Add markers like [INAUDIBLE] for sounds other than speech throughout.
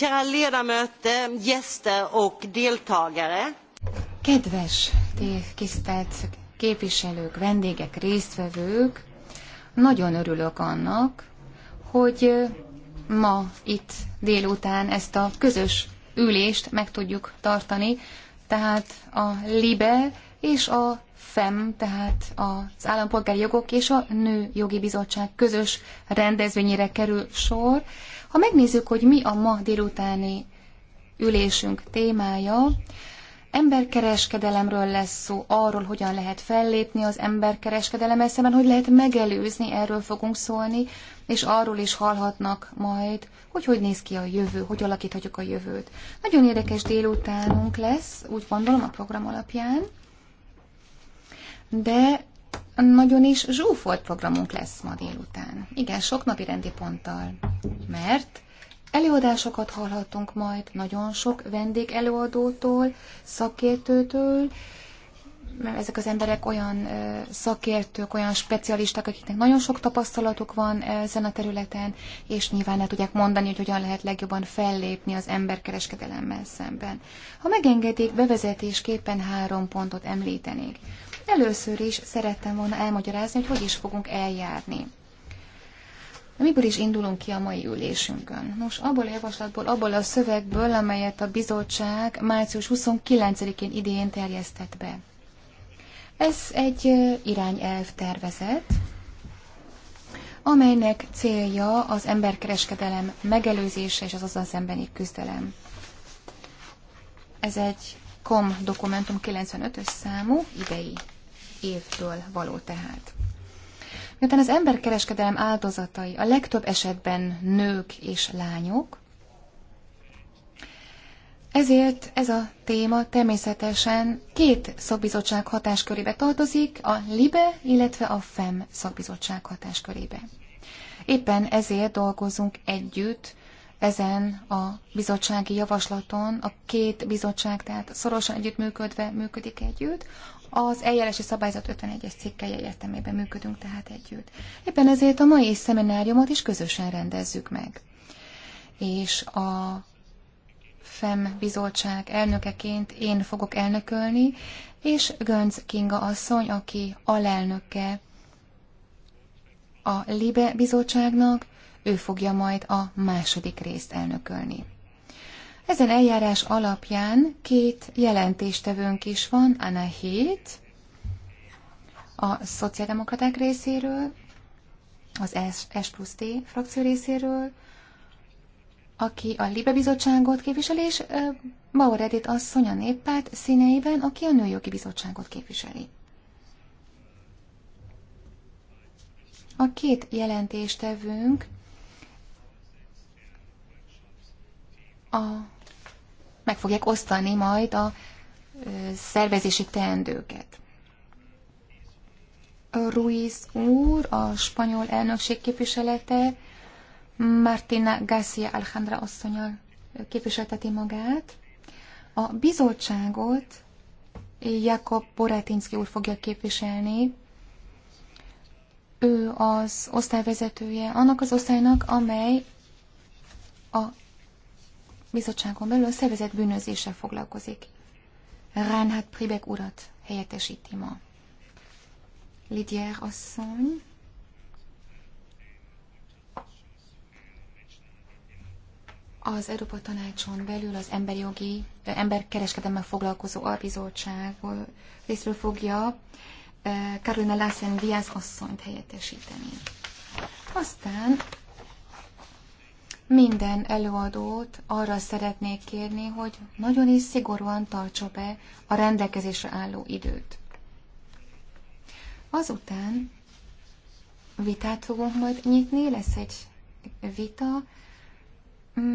Kära ledamöter, gäster och deltagare. Kedves, tisztelt képviselők, vendégek, résztvevők, nagyon örülök annak, hogy ma itt délután ezt a közös ülést meg tudjuk tartani, tehát a LIBE és a FEM, tehát az Állampolgári Jogok és a Nő Jogi Bizottság közös rendezvényére kerül sor. Ha megnézzük, hogy mi a ma délutáni ülésünk témája, emberkereskedelemről lesz szó, arról, hogyan lehet fellépni az emberkereskedelem eszemben, hogy lehet megelőzni, erről fogunk szólni, és arról is hallhatnak majd, hogy hogy néz ki a jövő, hogy alakíthatjuk a jövőt. Nagyon érdekes délutánunk lesz, úgy gondolom a program alapján de nagyon is zsúfolt programunk lesz ma délután. Igen, sok napi rendi ponttal. Mert előadásokat hallhatunk majd nagyon sok vendég előadótól, szakértőtől, mert ezek az emberek olyan szakértők, olyan specialisták, akiknek nagyon sok tapasztalatuk van ezen a területen, és nyilván le tudják mondani, hogy hogyan lehet legjobban fellépni az emberkereskedelemmel szemben. Ha megengedik, bevezetésképpen három pontot említenék. Először is szerettem volna elmagyarázni, hogy hogy is fogunk eljárni. Mikor is indulunk ki a mai ülésünkön? Nos, abból a javaslatból, abból a szövegből, amelyet a bizottság március 29-én idén terjesztett be. Ez egy irányelv tervezet, amelynek célja az emberkereskedelem megelőzése és az azzal szembeni küzdelem. Ez egy KOM dokumentum 95-ös számú idei évtől való tehát. Miután az emberkereskedelem áldozatai a legtöbb esetben nők és lányok, ezért ez a téma természetesen két szakbizottság hatáskörébe tartozik, a LIBE, illetve a FEM szakbizottság hatáskörébe. Éppen ezért dolgozunk együtt ezen a bizottsági javaslaton, a két bizottság tehát szorosan együttműködve működik együtt, az eljárási szabályzat 51-es cikkelje értelmében működünk tehát együtt. Éppen ezért a mai szemináriumot is közösen rendezzük meg. És a FEM bizottság elnökeként én fogok elnökölni, és Gönc Kinga asszony, aki alelnöke a LIBE bizottságnak, ő fogja majd a második részt elnökölni. Ezen eljárás alapján két jelentéstevőnk is van, Anna Hét, a szociáldemokraták részéről, az S, plusz D frakció részéről, aki a Libe Bizottságot képviseli, és Bauer Edith asszony a néppárt színeiben, aki a Nőjogi Bizottságot képviseli. A két jelentéstevőnk a meg fogják osztani majd a szervezési teendőket. Ruiz úr, a spanyol elnökség képviselete, Martina Garcia Alejandra asszonyal képviselteti magát. A bizottságot Jakob Boratinski úr fogja képviselni. Ő az osztályvezetője annak az osztálynak, amely a bizottságon belül a szervezet bűnözéssel foglalkozik. Reinhard Pribek urat helyettesíti ma. Lidier asszony. Az Európa Tanácson belül az emberi jogi, emberkereskedemmel foglalkozó albizottság részről fogja Karolina Lászlán Diaz asszonyt helyettesíteni. Aztán minden előadót arra szeretnék kérni, hogy nagyon is szigorúan tartsa be a rendelkezésre álló időt. Azután vitát fogunk majd nyitni, lesz egy vita.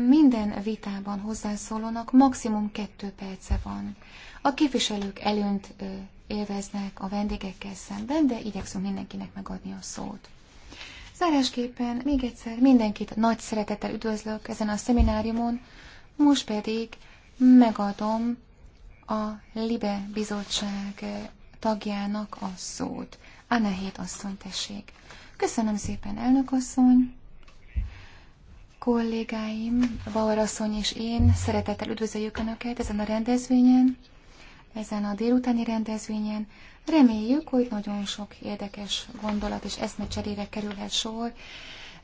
Minden vitában hozzászólónak maximum kettő perce van. A képviselők előnt élveznek a vendégekkel szemben, de igyekszünk mindenkinek megadni a szót. Zárásképpen még egyszer mindenkit nagy szeretettel üdvözlök ezen a szemináriumon, most pedig megadom a Libe Bizottság tagjának a szót. a Hét asszony, tessék. Köszönöm szépen, elnök asszony. Kollégáim, Bauer asszony és én szeretettel üdvözöljük Önöket ezen a rendezvényen, ezen a délutáni rendezvényen, Reméljük, hogy nagyon sok érdekes gondolat és eszmecserére kerülhet sor.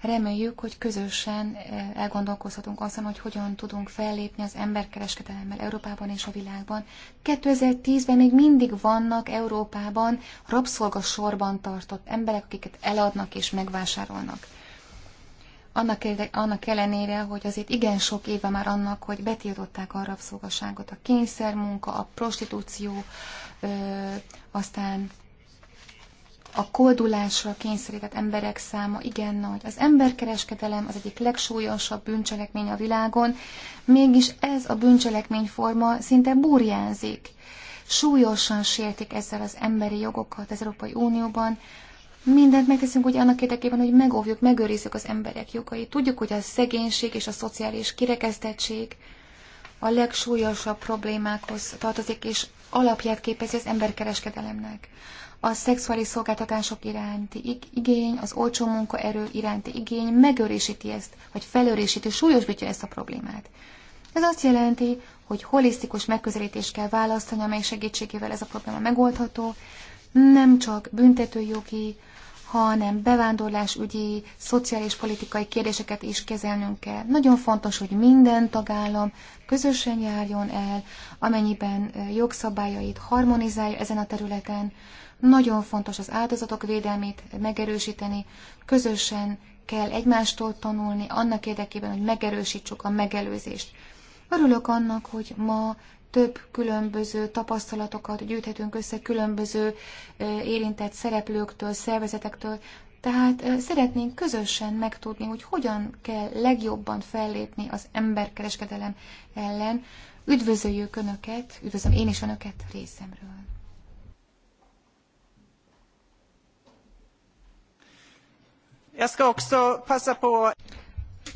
Reméljük, hogy közösen eh, elgondolkozhatunk azon, hogy hogyan tudunk fellépni az emberkereskedelemmel Európában és a világban. 2010-ben még mindig vannak Európában rabszolgasorban tartott emberek, akiket eladnak és megvásárolnak annak, annak ellenére, hogy azért igen sok éve már annak, hogy betiltották a rabszolgaságot, a kényszermunka, a prostitúció, ö, aztán a koldulásra kényszerített emberek száma igen nagy. Az emberkereskedelem az egyik legsúlyosabb bűncselekmény a világon, mégis ez a bűncselekményforma szinte burjánzik. Súlyosan sértik ezzel az emberi jogokat az Európai Unióban, mindent megteszünk, hogy annak érdekében, hogy megóvjuk, megőrizzük az emberek jogait. Tudjuk, hogy a szegénység és a szociális kirekesztettség a legsúlyosabb problémákhoz tartozik, és alapját képezi az emberkereskedelemnek. A szexuális szolgáltatások iránti igény, az olcsó munkaerő iránti igény megőrisíti ezt, vagy felőrisíti, súlyosbítja ezt a problémát. Ez azt jelenti, hogy holisztikus megközelítést kell választani, amely segítségével ez a probléma megoldható, nem csak büntetőjogi, hanem bevándorlásügyi, szociális politikai kérdéseket is kezelnünk kell. Nagyon fontos, hogy minden tagállam közösen járjon el, amennyiben jogszabályait harmonizálja ezen a területen. Nagyon fontos az áldozatok védelmét megerősíteni, közösen kell egymástól tanulni annak érdekében, hogy megerősítsük a megelőzést. Örülök annak, hogy ma több különböző tapasztalatokat gyűjthetünk össze különböző érintett szereplőktől, szervezetektől. Tehát szeretnénk közösen megtudni, hogy hogyan kell legjobban fellépni az emberkereskedelem ellen. Üdvözöljük Önöket, üdvözlöm én is Önöket részemről.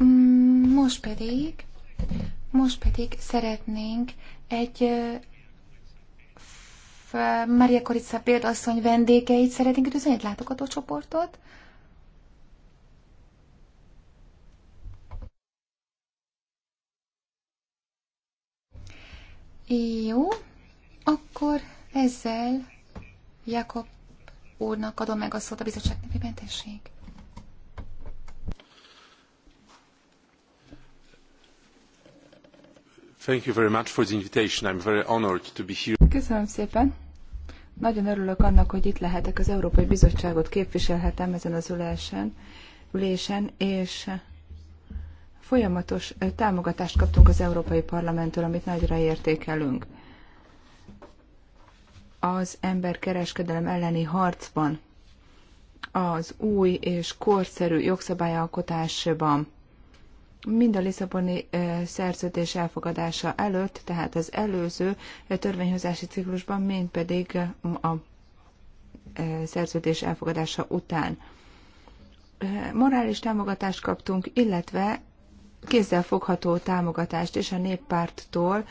Mm, most pedig, most pedig szeretnénk egy Maria Korica példasszony vendégeit szeretnénk üdvözölni, egy csoportot. Jó, akkor ezzel Jakob úrnak adom meg a szót a bizottság nevében, tessék. Köszönöm szépen. Nagyon örülök annak, hogy itt lehetek az Európai Bizottságot képviselhetem ezen az ülésen, ülésen és folyamatos támogatást kaptunk az Európai Parlamenttől, amit nagyra értékelünk. Az emberkereskedelem elleni harcban, az új és korszerű jogszabályalkotásban, mind a Lisszaboni szerződés elfogadása előtt, tehát az előző törvényhozási ciklusban, mind pedig a szerződés elfogadása után. Morális támogatást kaptunk, illetve kézzelfogható támogatást és a néppárttól,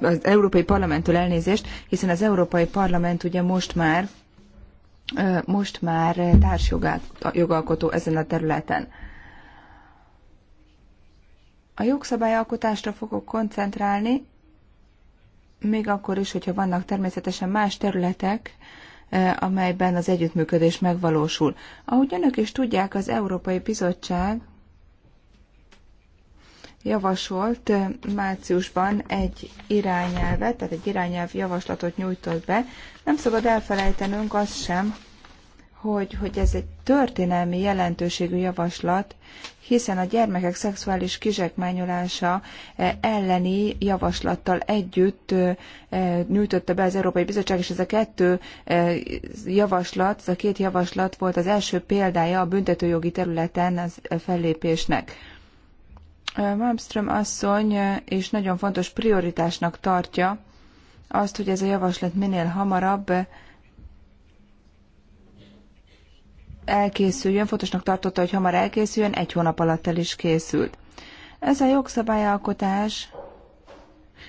az Európai Parlamenttől elnézést, hiszen az Európai Parlament ugye most már most már társjogalkotó ezen a területen. A jogszabályalkotásra fogok koncentrálni, még akkor is, hogyha vannak természetesen más területek, eh, amelyben az együttműködés megvalósul. Ahogy önök is tudják, az Európai Bizottság javasolt eh, márciusban egy irányelvet, tehát egy irányelv javaslatot nyújtott be. Nem szabad elfelejtenünk azt sem, hogy, hogy ez egy történelmi jelentőségű javaslat, hiszen a gyermekek szexuális kizsákmányolása eh, elleni javaslattal együtt eh, eh, nyújtotta be az Európai Bizottság, és ez a kettő javaslat, ez a két javaslat volt az első példája a büntetőjogi területen az fellépésnek. Malmström asszony és nagyon fontos prioritásnak tartja azt, hogy ez a javaslat minél hamarabb elkészüljön, fontosnak tartotta, hogy hamar elkészüljön, egy hónap alatt el is készült. Ez a jogszabályalkotás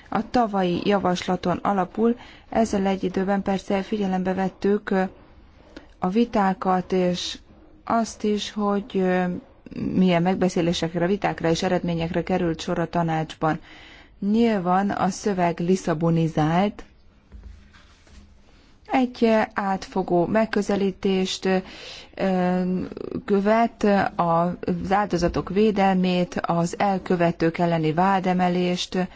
a tavalyi javaslaton alapul, ezzel egy időben persze figyelembe vettük a vitákat, és azt is, hogy milyen megbeszélésekre, vitákra és eredményekre került sor a tanácsban. Nyilván a szöveg liszabonizált, egy átfogó megközelítést követ az áldozatok védelmét, az elkövetők elleni vádemelést,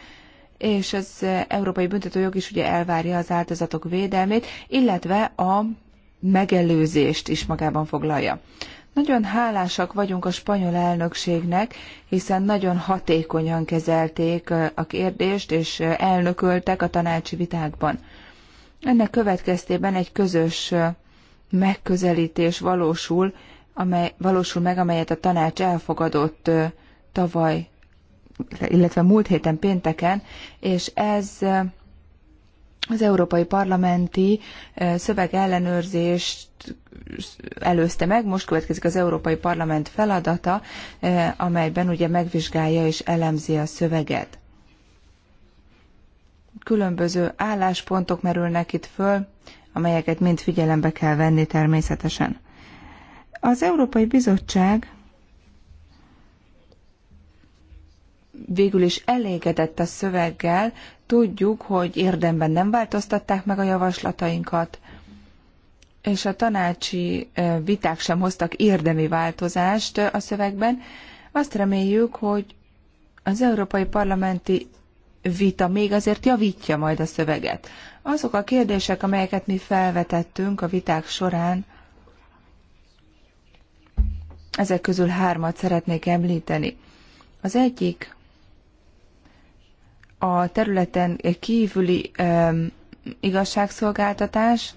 és az Európai Büntetőjog is ugye elvárja az áldozatok védelmét, illetve a megelőzést is magában foglalja. Nagyon hálásak vagyunk a spanyol elnökségnek, hiszen nagyon hatékonyan kezelték a kérdést, és elnököltek a tanácsi vitákban. Ennek következtében egy közös megközelítés valósul, amely, valósul meg, amelyet a tanács elfogadott tavaly, illetve múlt héten pénteken, és ez az Európai Parlamenti szövegellenőrzést előzte meg, most következik az Európai Parlament feladata, amelyben ugye megvizsgálja és elemzi a szöveget különböző álláspontok merülnek itt föl, amelyeket mind figyelembe kell venni természetesen. Az Európai Bizottság végül is elégedett a szöveggel, tudjuk, hogy érdemben nem változtatták meg a javaslatainkat, és a tanácsi viták sem hoztak érdemi változást a szövegben. Azt reméljük, hogy az európai parlamenti vita még azért javítja majd a szöveget. Azok a kérdések, amelyeket mi felvetettünk a viták során, ezek közül hármat szeretnék említeni. Az egyik a területen kívüli igazságszolgáltatás,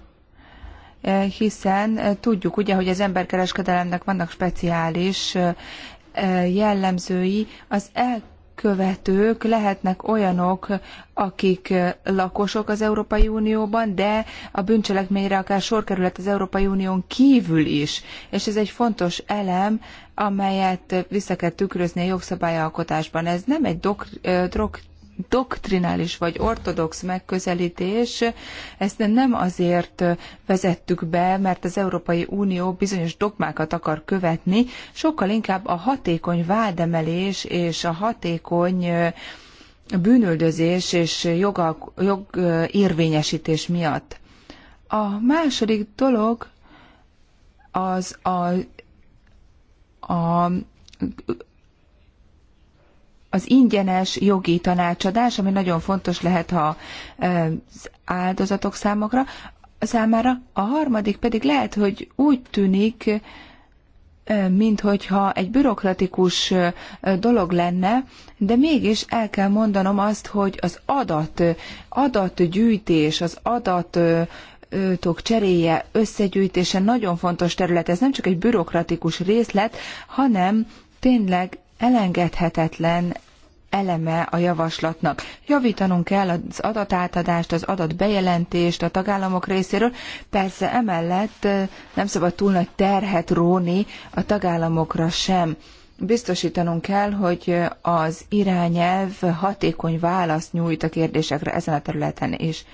e, hiszen e, tudjuk ugye, hogy az emberkereskedelemnek vannak speciális e, jellemzői, az el követők lehetnek olyanok, akik lakosok az Európai Unióban, de a bűncselekményre akár sor kerülhet az Európai Unión kívül is. És ez egy fontos elem, amelyet vissza kell tükrözni a jogszabályalkotásban. Ez nem egy eh, drog doktrinális vagy ortodox megközelítés, ezt nem azért vezettük be, mert az Európai Unió bizonyos dogmákat akar követni, sokkal inkább a hatékony vádemelés és a hatékony bűnöldözés és jogalk- jogérvényesítés miatt. A második dolog az a, a az ingyenes jogi tanácsadás, ami nagyon fontos lehet ha az áldozatok számokra, számára. A harmadik pedig lehet, hogy úgy tűnik, mint hogyha egy bürokratikus dolog lenne, de mégis el kell mondanom azt, hogy az adat, adatgyűjtés, az adat adatok cseréje, összegyűjtése nagyon fontos terület. Ez nem csak egy bürokratikus részlet, hanem tényleg elengedhetetlen eleme a javaslatnak. Javítanunk kell az adatátadást, az adatbejelentést a tagállamok részéről. Persze emellett nem szabad túl nagy terhet róni a tagállamokra sem. Biztosítanunk kell, hogy az irányelv hatékony választ nyújt a kérdésekre ezen a területen is.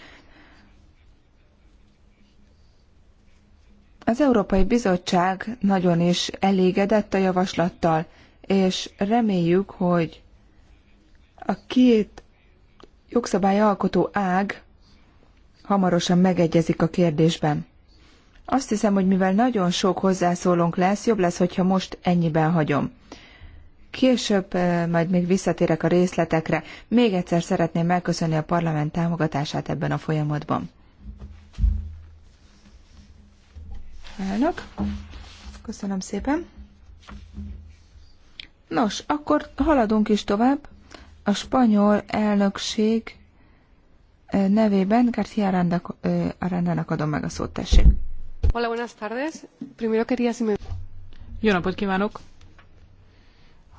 Az Európai Bizottság nagyon is elégedett a javaslattal és reméljük, hogy a két jogszabályalkotó ág hamarosan megegyezik a kérdésben. Azt hiszem, hogy mivel nagyon sok hozzászólónk lesz, jobb lesz, hogyha most ennyiben hagyom. Később eh, majd még visszatérek a részletekre. Még egyszer szeretném megköszönni a parlament támogatását ebben a folyamatban. Elnök, köszönöm szépen. Nos, akkor haladunk is tovább. A spanyol elnökség nevében García Arandának adom meg a szót, tessék. Hola, buenas tardes. Primero quería si me... Jó napot kívánok!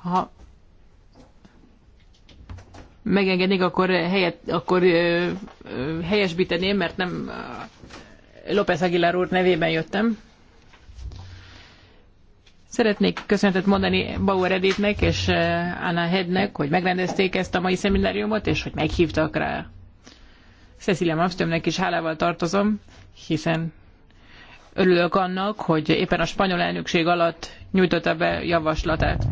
Ha megengednék, akkor, helyet, akkor helyesbíteném, mert nem López Aguilar úr nevében jöttem. Szeretnék köszönetet mondani Bauer Editnek és eh, Anna Hednek, hogy megrendezték ezt a mai szemináriumot, és hogy meghívtak rá. Cecilia Malmströmnek is hálával tartozom, hiszen örülök annak, hogy éppen a spanyol elnökség alatt nyújtotta be javaslatát.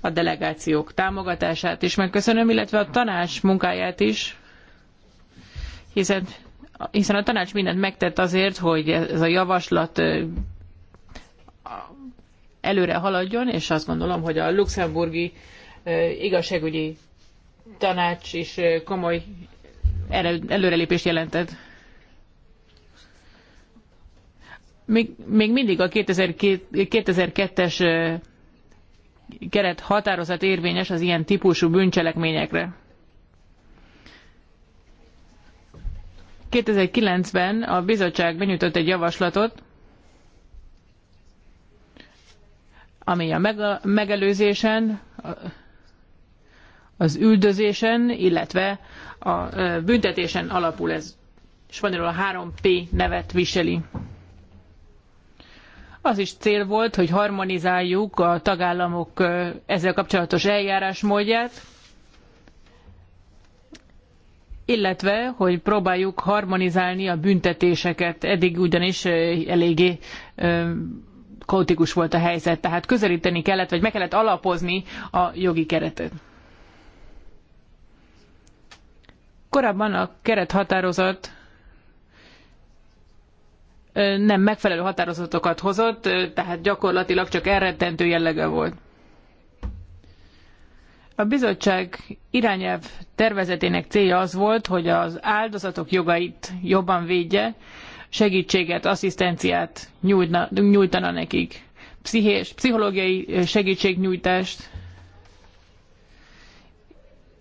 A delegációk támogatását is megköszönöm, illetve a tanács munkáját is, hiszen hiszen a tanács mindent megtett azért, hogy ez a javaslat eh, előre haladjon, és azt gondolom, hogy a luxemburgi igazságügyi tanács is komoly előrelépést jelentett. Még, még mindig a 2002-es keret határozat érvényes az ilyen típusú bűncselekményekre. 2009-ben a bizottság benyújtott egy javaslatot, ami a megelőzésen, az üldözésen, illetve a büntetésen alapul ez. Spanyolul a 3P nevet viseli. Az is cél volt, hogy harmonizáljuk a tagállamok ezzel kapcsolatos eljárásmódját, illetve, hogy próbáljuk harmonizálni a büntetéseket. Eddig ugyanis eléggé kaotikus volt a helyzet, tehát közelíteni kellett, vagy meg kellett alapozni a jogi keretet. Korábban a kerethatározat nem megfelelő határozatokat hozott, tehát gyakorlatilag csak elrettentő jellege volt. A bizottság irányelv tervezetének célja az volt, hogy az áldozatok jogait jobban védje, segítséget, asszisztenciát nyújtna, nyújtana nekik, pszichés, pszichológiai segítségnyújtást,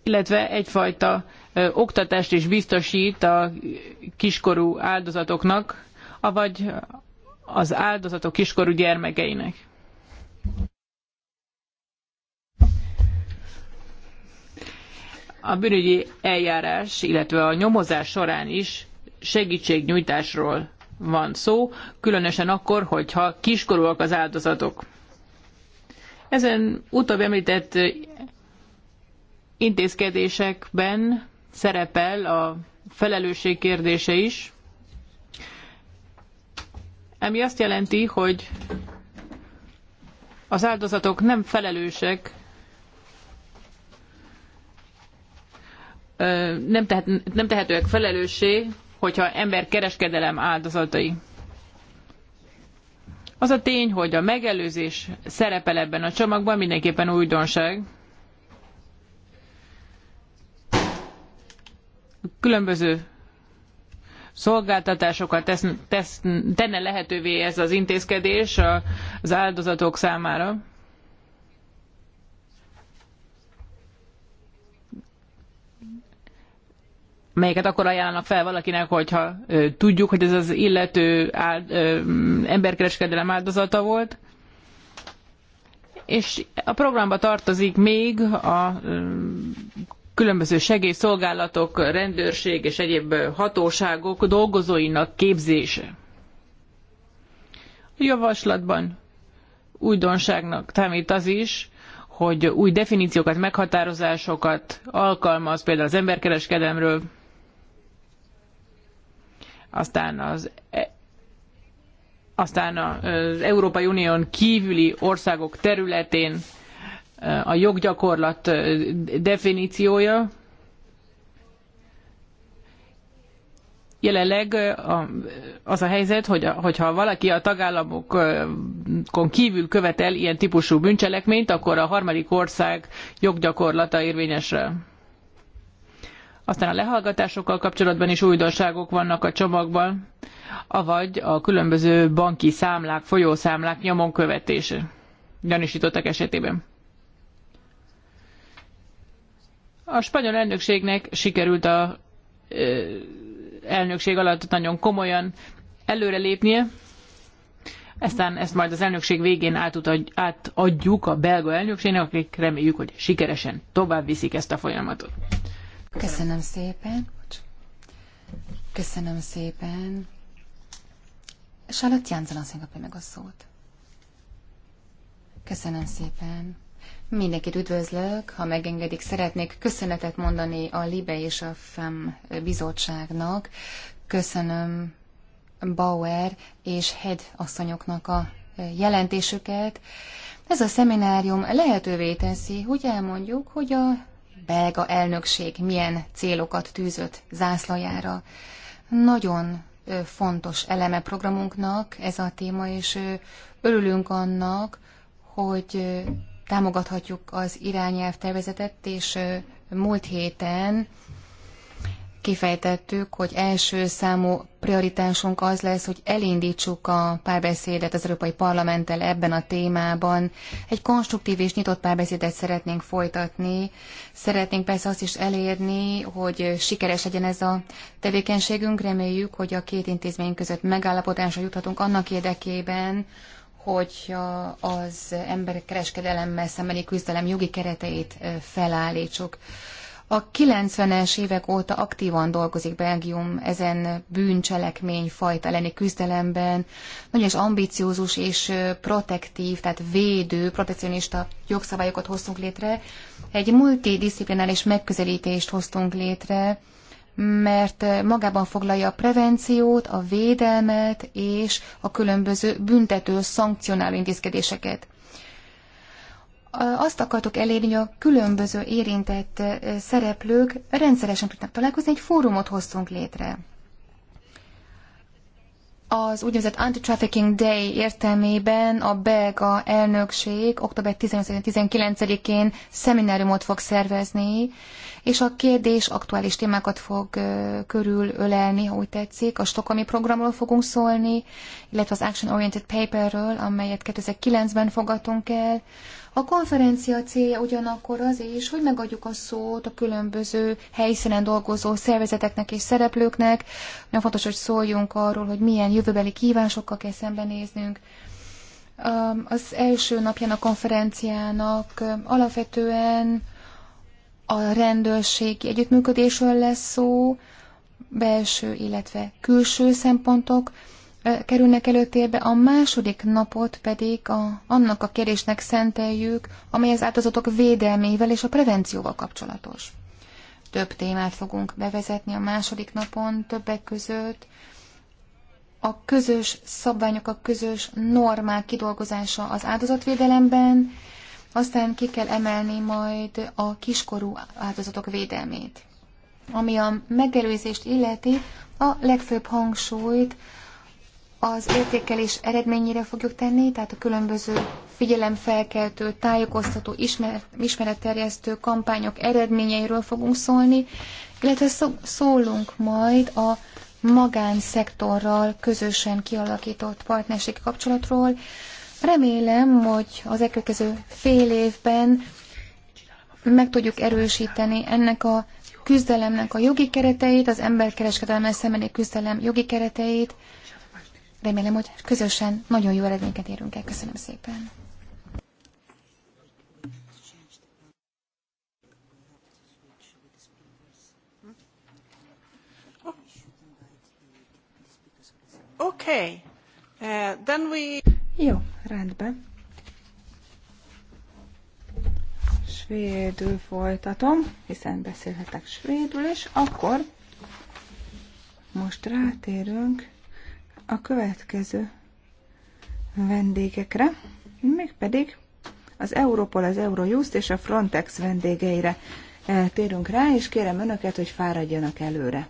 illetve egyfajta oktatást is biztosít a kiskorú áldozatoknak, avagy az áldozatok kiskorú gyermekeinek. A bűnügyi eljárás, illetve a nyomozás során is segítségnyújtásról van szó, különösen akkor, hogyha kiskorúak az áldozatok. Ezen utóbbi említett intézkedésekben szerepel a felelősség kérdése is, ami azt jelenti, hogy az áldozatok nem felelősek, nem, tehet, nem tehetőek felelőssé hogyha emberkereskedelem áldozatai. Az a tény, hogy a megelőzés szerepel ebben a csomagban, mindenképpen újdonság. Különböző szolgáltatásokat tesz, tesz, tenne lehetővé ez az intézkedés az áldozatok számára. melyeket akkor ajánlanak fel valakinek, hogyha tudjuk, hogy ez az illető áld, emberkereskedelem áldozata volt. És a programba tartozik még a különböző segélyszolgálatok, rendőrség és egyéb hatóságok dolgozóinak képzése. A javaslatban újdonságnak támít az is, hogy új definíciókat, meghatározásokat alkalmaz például az emberkereskedelemről, aztán az e- aztán az Európai Unión kívüli országok területén a joggyakorlat definíciója. Jelenleg az a helyzet, hogy hogyha valaki a tagállamokon kívül követel ilyen típusú bűncselekményt, akkor a harmadik ország joggyakorlata érvényesre. Aztán a lehallgatásokkal kapcsolatban is újdonságok vannak a csomagban, avagy a különböző banki számlák, folyószámlák nyomon követése gyanúsítottak esetében. A spanyol elnökségnek sikerült a ö, elnökség alatt nagyon komolyan előrelépnie, aztán ezt majd az elnökség végén átadjuk a belga elnökségnek, akik reméljük, hogy sikeresen tovább viszik ezt a folyamatot. Köszönöm, szépen. Köszönöm szépen. Charlotte Jansen azt kapja meg a szót. Köszönöm szépen. Mindenkit üdvözlök, ha megengedik, szeretnék köszönetet mondani a LIBE és a FEM bizottságnak. Köszönöm Bauer és Head asszonyoknak a jelentésüket. Ez a szeminárium lehetővé teszi, hogy elmondjuk, hogy a belga elnökség milyen célokat tűzött zászlajára. Nagyon fontos eleme programunknak ez a téma, és örülünk annak, hogy támogathatjuk az irányelv tervezetet, és múlt héten kifejtettük, hogy első számú prioritásunk az lesz, hogy elindítsuk a párbeszédet az Európai Parlamenttel ebben a témában. Egy konstruktív és nyitott párbeszédet szeretnénk folytatni. Szeretnénk persze azt is elérni, hogy sikeres legyen ez a tevékenységünk. Reméljük, hogy a két intézmény között megállapodásra juthatunk annak érdekében, hogy az emberkereskedelemmel szembeni küzdelem jogi kereteit felállítsuk. A 90-es évek óta aktívan dolgozik Belgium ezen bűncselekmény fajta elleni küzdelemben. Nagyon is ambiciózus és protektív, tehát védő, protekcionista jogszabályokat hoztunk létre. Egy multidisziplinális megközelítést hoztunk létre, mert magában foglalja a prevenciót, a védelmet és a különböző büntető szankcionáló intézkedéseket azt akartok elérni, hogy a különböző érintett szereplők rendszeresen tudnak találkozni, egy fórumot hoztunk létre. Az úgynevezett Anti-Trafficking Day értelmében a belga elnökség október 18-19-én szemináriumot fog szervezni, és a kérdés aktuális témákat fog körülölelni, ha úgy tetszik. A stokami programról fogunk szólni, illetve az Action Oriented Paperről, amelyet 2009-ben fogadtunk el, a konferencia célja ugyanakkor az is, hogy megadjuk a szót a különböző helyszínen dolgozó szervezeteknek és szereplőknek. Nagyon fontos, hogy szóljunk arról, hogy milyen jövőbeli kívásokkal kell szembenéznünk. Az első napján a konferenciának alapvetően a rendőrségi együttműködésről lesz szó, belső, illetve külső szempontok, kerülnek előtérbe, a második napot pedig a, annak a kérésnek szenteljük, amely az áldozatok védelmével és a prevencióval kapcsolatos. Több témát fogunk bevezetni a második napon, többek között a közös szabványok, a közös normák kidolgozása az áldozatvédelemben, aztán ki kell emelni majd a kiskorú áldozatok védelmét. Ami a megelőzést illeti, a legfőbb hangsúlyt az értékelés eredményére fogjuk tenni, tehát a különböző figyelemfelkeltő, tájékoztató, ismeret, ismeretterjesztő kampányok eredményeiről fogunk szólni, illetve szólunk majd a magánszektorral közösen kialakított partnerségi kapcsolatról. Remélem, hogy az elkövetkező fél évben meg tudjuk erősíteni ennek a küzdelemnek a jogi kereteit, az emberkereskedelemmel szembeni küzdelem jogi kereteit, remélem, hogy közösen nagyon jó eredményeket érünk el. Köszönöm szépen. Okay. Uh, then we... Jó, rendben. Svédül folytatom, hiszen beszélhetek svédül, és akkor most rátérünk a következő vendégekre, mégpedig az Europol, az Eurojust és a Frontex vendégeire eh, térünk rá, és kérem önöket, hogy fáradjanak előre.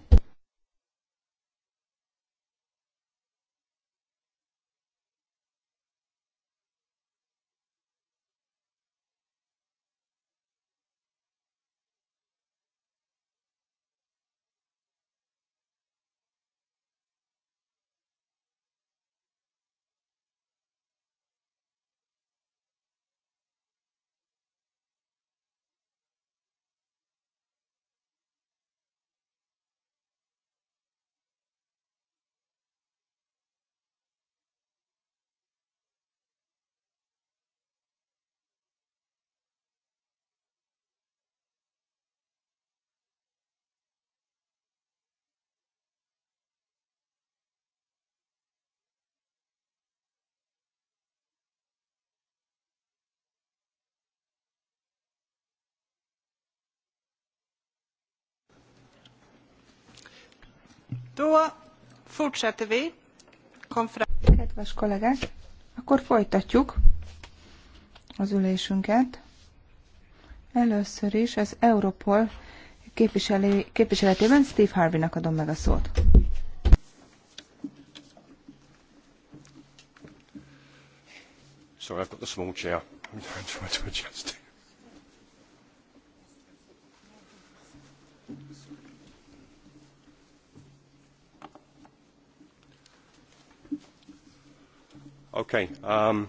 Kedves kollégák, akkor folytatjuk az ülésünket. Először is az Europol képviseletében Steve Harvey-nak adom meg a szót. Sorry, I've got the small chair. I'm trying to adjust it. Um,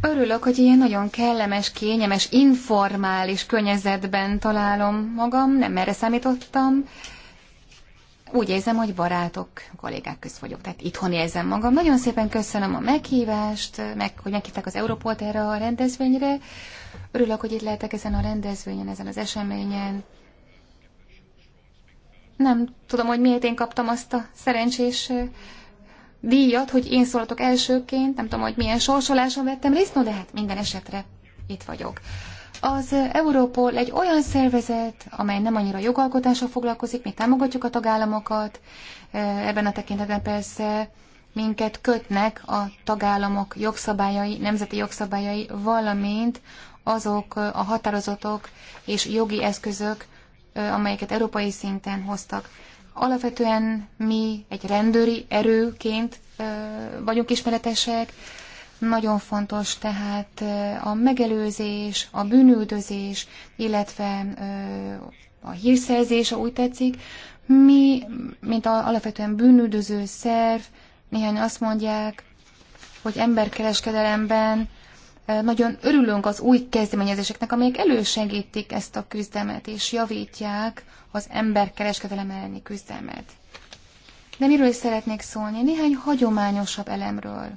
Örülök, hogy ilyen nagyon kellemes, kényelmes, informális környezetben találom magam, nem erre számítottam. Úgy érzem, hogy barátok, kollégák közt vagyok, tehát itthon érzem magam. Nagyon szépen köszönöm a meghívást, meg, hogy meghívták az Európolt erre a rendezvényre. Örülök, hogy itt lehetek ezen a rendezvényen, ezen az eseményen. Nem tudom, hogy miért én kaptam azt a szerencsés díjat, hogy én szóltok elsőként, nem tudom, hogy milyen sorsoláson vettem részt, no, de hát minden esetre itt vagyok. Az Europol egy olyan szervezet, amely nem annyira jogalkotással foglalkozik, mi támogatjuk a tagállamokat, ebben a tekintetben persze minket kötnek a tagállamok jogszabályai, nemzeti jogszabályai, valamint azok a határozatok és jogi eszközök, amelyeket európai szinten hoztak. Alapvetően mi egy rendőri erőként vagyunk ismeretesek, nagyon fontos tehát a megelőzés, a bűnüldözés, illetve a hírszerzés, ha úgy tetszik. Mi, mint alapvetően bűnüldöző szerv, néhány azt mondják, hogy emberkereskedelemben nagyon örülünk az új kezdeményezéseknek, amelyek elősegítik ezt a küzdelmet, és javítják az emberkereskedelem elleni küzdelmet. De miről is szeretnék szólni? Néhány hagyományosabb elemről.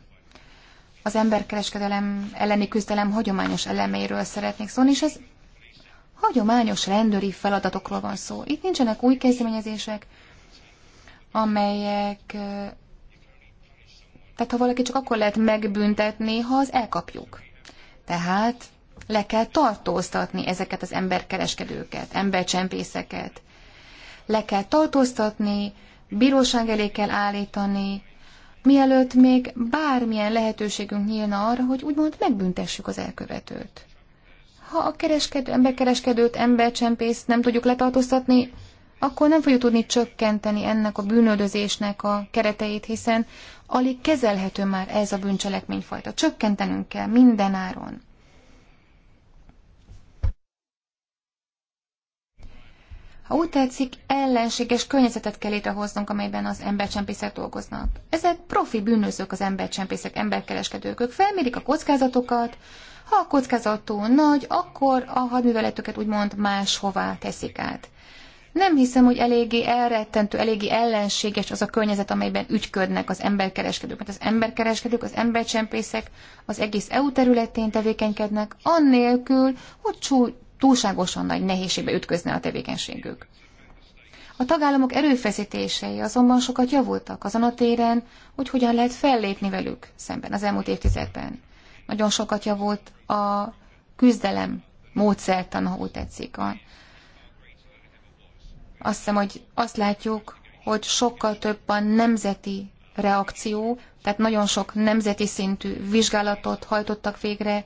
Az emberkereskedelem elleni küzdelem hagyományos elemeiről szeretnék szólni, és ez hagyományos rendőri feladatokról van szó. Itt nincsenek új kezdeményezések, amelyek... Tehát ha valaki csak akkor lehet megbüntetni, ha az elkapjuk. Tehát le kell tartóztatni ezeket az emberkereskedőket, embercsempészeket. Le kell tartóztatni, bíróság elé kell állítani, mielőtt még bármilyen lehetőségünk nyílna arra, hogy úgymond megbüntessük az elkövetőt. Ha a kereskedő, emberkereskedőt, embercsempészt nem tudjuk letartóztatni, akkor nem fogjuk tudni csökkenteni ennek a bűnöldözésnek a kereteit, hiszen alig kezelhető már ez a bűncselekményfajta. Csökkentenünk kell minden áron. Ha úgy tetszik, ellenséges környezetet kell létrehoznunk, amelyben az embercsempészek dolgoznak. Ezek profi bűnözők az embercsempészek, emberkereskedők. Ők felmérik a kockázatokat, ha a kockázat túl nagy, akkor a hadműveletüket úgymond máshová teszik át. Nem hiszem, hogy eléggé elrettentő, eléggé ellenséges az a környezet, amelyben ügyködnek az emberkereskedők. Mert az emberkereskedők, az embercsempészek az egész EU területén tevékenykednek, annélkül, hogy túlságosan nagy nehézségbe ütközne a tevékenységük. A tagállamok erőfeszítései azonban sokat javultak azon a téren, hogy hogyan lehet fellépni velük szemben az elmúlt évtizedben. Nagyon sokat javult a küzdelem módszertan, ha úgy tetszik. A azt hiszem, hogy azt látjuk, hogy sokkal több a nemzeti reakció, tehát nagyon sok nemzeti szintű vizsgálatot hajtottak végre.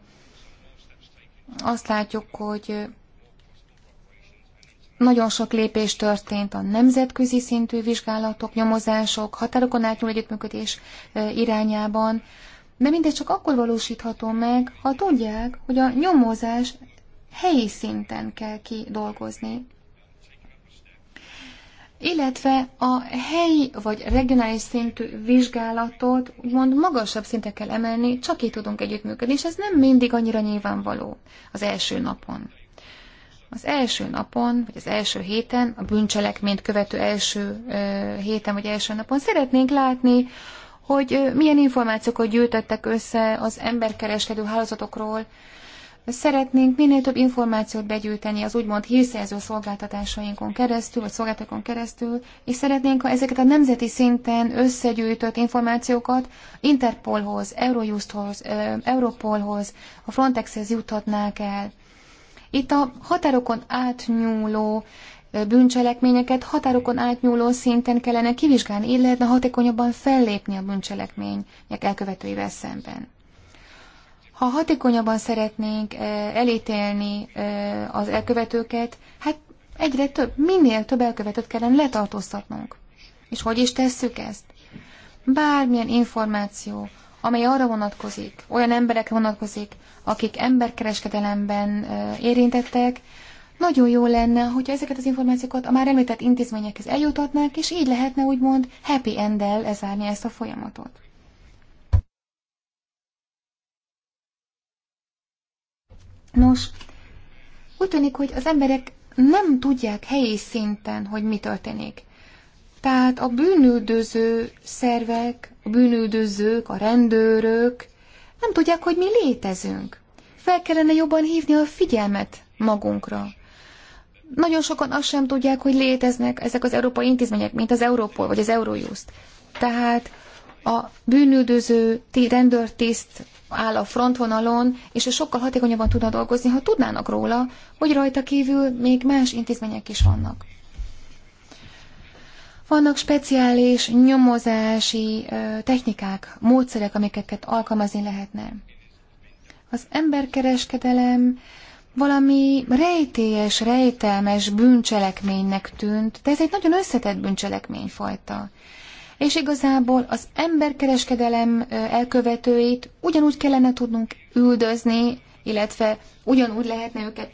Azt látjuk, hogy nagyon sok lépés történt a nemzetközi szintű vizsgálatok, nyomozások, határokon átnyúló együttműködés irányában, de mindez csak akkor valósítható meg, ha tudják, hogy a nyomozás helyi szinten kell kidolgozni illetve a helyi vagy regionális szintű vizsgálatot úgymond magasabb szintre kell emelni, csak így tudunk együttműködni, és ez nem mindig annyira nyilvánvaló az első napon. Az első napon, vagy az első héten, a bűncselekményt követő első héten, vagy első napon szeretnénk látni, hogy milyen információkat gyűjtöttek össze az emberkereskedő hálózatokról, Szeretnénk minél több információt begyűjteni az úgymond hírszerző szolgáltatásainkon keresztül, vagy szolgáltatókon keresztül, és szeretnénk, ha ezeket a nemzeti szinten összegyűjtött információkat Interpolhoz, Eurojusthoz, Europolhoz, a Frontexhez juthatnák el. Itt a határokon átnyúló bűncselekményeket határokon átnyúló szinten kellene kivizsgálni, így lehetne hatékonyabban fellépni a bűncselekmények elkövetőivel szemben. Ha hatékonyabban szeretnénk e, elítélni e, az elkövetőket, hát egyre több, minél több elkövetőt kellene letartóztatnunk. És hogy is tesszük ezt? Bármilyen információ, amely arra vonatkozik, olyan emberekre vonatkozik, akik emberkereskedelemben e, érintettek, nagyon jó lenne, hogy ezeket az információkat a már említett intézményekhez eljutatnák, és így lehetne úgymond happy end-el ezárni ezt a folyamatot. Nos, úgy tűnik, hogy az emberek nem tudják helyi szinten, hogy mi történik. Tehát a bűnüldöző szervek, a bűnüldözők, a rendőrök nem tudják, hogy mi létezünk. Fel kellene jobban hívni a figyelmet magunkra. Nagyon sokan azt sem tudják, hogy léteznek ezek az európai intézmények, mint az Európol vagy az Eurojust. Tehát a bűnüldöző rendőrtiszt áll a frontvonalon, és ő sokkal hatékonyabban tudna dolgozni, ha tudnának róla, hogy rajta kívül még más intézmények is vannak. Vannak speciális nyomozási technikák, módszerek, amiket alkalmazni lehetne. Az emberkereskedelem valami rejtélyes, rejtelmes bűncselekménynek tűnt, de ez egy nagyon összetett bűncselekményfajta és igazából az emberkereskedelem elkövetőit ugyanúgy kellene tudnunk üldözni, illetve ugyanúgy lehetne őket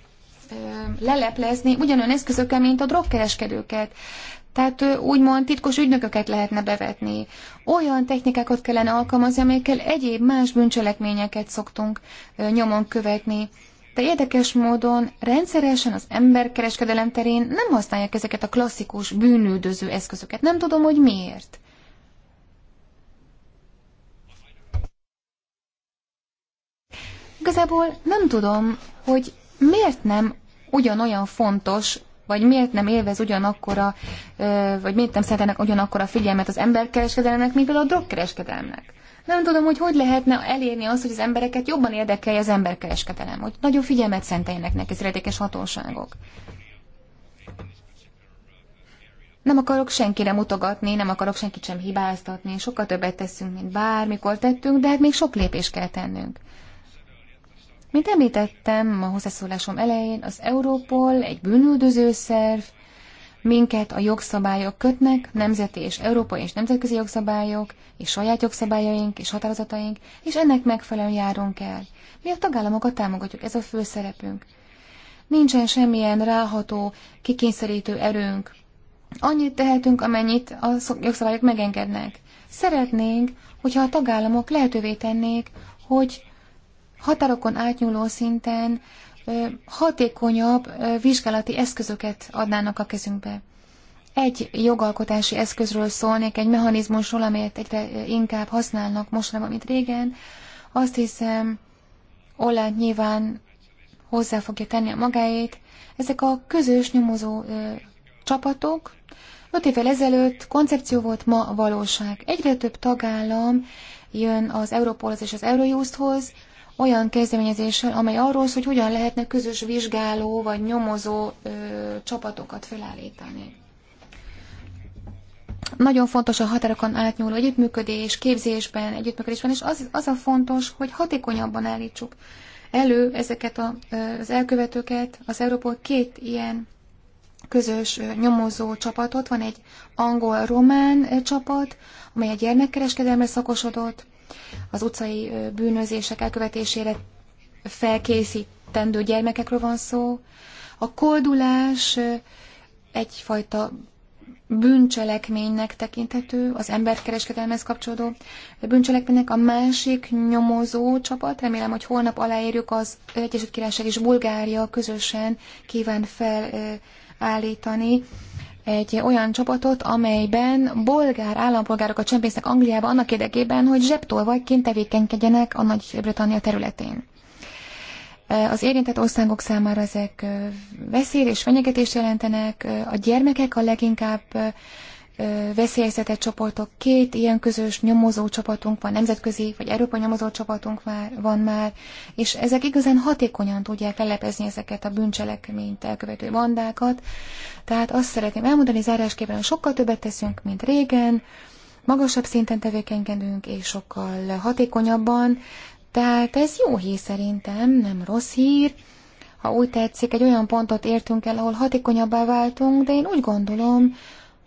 leleplezni, ugyanolyan eszközökkel, mint a drogkereskedőket. Tehát úgymond titkos ügynököket lehetne bevetni. Olyan technikákat kellene alkalmazni, amelyekkel egyéb más bűncselekményeket szoktunk nyomon követni. De érdekes módon rendszeresen az emberkereskedelem terén nem használják ezeket a klasszikus bűnüldöző eszközöket. Nem tudom, hogy miért. Igazából nem tudom, hogy miért nem ugyanolyan fontos, vagy miért nem élvez ugyanakkora, vagy miért nem szeretnek ugyanakkora figyelmet az emberkereskedelemnek, mint például a drogkereskedelemnek. Nem tudom, hogy hogy lehetne elérni azt, hogy az embereket jobban érdekelje az emberkereskedelem, hogy nagyobb figyelmet szenteljenek neki az érdekes hatóságok. Nem akarok senkire mutogatni, nem akarok senkit sem hibáztatni, sokkal többet teszünk, mint bármikor tettünk, de hát még sok lépést kell tennünk. Mint említettem a hozzászólásom elején, az Európol egy bűnüldöző szerv, minket a jogszabályok kötnek, nemzeti és európai és nemzetközi jogszabályok, és saját jogszabályaink és határozataink, és ennek megfelelően járunk el. Mi a tagállamokat támogatjuk, ez a fő szerepünk. Nincsen semmilyen ráható, kikényszerítő erőnk. Annyit tehetünk, amennyit a jogszabályok megengednek. Szeretnénk, hogyha a tagállamok lehetővé tennék, hogy határokon átnyúló szinten hatékonyabb vizsgálati eszközöket adnának a kezünkbe. Egy jogalkotási eszközről szólnék, egy mechanizmusról, amelyet egyre inkább használnak mostanában, mint régen. Azt hiszem, Olánt nyilván hozzá fogja tenni a magáét. Ezek a közös nyomozó ö, csapatok, Öt évvel ezelőtt koncepció volt, ma valóság. Egyre több tagállam jön az Europolhoz és az Eurojusthoz, olyan kezdeményezéssel, amely arról szól, hogy hogyan lehetne közös vizsgáló vagy nyomozó ö, csapatokat felállítani. Nagyon fontos a határokon átnyúló együttműködés, képzésben, együttműködésben, és az, az a fontos, hogy hatékonyabban állítsuk elő ezeket a, az elkövetőket. Az Európol két ilyen közös nyomozó csapatot, van egy angol-román csapat, amely a gyermekkereskedelme szakosodott, az utcai bűnözések elkövetésére felkészítendő gyermekekről van szó. A koldulás egyfajta bűncselekménynek tekinthető, az emberkereskedelmez kapcsolódó bűncselekménynek a másik nyomozó csapat. Remélem, hogy holnap aláírjuk az Egyesült Királyság és Bulgária közösen kíván felállítani egy olyan csapatot, amelyben bolgár állampolgárokat csempésznek Angliába annak érdekében, hogy zsebtolvajként tevékenykedjenek a Nagy-Britannia területén. Az érintett országok számára ezek veszély és fenyegetést jelentenek, a gyermekek a leginkább veszélyeztetett csoportok. Két ilyen közös nyomozó csapatunk van, nemzetközi vagy európai nyomozó csapatunk már, van már, és ezek igazán hatékonyan tudják lelepezni ezeket a bűncselekményt elkövető bandákat. Tehát azt szeretném elmondani zárásképpen, hogy sokkal többet teszünk, mint régen, magasabb szinten tevékenykedünk, és sokkal hatékonyabban. Tehát ez jó hír szerintem, nem rossz hír ha úgy tetszik, egy olyan pontot értünk el, ahol hatékonyabbá váltunk, de én úgy gondolom,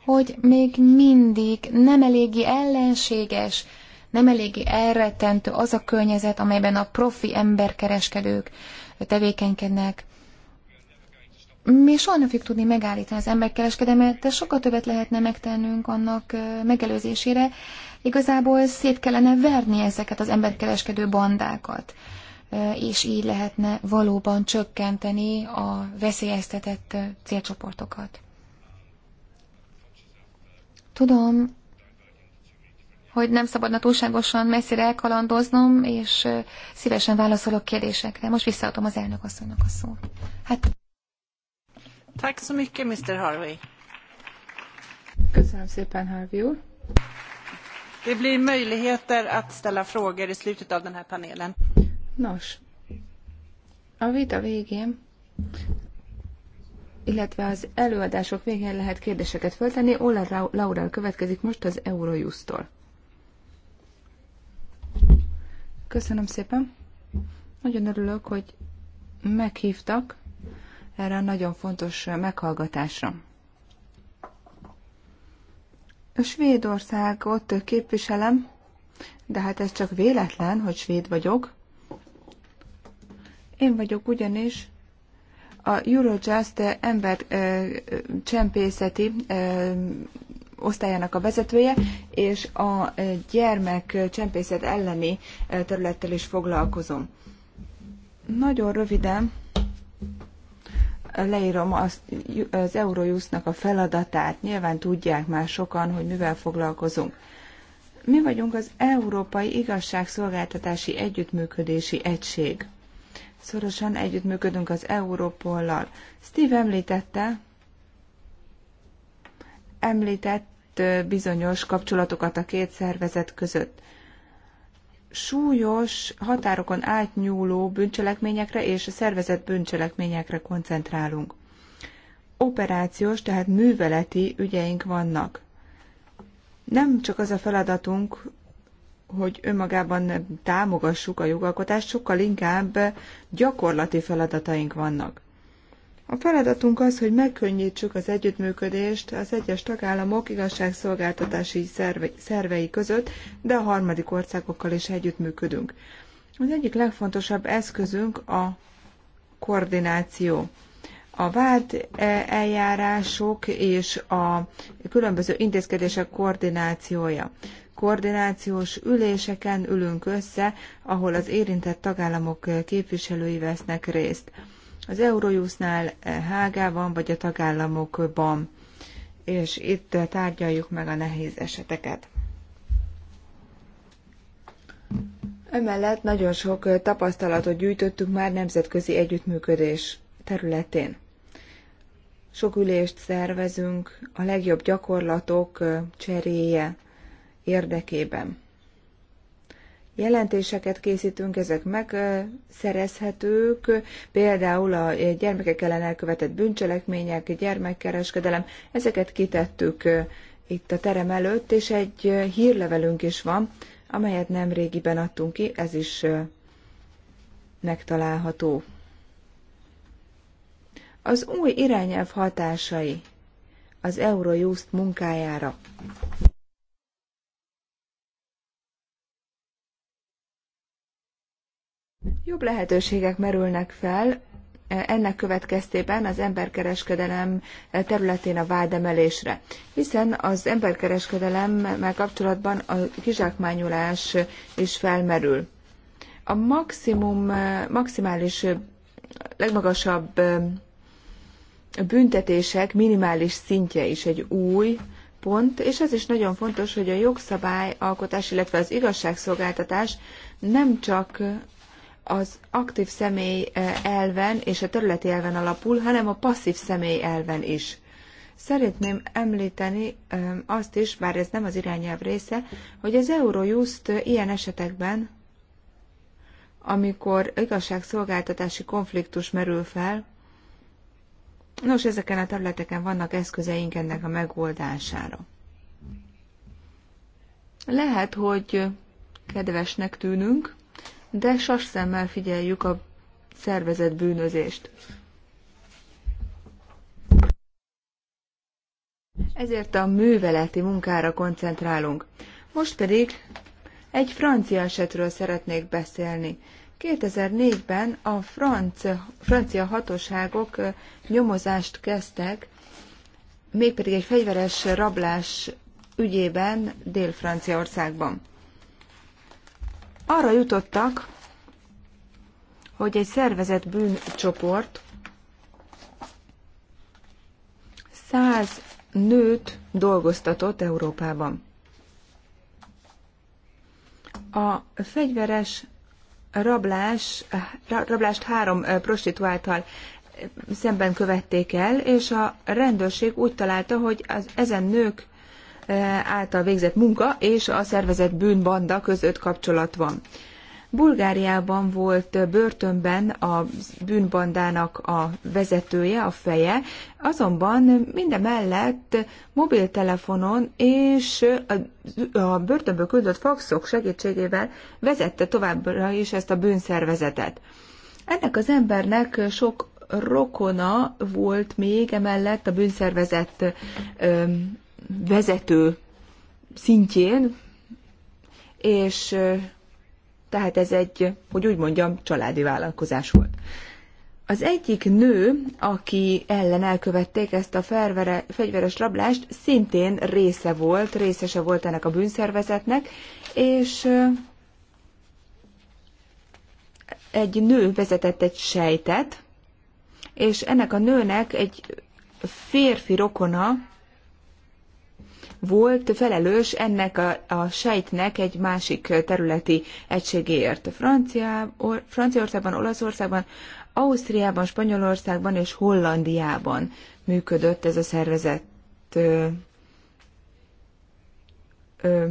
hogy még mindig nem eléggé ellenséges, nem eléggé elrettentő az a környezet, amelyben a profi emberkereskedők tevékenykednek. Mi soha nem fogjuk tudni megállítani az emberkereskedelmet, de sokkal többet lehetne megtennünk annak megelőzésére. Igazából szét kellene verni ezeket az emberkereskedő bandákat, és így lehetne valóban csökkenteni a veszélyeztetett célcsoportokat. Tudom, hogy nem szabadna túlságosan messzire elkalandoznom, és szívesen válaszolok kérdésekre. Most visszaadom az elnök asszonynak a szót. Hát... Tack Mr. Harvey. Köszönöm szépen, Harvey úr. Det blir möjligheter att ställa frågor i slutet av den här panelen. Nos, a vita végén illetve az előadások végén lehet kérdéseket föltenni. Ola Laura következik most az Eurojust-tól. Köszönöm szépen. Nagyon örülök, hogy meghívtak erre a nagyon fontos meghallgatásra. A Svédországot képviselem, de hát ez csak véletlen, hogy svéd vagyok. Én vagyok ugyanis a Eurojust ember csempészeti osztályának a vezetője, és a gyermek csempészet elleni területtel is foglalkozom. Nagyon röviden leírom az, az Eurojustnak a feladatát. Nyilván tudják már sokan, hogy mivel foglalkozunk. Mi vagyunk az Európai Igazságszolgáltatási Együttműködési Egység. Szorosan együttműködünk az Európollal. Steve említette, említett bizonyos kapcsolatokat a két szervezet között súlyos, határokon átnyúló bűncselekményekre és a szervezet bűncselekményekre koncentrálunk. Operációs, tehát műveleti ügyeink vannak. Nem csak az a feladatunk, hogy önmagában támogassuk a jogalkotást, sokkal inkább gyakorlati feladataink vannak. A feladatunk az, hogy megkönnyítsük az együttműködést az egyes tagállamok igazságszolgáltatási szervei között, de a harmadik országokkal is együttműködünk. Az egyik legfontosabb eszközünk a koordináció. A vád e, eljárások és a különböző intézkedések koordinációja koordinációs üléseken ülünk össze, ahol az érintett tagállamok képviselői vesznek részt. Az Eurojusznál eh, Hágában vagy a tagállamokban, és itt eh, tárgyaljuk meg a nehéz eseteket. Emellett nagyon sok eh, tapasztalatot gyűjtöttünk már nemzetközi együttműködés területén. Sok ülést szervezünk, a legjobb gyakorlatok cseréje érdekében. Jelentéseket készítünk, ezek megszerezhetők, például a gyermekek ellen elkövetett bűncselekmények, gyermekkereskedelem, ezeket kitettük eh, itt a terem előtt, és egy eh, hírlevelünk is van, amelyet nem régiben adtunk ki, ez is eh, megtalálható. Az új irányelv hatásai az Eurojust munkájára. Jobb lehetőségek merülnek fel, e, ennek következtében az emberkereskedelem e, területén a vádemelésre. Hiszen az emberkereskedelemmel kapcsolatban a kizsákmányolás is felmerül. A maximum, e, maximális, legmagasabb büntetések minimális szintje is egy új pont, és az is nagyon fontos, hogy a jogszabályalkotás, illetve az igazságszolgáltatás nem csak az aktív személy eh, elven és a területi elven alapul, hanem a passzív személy elven is. Szeretném említeni eh, azt is, bár ez nem az irányelv része, hogy az Eurojust eh, ilyen esetekben, amikor igazságszolgáltatási konfliktus merül fel, nos, ezeken a területeken vannak eszközeink ennek a megoldására. Lehet, hogy kedvesnek tűnünk, de sas szemmel figyeljük a szervezett bűnözést. Ezért a műveleti munkára koncentrálunk. Most pedig egy francia esetről szeretnék beszélni. 2004-ben a franc, francia hatóságok nyomozást kezdtek, mégpedig egy fegyveres rablás ügyében Dél-Franciaországban arra jutottak, hogy egy szervezett bűncsoport száz nőt dolgoztatott Európában. A fegyveres rablás, rablást három prostituáltal szemben követték el, és a rendőrség úgy találta, hogy az, ezen nők által végzett munka és a szervezett bűnbanda között kapcsolat van. Bulgáriában volt börtönben a bűnbandának a vezetője, a feje, azonban minden mellett mobiltelefonon és a börtönből küldött faxok segítségével vezette továbbra is ezt a bűnszervezetet. Ennek az embernek sok rokona volt még emellett a bűnszervezet vezető szintjén, és tehát ez egy, hogy úgy mondjam, családi vállalkozás volt. Az egyik nő, aki ellen elkövették ezt a fervere, fegyveres rablást, szintén része volt, részese volt ennek a bűnszervezetnek, és egy nő vezetett egy sejtet, és ennek a nőnek egy férfi rokona volt felelős ennek a, a sejtnek egy másik területi egységéért. Francia, or, Franciaországban, Olaszországban, Ausztriában, Spanyolországban és Hollandiában működött ez a szervezet. Ö, ö,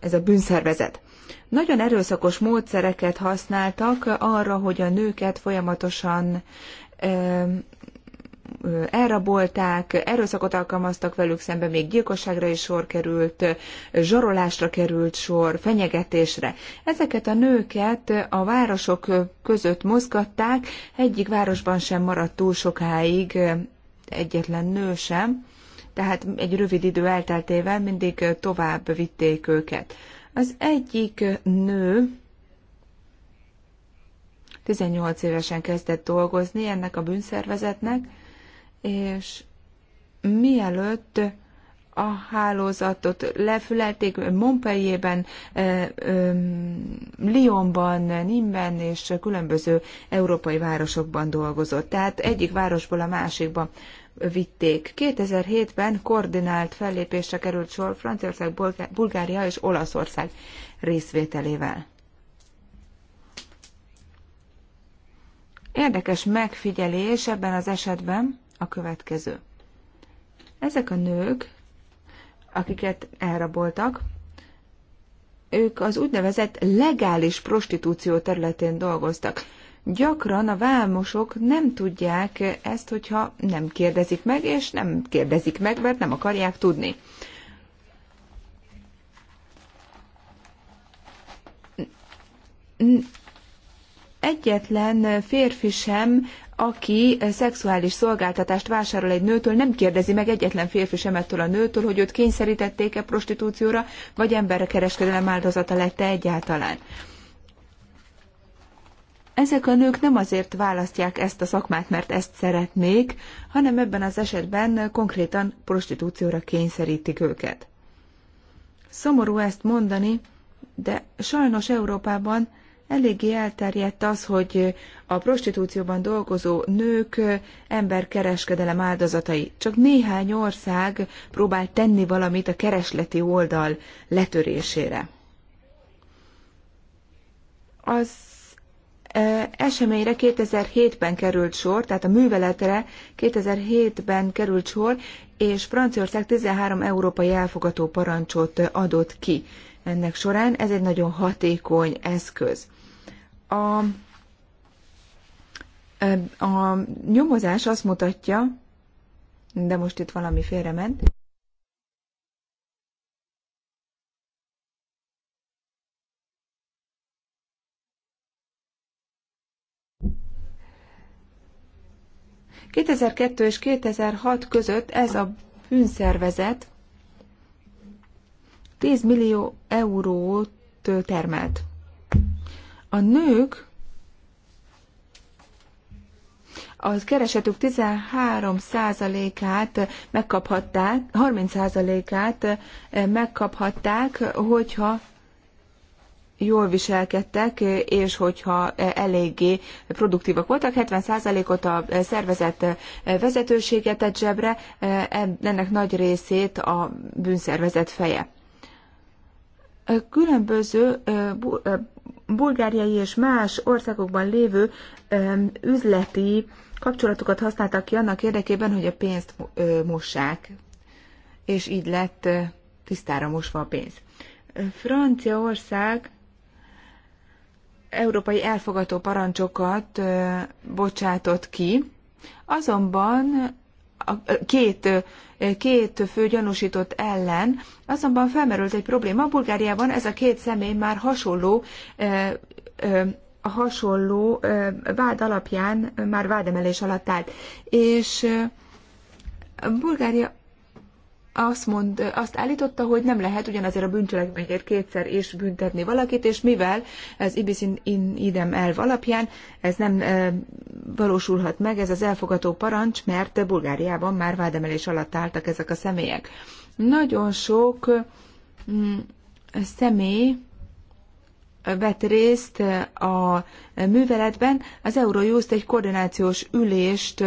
ez a bűnszervezet. Nagyon erőszakos módszereket használtak arra, hogy a nőket folyamatosan elrabolták, erőszakot alkalmaztak velük szemben, még gyilkosságra is sor került, zsarolásra került sor, fenyegetésre. Ezeket a nőket a városok között mozgatták, egyik városban sem maradt túl sokáig egyetlen nő sem, tehát egy rövid idő elteltével mindig tovább vitték őket. Az egyik nő 18 évesen kezdett dolgozni ennek a bűnszervezetnek, és mielőtt a hálózatot lefülelték Montpellierben, Lyonban, Nimben és különböző európai városokban dolgozott. Tehát egyik városból a másikba vitték. 2007-ben koordinált fellépésre került sor Franciaország, Bulgária és Olaszország részvételével. Érdekes megfigyelés ebben az esetben, a következő. Ezek a nők, akiket elraboltak, ők az úgynevezett legális prostitúció területén dolgoztak. Gyakran a vámosok nem tudják ezt, hogyha nem kérdezik meg, és nem kérdezik meg, mert nem akarják tudni egyetlen férfi sem, aki szexuális szolgáltatást vásárol egy nőtől, nem kérdezi meg egyetlen férfi sem ettől a nőtől, hogy őt kényszerítették-e prostitúcióra, vagy emberkereskedelem áldozata lett-e egyáltalán. Ezek a nők nem azért választják ezt a szakmát, mert ezt szeretnék, hanem ebben az esetben konkrétan prostitúcióra kényszerítik őket. Szomorú ezt mondani, de sajnos Európában Eléggé elterjedt az, hogy a prostitúcióban dolgozó nők emberkereskedelem áldozatai. Csak néhány ország próbál tenni valamit a keresleti oldal letörésére. Az eseményre 2007-ben került sor, tehát a műveletre 2007-ben került sor, és Franciaország 13 európai elfogató parancsot adott ki ennek során. Ez egy nagyon hatékony eszköz. A, a nyomozás azt mutatja, de most itt valami félrement. ...2002 és 2006 között ez a bűnszervezet 10 millió eurót termelt. A nők az keresetük 13%-át megkaphatták, 30%-át eh, megkaphatták, hogyha jól viselkedtek, és hogyha eh, eléggé produktívak voltak, 70%-ot a eh, szervezet vezetősége tett zsebre, ennek nagy részét a bűnszervezet feje különböző bulgáriai és más országokban lévő üzleti kapcsolatokat használtak ki annak érdekében, hogy a pénzt mossák, és így lett tisztára mosva a pénz. Franciaország európai elfogató parancsokat bocsátott ki, azonban a két, két fő gyanúsított ellen, azonban felmerült egy probléma. Bulgáriában ez a két személy már hasonló hasonló vád alapján már vádemelés alatt állt. És Bulgária azt, mond, azt állította, hogy nem lehet ugyanazért a bűncselekményért kétszer is büntetni valakit, és mivel ez Ibis in, in idem elv alapján ez nem e, valósulhat meg, ez az elfogató parancs, mert Bulgáriában már vádemelés alatt álltak ezek a személyek. Nagyon sok mm, személy vett részt a műveletben. Az Eurojust egy koordinációs ülést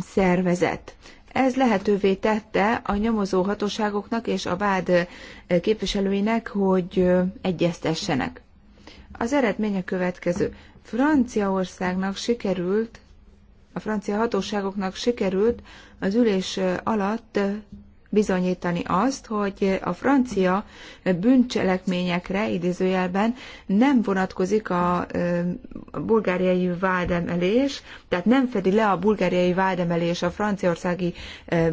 szervezet. Ez lehetővé tette a nyomozó hatóságoknak és a vád képviselőinek, hogy egyeztessenek. Az eredménye következő. Franciaországnak sikerült, a francia hatóságoknak sikerült az ülés alatt bizonyítani azt, hogy a francia bűncselekményekre idézőjelben nem vonatkozik a bulgáriai vádemelés, tehát nem fedi le a bulgáriai vádemelés a franciaországi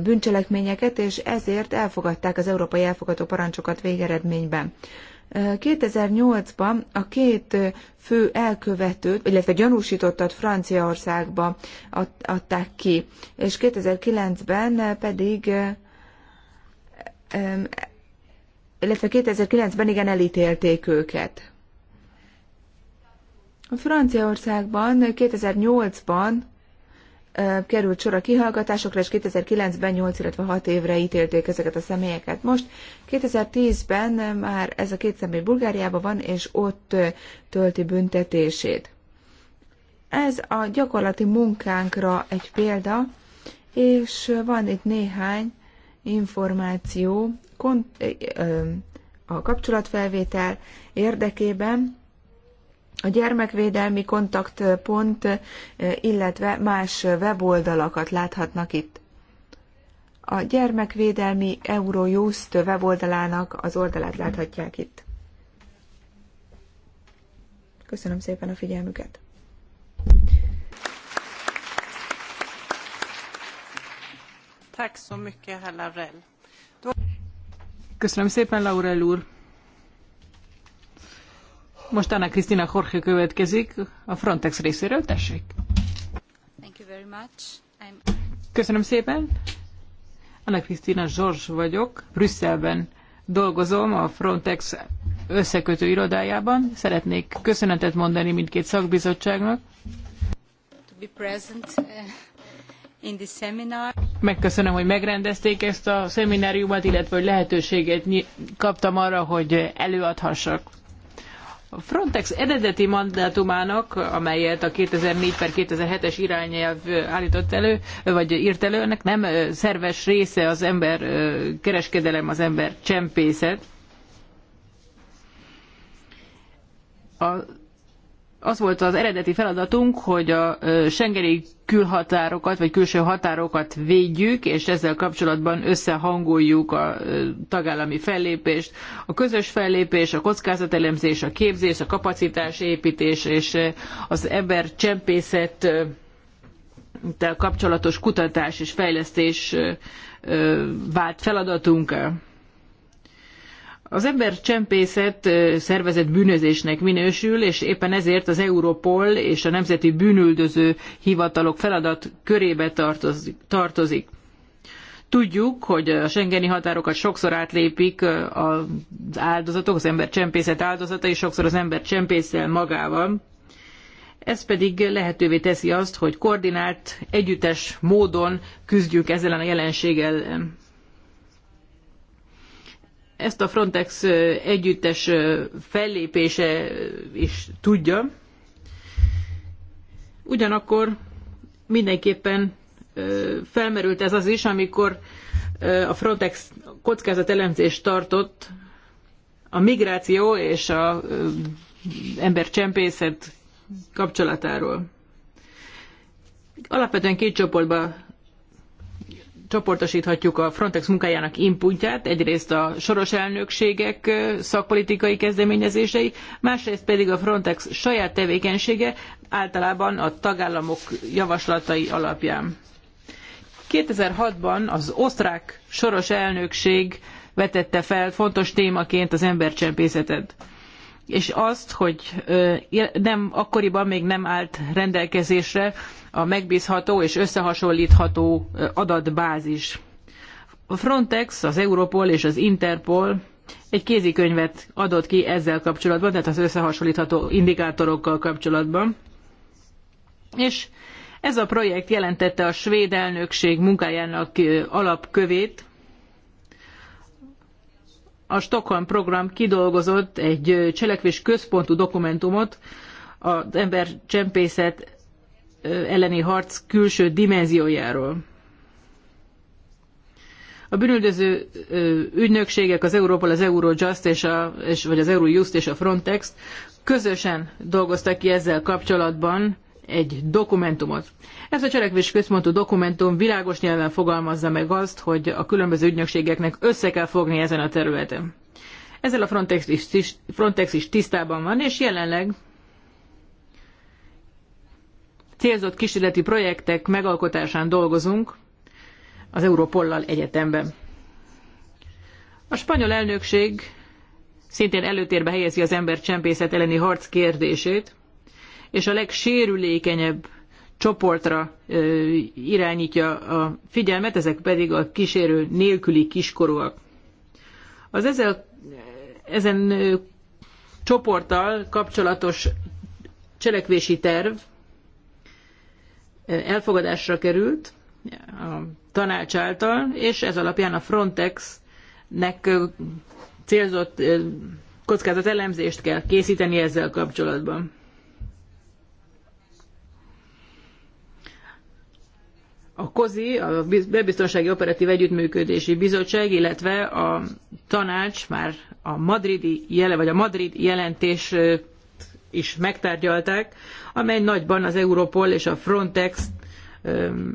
bűncselekményeket, és ezért elfogadták az európai elfogadó parancsokat végeredményben. 2008-ban a két fő elkövetőt, illetve gyanúsítottat Franciaországba adták ki, és 2009-ben pedig illetve 2009-ben igen elítélték őket. Franciaországban 2008-ban került sor a kihallgatásokra, és 2009-ben 8, illetve 6 évre ítélték ezeket a személyeket. Most 2010-ben már ez a két személy Bulgáriában van, és ott tölti büntetését. Ez a gyakorlati munkánkra egy példa, és van itt néhány információ a kapcsolatfelvétel érdekében a gyermekvédelmi kontaktpont, illetve más weboldalakat láthatnak itt. A gyermekvédelmi Eurojust weboldalának az oldalát láthatják itt. Köszönöm szépen a figyelmüket! Köszönöm szépen, Laurel úr. Most Anna Krisztina Jorge következik a Frontex részéről, tessék. Köszönöm szépen. Anna Krisztina Zsors vagyok, Brüsszelben dolgozom a Frontex összekötő irodájában. Szeretnék köszönetet mondani mindkét szakbizottságnak. To be present. Eh, Megköszönöm, hogy megrendezték ezt a szemináriumot, illetve hogy lehetőséget kaptam arra, hogy előadhassak. A Frontex eredeti mandátumának, amelyet a 2004 per 2007-es irányelv állított elő, vagy írt elő, ennek nem szerves része az ember kereskedelem, az ember csempészet. A az volt az eredeti feladatunk, hogy a Schengeni külhatárokat, vagy külső határokat védjük, és ezzel kapcsolatban összehangoljuk a tagállami fellépést. A közös fellépés, a kockázatelemzés, a képzés, a kapacitásépítés és az ember csempészet kapcsolatos kutatás és fejlesztés vált feladatunk. Az ember csempészet szervezett bűnözésnek minősül, és éppen ezért az Europol és a Nemzeti Bűnüldöző Hivatalok feladat körébe tartozik. Tudjuk, hogy a Schengeni határokat sokszor átlépik az áldozatok, az ember csempészet áldozatai, sokszor az ember csempészel magával. Ez pedig lehetővé teszi azt, hogy koordinált, együttes módon küzdjünk ezzel a jelenséggel ellen. Ezt a Frontex együttes fellépése is tudja. Ugyanakkor mindenképpen felmerült ez az is, amikor a Frontex kockázatelemzést tartott a migráció és a embercsempészet kapcsolatáról. Alapvetően két csoportba csoportosíthatjuk a Frontex munkájának inputját, egyrészt a soros elnökségek szakpolitikai kezdeményezései, másrészt pedig a Frontex saját tevékenysége általában a tagállamok javaslatai alapján. 2006-ban az osztrák soros elnökség vetette fel fontos témaként az embercsempészetet és azt, hogy nem, akkoriban még nem állt rendelkezésre a megbízható és összehasonlítható adatbázis. A Frontex, az Europol és az Interpol egy kézikönyvet adott ki ezzel kapcsolatban, tehát az összehasonlítható indikátorokkal kapcsolatban. És ez a projekt jelentette a svéd elnökség munkájának alapkövét, a Stockholm program kidolgozott egy cselekvés központú dokumentumot az embercsempészet elleni harc külső dimenziójáról. A bűnüldöző ügynökségek, az Europol, az Eurojust, és a, és, vagy az Eurojust és a Frontex közösen dolgoztak ki ezzel kapcsolatban egy dokumentumot. Ez a cselekvés központú dokumentum világos nyelven fogalmazza meg azt, hogy a különböző ügynökségeknek össze kell fogni ezen a területen. Ezzel a Frontex is, Frontex is tisztában van, és jelenleg célzott kísérleti projektek megalkotásán dolgozunk az Európollal egyetemben. A spanyol elnökség szintén előtérbe helyezi az ember csempészet elleni harc kérdését, és a legsérülékenyebb csoportra irányítja a figyelmet, ezek pedig a kísérő nélküli kiskorúak. Az ezzel, ezen csoporttal kapcsolatos cselekvési terv elfogadásra került a tanács által, és ez alapján a Frontexnek célzott kockázat elemzést kell készíteni ezzel kapcsolatban. a COZI, a Bebiztonsági Operatív Együttműködési Bizottság, illetve a tanács már a madridi jele, vagy a madrid jelentés is megtárgyalták, amely nagyban az Europol és a Frontex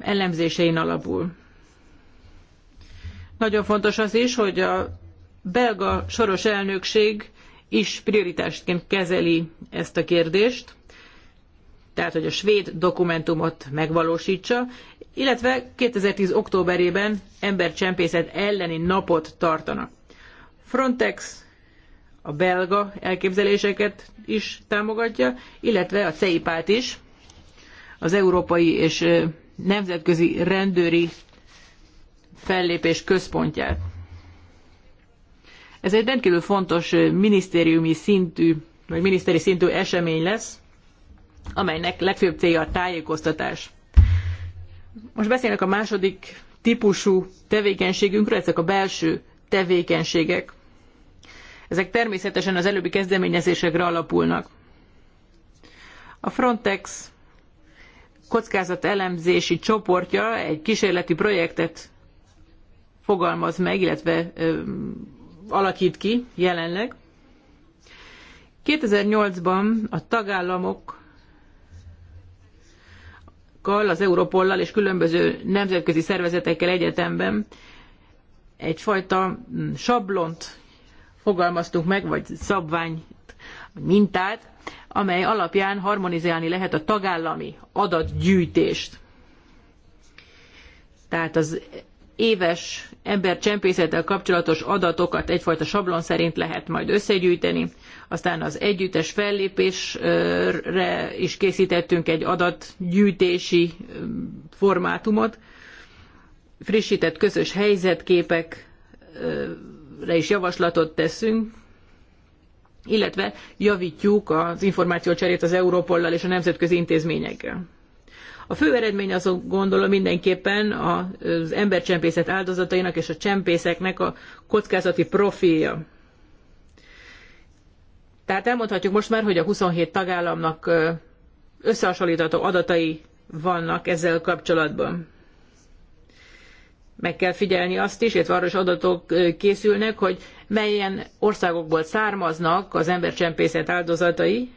elemzésein alapul. Nagyon fontos az is, hogy a belga soros elnökség is prioritásként kezeli ezt a kérdést, tehát hogy a svéd dokumentumot megvalósítsa, illetve 2010. októberében embercsempészet elleni napot tartanak. Frontex a belga elképzeléseket is támogatja, illetve a CEIPÁT is, az Európai és Nemzetközi Rendőri Fellépés Központját. Ez egy rendkívül fontos minisztériumi szintű, vagy miniszteri szintű esemény lesz, amelynek legfőbb célja a tájékoztatás. Most beszélnek a második típusú tevékenységünkről, ezek a belső tevékenységek. Ezek természetesen az előbbi kezdeményezésekre alapulnak. A Frontex kockázat elemzési csoportja egy kísérleti projektet fogalmaz meg, illetve ö, alakít ki jelenleg. 2008-ban a tagállamok tagállamokkal, az Europollal és különböző nemzetközi szervezetekkel egyetemben egyfajta mm, sablont fogalmaztunk meg, vagy szabványt, mintát, amely alapján harmonizálni lehet a tagállami adatgyűjtést. Tehát az éves embercsempészettel kapcsolatos adatokat egyfajta sablon szerint lehet majd összegyűjteni, aztán az együttes fellépésre is készítettünk egy adatgyűjtési formátumot, frissített közös helyzetképekre is javaslatot teszünk, illetve javítjuk az információcserét az Európollal és a nemzetközi intézményekkel. A fő eredmény azon gondolom mindenképpen az embercsempészet áldozatainak és a csempészeknek a kockázati profilja. Tehát elmondhatjuk most már, hogy a 27 tagállamnak összehasonlítható adatai vannak ezzel kapcsolatban. Meg kell figyelni azt is, illetve arra is adatok készülnek, hogy melyen országokból származnak az embercsempészet áldozatai,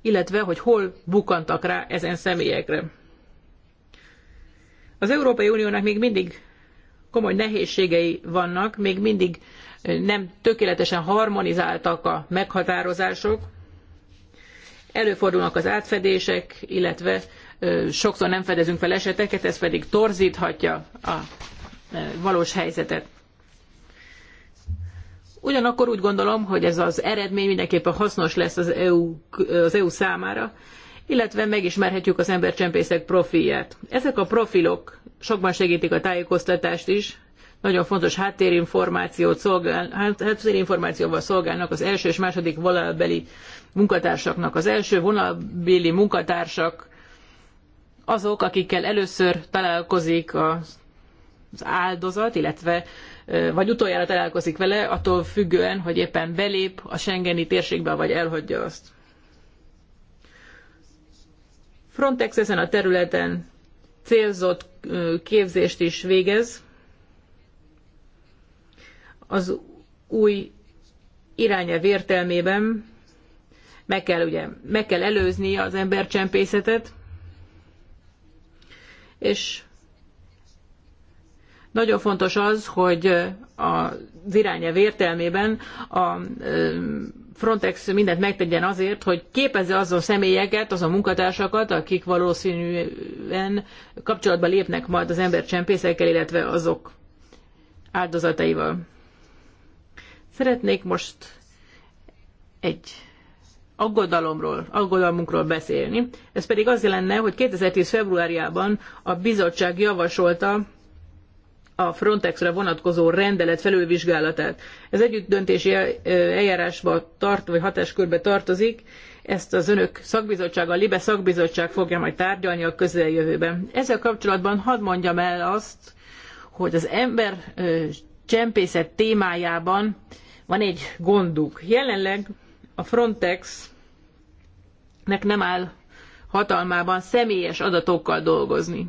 illetve hogy hol bukantak rá ezen személyekre. Az Európai Uniónak még mindig komoly nehézségei vannak, még mindig nem tökéletesen harmonizáltak a meghatározások, előfordulnak az átfedések, illetve sokszor nem fedezünk fel eseteket, ez pedig torzíthatja a valós helyzetet. Ugyanakkor úgy gondolom, hogy ez az eredmény mindenképpen hasznos lesz az EU, az EU számára, illetve megismerhetjük az embercsempészek profilját. Ezek a profilok sokban segítik a tájékoztatást is, nagyon fontos háttérinformációt szolgál, hát háttérinformációval szolgálnak az első és második vonalbeli munkatársaknak. Az első vonalbeli munkatársak azok, akikkel először találkozik az áldozat, illetve vagy utoljára találkozik vele, attól függően, hogy éppen belép a Schengeni térségbe, vagy elhagyja azt. Frontex ezen a területen célzott képzést is végez, az új irányelv értelmében meg kell, ugye, meg kell előzni az embercsempészetet, és nagyon fontos az, hogy az irányelv értelmében a Frontex mindent megtegyen azért, hogy képezze azon személyeket, azon munkatársakat, akik valószínűen kapcsolatba lépnek majd az embercsempészekkel, illetve azok áldozataival. Szeretnék most egy aggodalomról, aggodalmunkról beszélni. Ez pedig az lenne, hogy 2010. februárjában a bizottság javasolta a Frontexre vonatkozó rendelet felülvizsgálatát. Ez együtt döntési eh, eljárásba tart, vagy hatáskörbe tartozik, ezt az önök szakbizottsága, a LIBE szakbizottság fogja majd tárgyalni a közeljövőben. Ezzel kapcsolatban hadd mondjam el azt, hogy az ember eh, csempészet témájában van egy gonduk. Jelenleg a Frontexnek nem áll hatalmában személyes adatokkal dolgozni.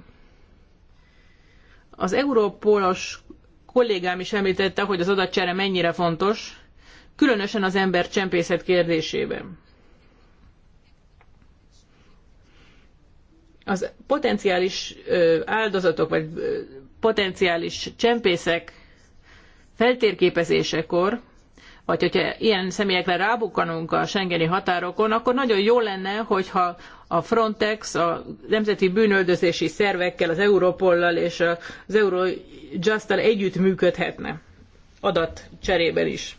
Az Európolos kollégám is említette, hogy az adatcsere mennyire fontos, különösen az ember csempészet kérdésében. Az potenciális áldozatok, vagy potenciális csempészek feltérképezésekor vagy hogyha ilyen személyekre rábukkanunk a Schengeni határokon, akkor nagyon jó lenne, hogyha a Frontex, a nemzeti bűnöldözési szervekkel, az Europollal és az Eurojust-tal együttműködhetne adat cserében is.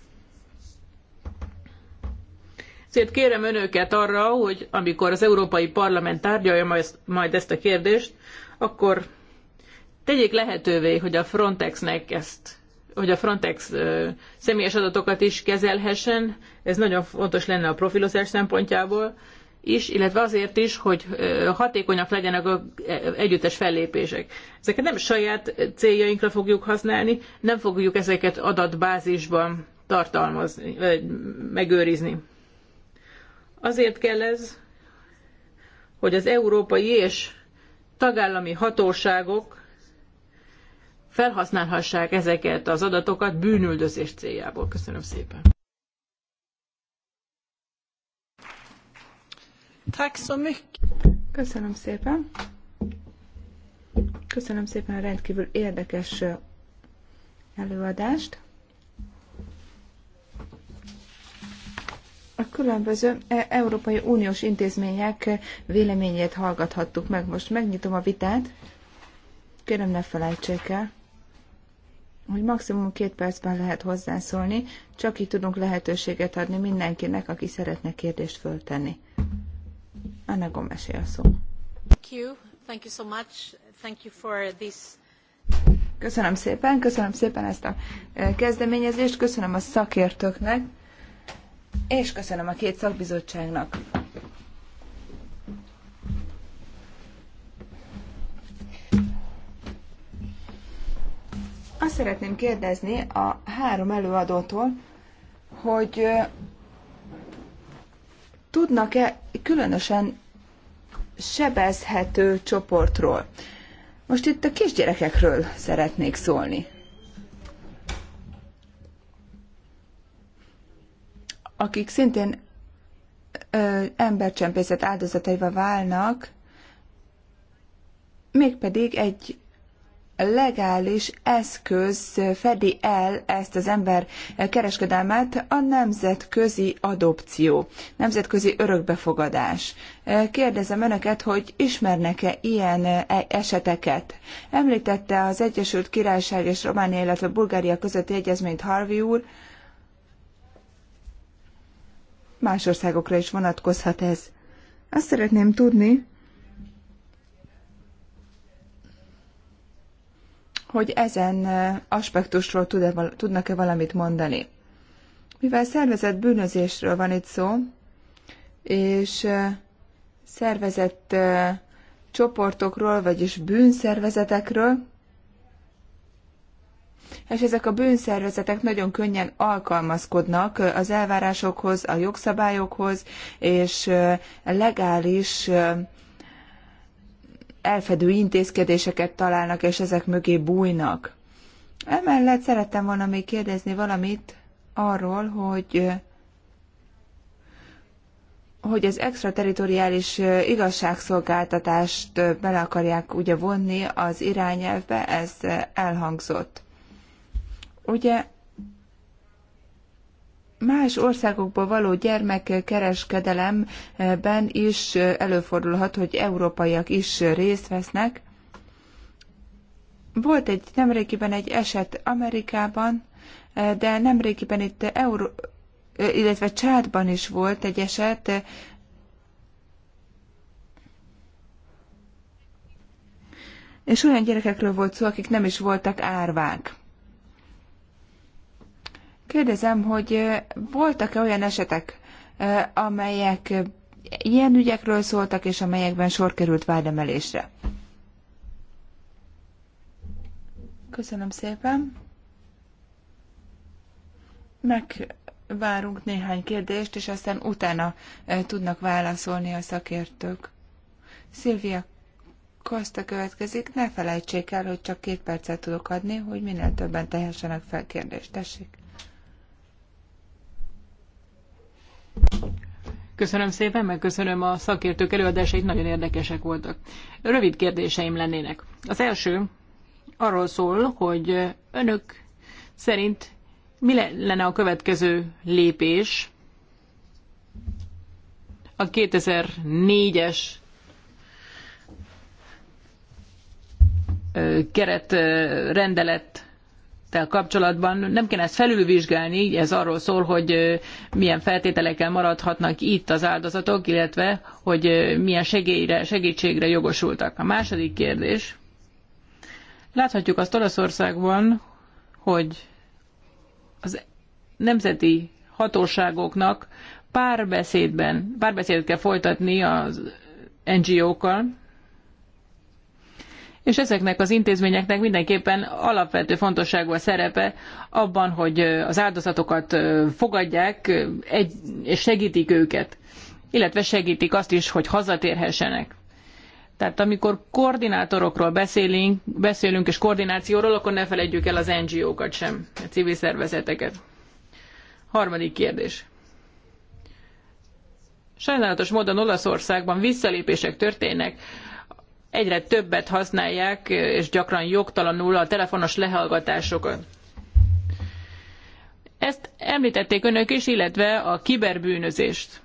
Ezért kérem önöket arra, hogy amikor az Európai Parlament tárgyalja majd ezt a kérdést, akkor tegyék lehetővé, hogy a Frontexnek ezt hogy a Frontex személyes adatokat is kezelhessen, ez nagyon fontos lenne a profilozás szempontjából is, illetve azért is, hogy hatékonyak legyenek a e, együttes fellépések. Ezeket nem saját céljainkra fogjuk használni, nem fogjuk ezeket adatbázisban tartalmazni, vagy megőrizni. Azért kell ez, hogy az európai és tagállami hatóságok felhasználhassák ezeket az adatokat bűnüldözés céljából. Köszönöm szépen. Köszönöm szépen. Köszönöm szépen a rendkívül érdekes előadást. A különböző e, Európai Uniós intézmények véleményét hallgathattuk meg. Most megnyitom a vitát. Kérem, ne felejtsék el hogy maximum két percben lehet hozzászólni, csak így tudunk lehetőséget adni mindenkinek, aki szeretne kérdést föltenni. Anna Gomesé a szó. Köszönöm szépen, köszönöm szépen ezt a e, kezdeményezést, köszönöm a szakértőknek, és köszönöm a két szakbizottságnak Azt szeretném kérdezni a három előadótól, hogy tudnak-e különösen sebezhető csoportról. Most itt a kisgyerekekről szeretnék szólni. Akik szintén ö, embercsempészet áldozataival válnak, mégpedig egy legális eszköz fedi el ezt az ember kereskedelmet a nemzetközi adopció, nemzetközi örökbefogadás. Kérdezem önöket, hogy ismernek-e ilyen e- eseteket? Említette az Egyesült Királyság és Románia, illetve Bulgária közötti egyezményt Harvey úr. Más országokra is vonatkozhat ez. Azt szeretném tudni, hogy ezen aspektusról tudnak-e valamit mondani. Mivel szervezett bűnözésről van itt szó, és szervezett csoportokról, vagyis bűnszervezetekről, és ezek a bűnszervezetek nagyon könnyen alkalmazkodnak az elvárásokhoz, a jogszabályokhoz, és legális elfedő intézkedéseket találnak, és ezek mögé bújnak. Emellett szerettem volna még kérdezni valamit arról, hogy hogy az extrateritoriális igazságszolgáltatást bele akarják ugye vonni az irányelvbe, ez elhangzott. Ugye más országokból való gyermekkereskedelemben is előfordulhat, hogy európaiak is részt vesznek. Volt egy nemrégiben egy eset Amerikában, de nemrégiben itt Euró, illetve Csádban is volt egy eset, és olyan gyerekekről volt szó, akik nem is voltak árvák. Kérdezem, hogy voltak-e olyan esetek, amelyek ilyen ügyekről szóltak, és amelyekben sor került vádemelésre? Köszönöm szépen. Megvárunk néhány kérdést, és aztán utána tudnak válaszolni a szakértők. Szilvia Kosta következik. Ne felejtsék el, hogy csak két percet tudok adni, hogy minél többen tehessenek fel kérdést. Tessék. Köszönöm szépen, megköszönöm a szakértők előadásait, nagyon érdekesek voltak. Rövid kérdéseim lennének. Az első arról szól, hogy önök szerint mi lenne a következő lépés a 2004-es keretrendelet tel kapcsolatban nem kéne ezt felülvizsgálni, ez arról szól, hogy milyen feltételekkel maradhatnak itt az áldozatok, illetve hogy milyen segélyre, segítségre jogosultak. A második kérdés. Láthatjuk azt Olaszországban, hogy az nemzeti hatóságoknak párbeszédben, párbeszédet kell folytatni az NGO-kkal, és ezeknek az intézményeknek mindenképpen alapvető fontosságú a szerepe abban, hogy az áldozatokat fogadják és segítik őket, illetve segítik azt is, hogy hazatérhessenek. Tehát amikor koordinátorokról beszélünk, beszélünk és koordinációról, akkor ne felejtjük el az NGO-kat sem, a civil szervezeteket. Harmadik kérdés. Sajnálatos módon Olaszországban visszalépések történnek egyre többet használják, és gyakran jogtalanul a telefonos lehallgatásokat. Ezt említették önök is, illetve a kiberbűnözést.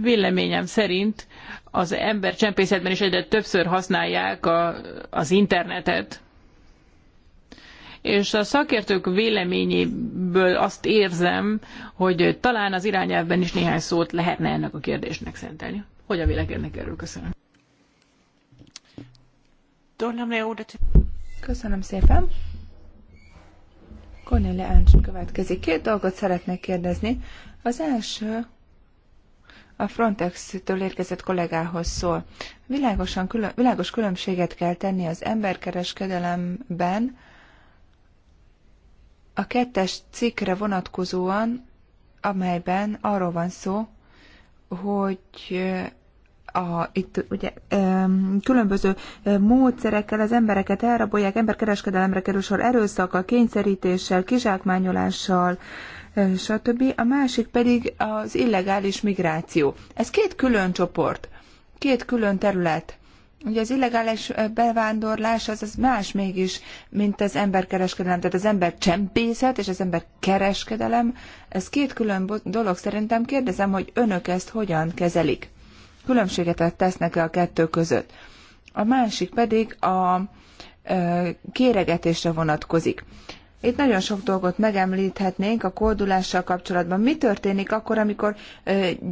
Véleményem szerint az embercsempészetben is egyre többször használják a, az internetet. És a szakértők véleményéből azt érzem, hogy talán az irányelvben is néhány szót lehetne ennek a kérdésnek szentelni. Hogy a vélekednek erről? Köszönöm. Köszönöm szépen. Cornelia Ancs következik. Két dolgot szeretnék kérdezni. Az első a Frontex-től érkezett kollégához szól. Világosan, külön, világos különbséget kell tenni az emberkereskedelemben a kettes cikkre vonatkozóan, amelyben arról van szó, hogy eh, a, itt ugye különböző eh, módszerekkel az embereket elrabolják, emberkereskedelemre kerül sor erőszakkal, kényszerítéssel, kizsákmányolással, eh, stb. A másik pedig az illegális migráció. Ez két külön csoport, két külön terület. Ugye az illegális bevándorlás az, az más mégis, mint az emberkereskedelem. Tehát az ember csempészet és az ember kereskedelem, ez két külön dolog szerintem. Kérdezem, hogy önök ezt hogyan kezelik? Különbséget tesznek-e a kettő között? A másik pedig a kéregetésre vonatkozik. Itt nagyon sok dolgot megemlíthetnénk a koldulással kapcsolatban. Mi történik akkor, amikor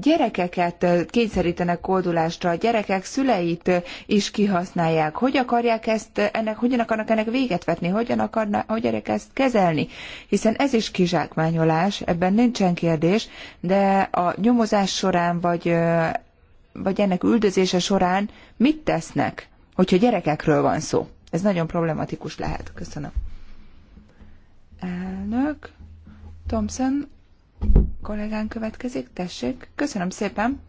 gyerekeket kényszerítenek koldulásra, a gyerekek szüleit is kihasználják? Hogy akarják ezt, ennek, hogyan akarnak ennek véget vetni, hogyan akarnak, hogyan ezt kezelni? Hiszen ez is kizsákmányolás, ebben nincsen kérdés, de a nyomozás során, vagy, vagy ennek üldözése során mit tesznek, hogyha gyerekekről van szó? Ez nagyon problematikus lehet. Köszönöm. Elnök. Thompson kollégán következik. Tessék. Köszönöm szépen.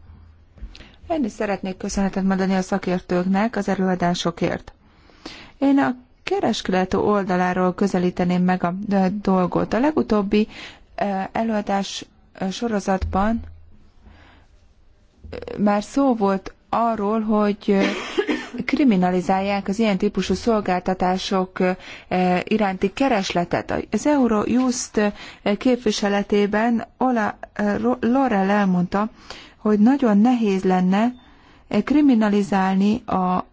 Én is szeretnék köszönetet mondani a szakértőknek az előadásokért. Én a kereskedeltő oldaláról közelíteném meg a dolgot. A legutóbbi előadás sorozatban már szó volt arról, hogy kriminalizálják az ilyen típusú szolgáltatások iránti keresletet. Az Eurojust képviseletében Ola Lorel elmondta, hogy nagyon nehéz lenne kriminalizálni a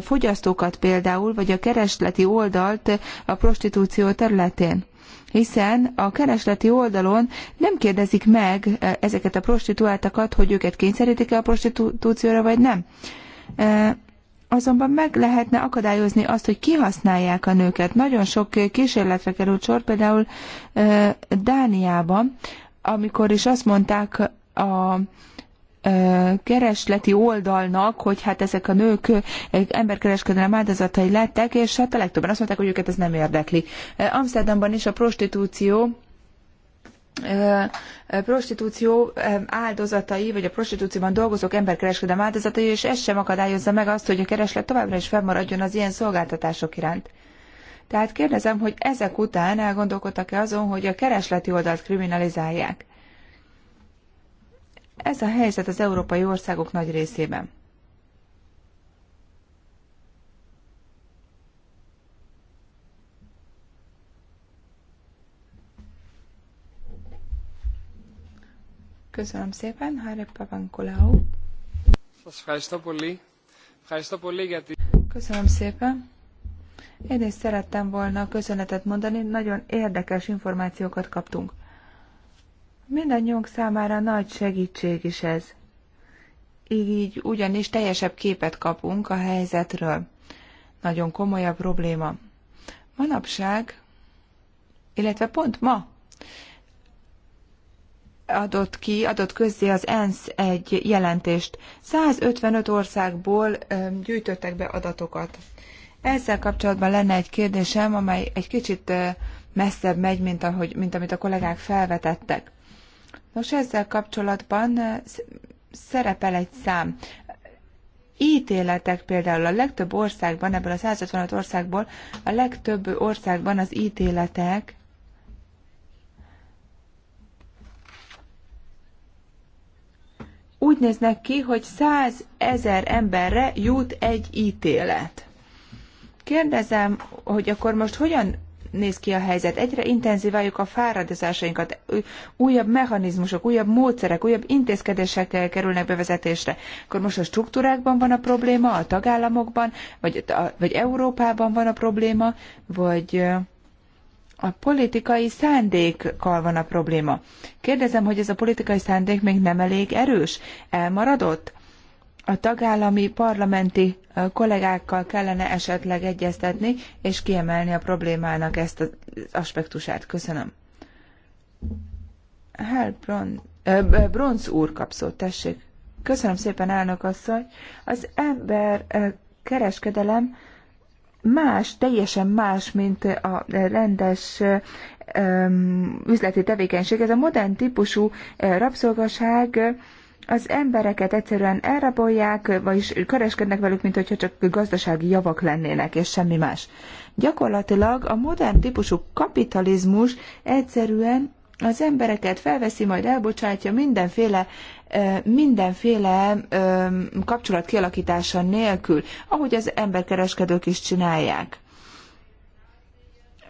fogyasztókat például, vagy a keresleti oldalt a prostitúció területén hiszen a keresleti oldalon nem kérdezik meg ezeket a prostituáltakat, hogy őket kényszerítik-e a prostitúcióra, vagy nem. Azonban meg lehetne akadályozni azt, hogy kihasználják a nőket. Nagyon sok kísérletre került sor, például Dániában, amikor is azt mondták a keresleti oldalnak, hogy hát ezek a nők emberkereskedelem áldozatai lettek, és hát a legtöbben azt mondták, hogy őket ez nem érdekli. Amsterdamban is a prostitúció prostitúció áldozatai, vagy a prostitúcióban dolgozók emberkereskedelem áldozatai, és ez sem akadályozza meg azt, hogy a kereslet továbbra is fennmaradjon az ilyen szolgáltatások iránt. Tehát kérdezem, hogy ezek után elgondolkodtak-e azon, hogy a keresleti oldalt kriminalizálják? Ez a helyzet az európai országok nagy részében. Köszönöm szépen, Háre Pavankolau. Köszönöm szépen. Én is szerettem volna köszönetet mondani, nagyon érdekes információkat kaptunk. Mindannyiunk számára nagy segítség is ez. Így ugyanis teljesebb képet kapunk a helyzetről. Nagyon komoly a probléma. Manapság, illetve pont ma, adott ki, adott közzé az ENSZ egy jelentést. 155 országból gyűjtöttek be adatokat. Ezzel kapcsolatban lenne egy kérdésem, amely egy kicsit messzebb megy, mint, ahogy, mint amit a kollégák felvetettek. Nos, ezzel kapcsolatban szerepel egy szám. Ítéletek például a legtöbb országban, ebből a 155 országból, a legtöbb országban az ítéletek úgy néznek ki, hogy 100 ezer emberre jut egy ítélet. Kérdezem, hogy akkor most hogyan néz ki a helyzet? Egyre intenzíváljuk a fáradozásainkat, újabb mechanizmusok, újabb módszerek, újabb intézkedések kerülnek bevezetésre. Akkor most a struktúrákban van a probléma, a tagállamokban, vagy, vagy Európában van a probléma, vagy a politikai szándékkal van a probléma. Kérdezem, hogy ez a politikai szándék még nem elég erős? Elmaradott? A tagállami parlamenti kollégákkal kellene esetleg egyeztetni, és kiemelni a problémának ezt az aspektusát. Köszönöm. Helbron, Bronz úr kapszót, tessék. Köszönöm szépen, elnök asszony. Az ember kereskedelem más, teljesen más, mint a rendes üzleti tevékenység. Ez a modern típusú eh, rabszolgaság az embereket egyszerűen elrabolják, vagyis kereskednek velük, mint hogyha csak gazdasági javak lennének, és semmi más. Gyakorlatilag a modern típusú kapitalizmus egyszerűen az embereket felveszi, majd elbocsátja mindenféle mindenféle kapcsolat kialakítása nélkül, ahogy az emberkereskedők is csinálják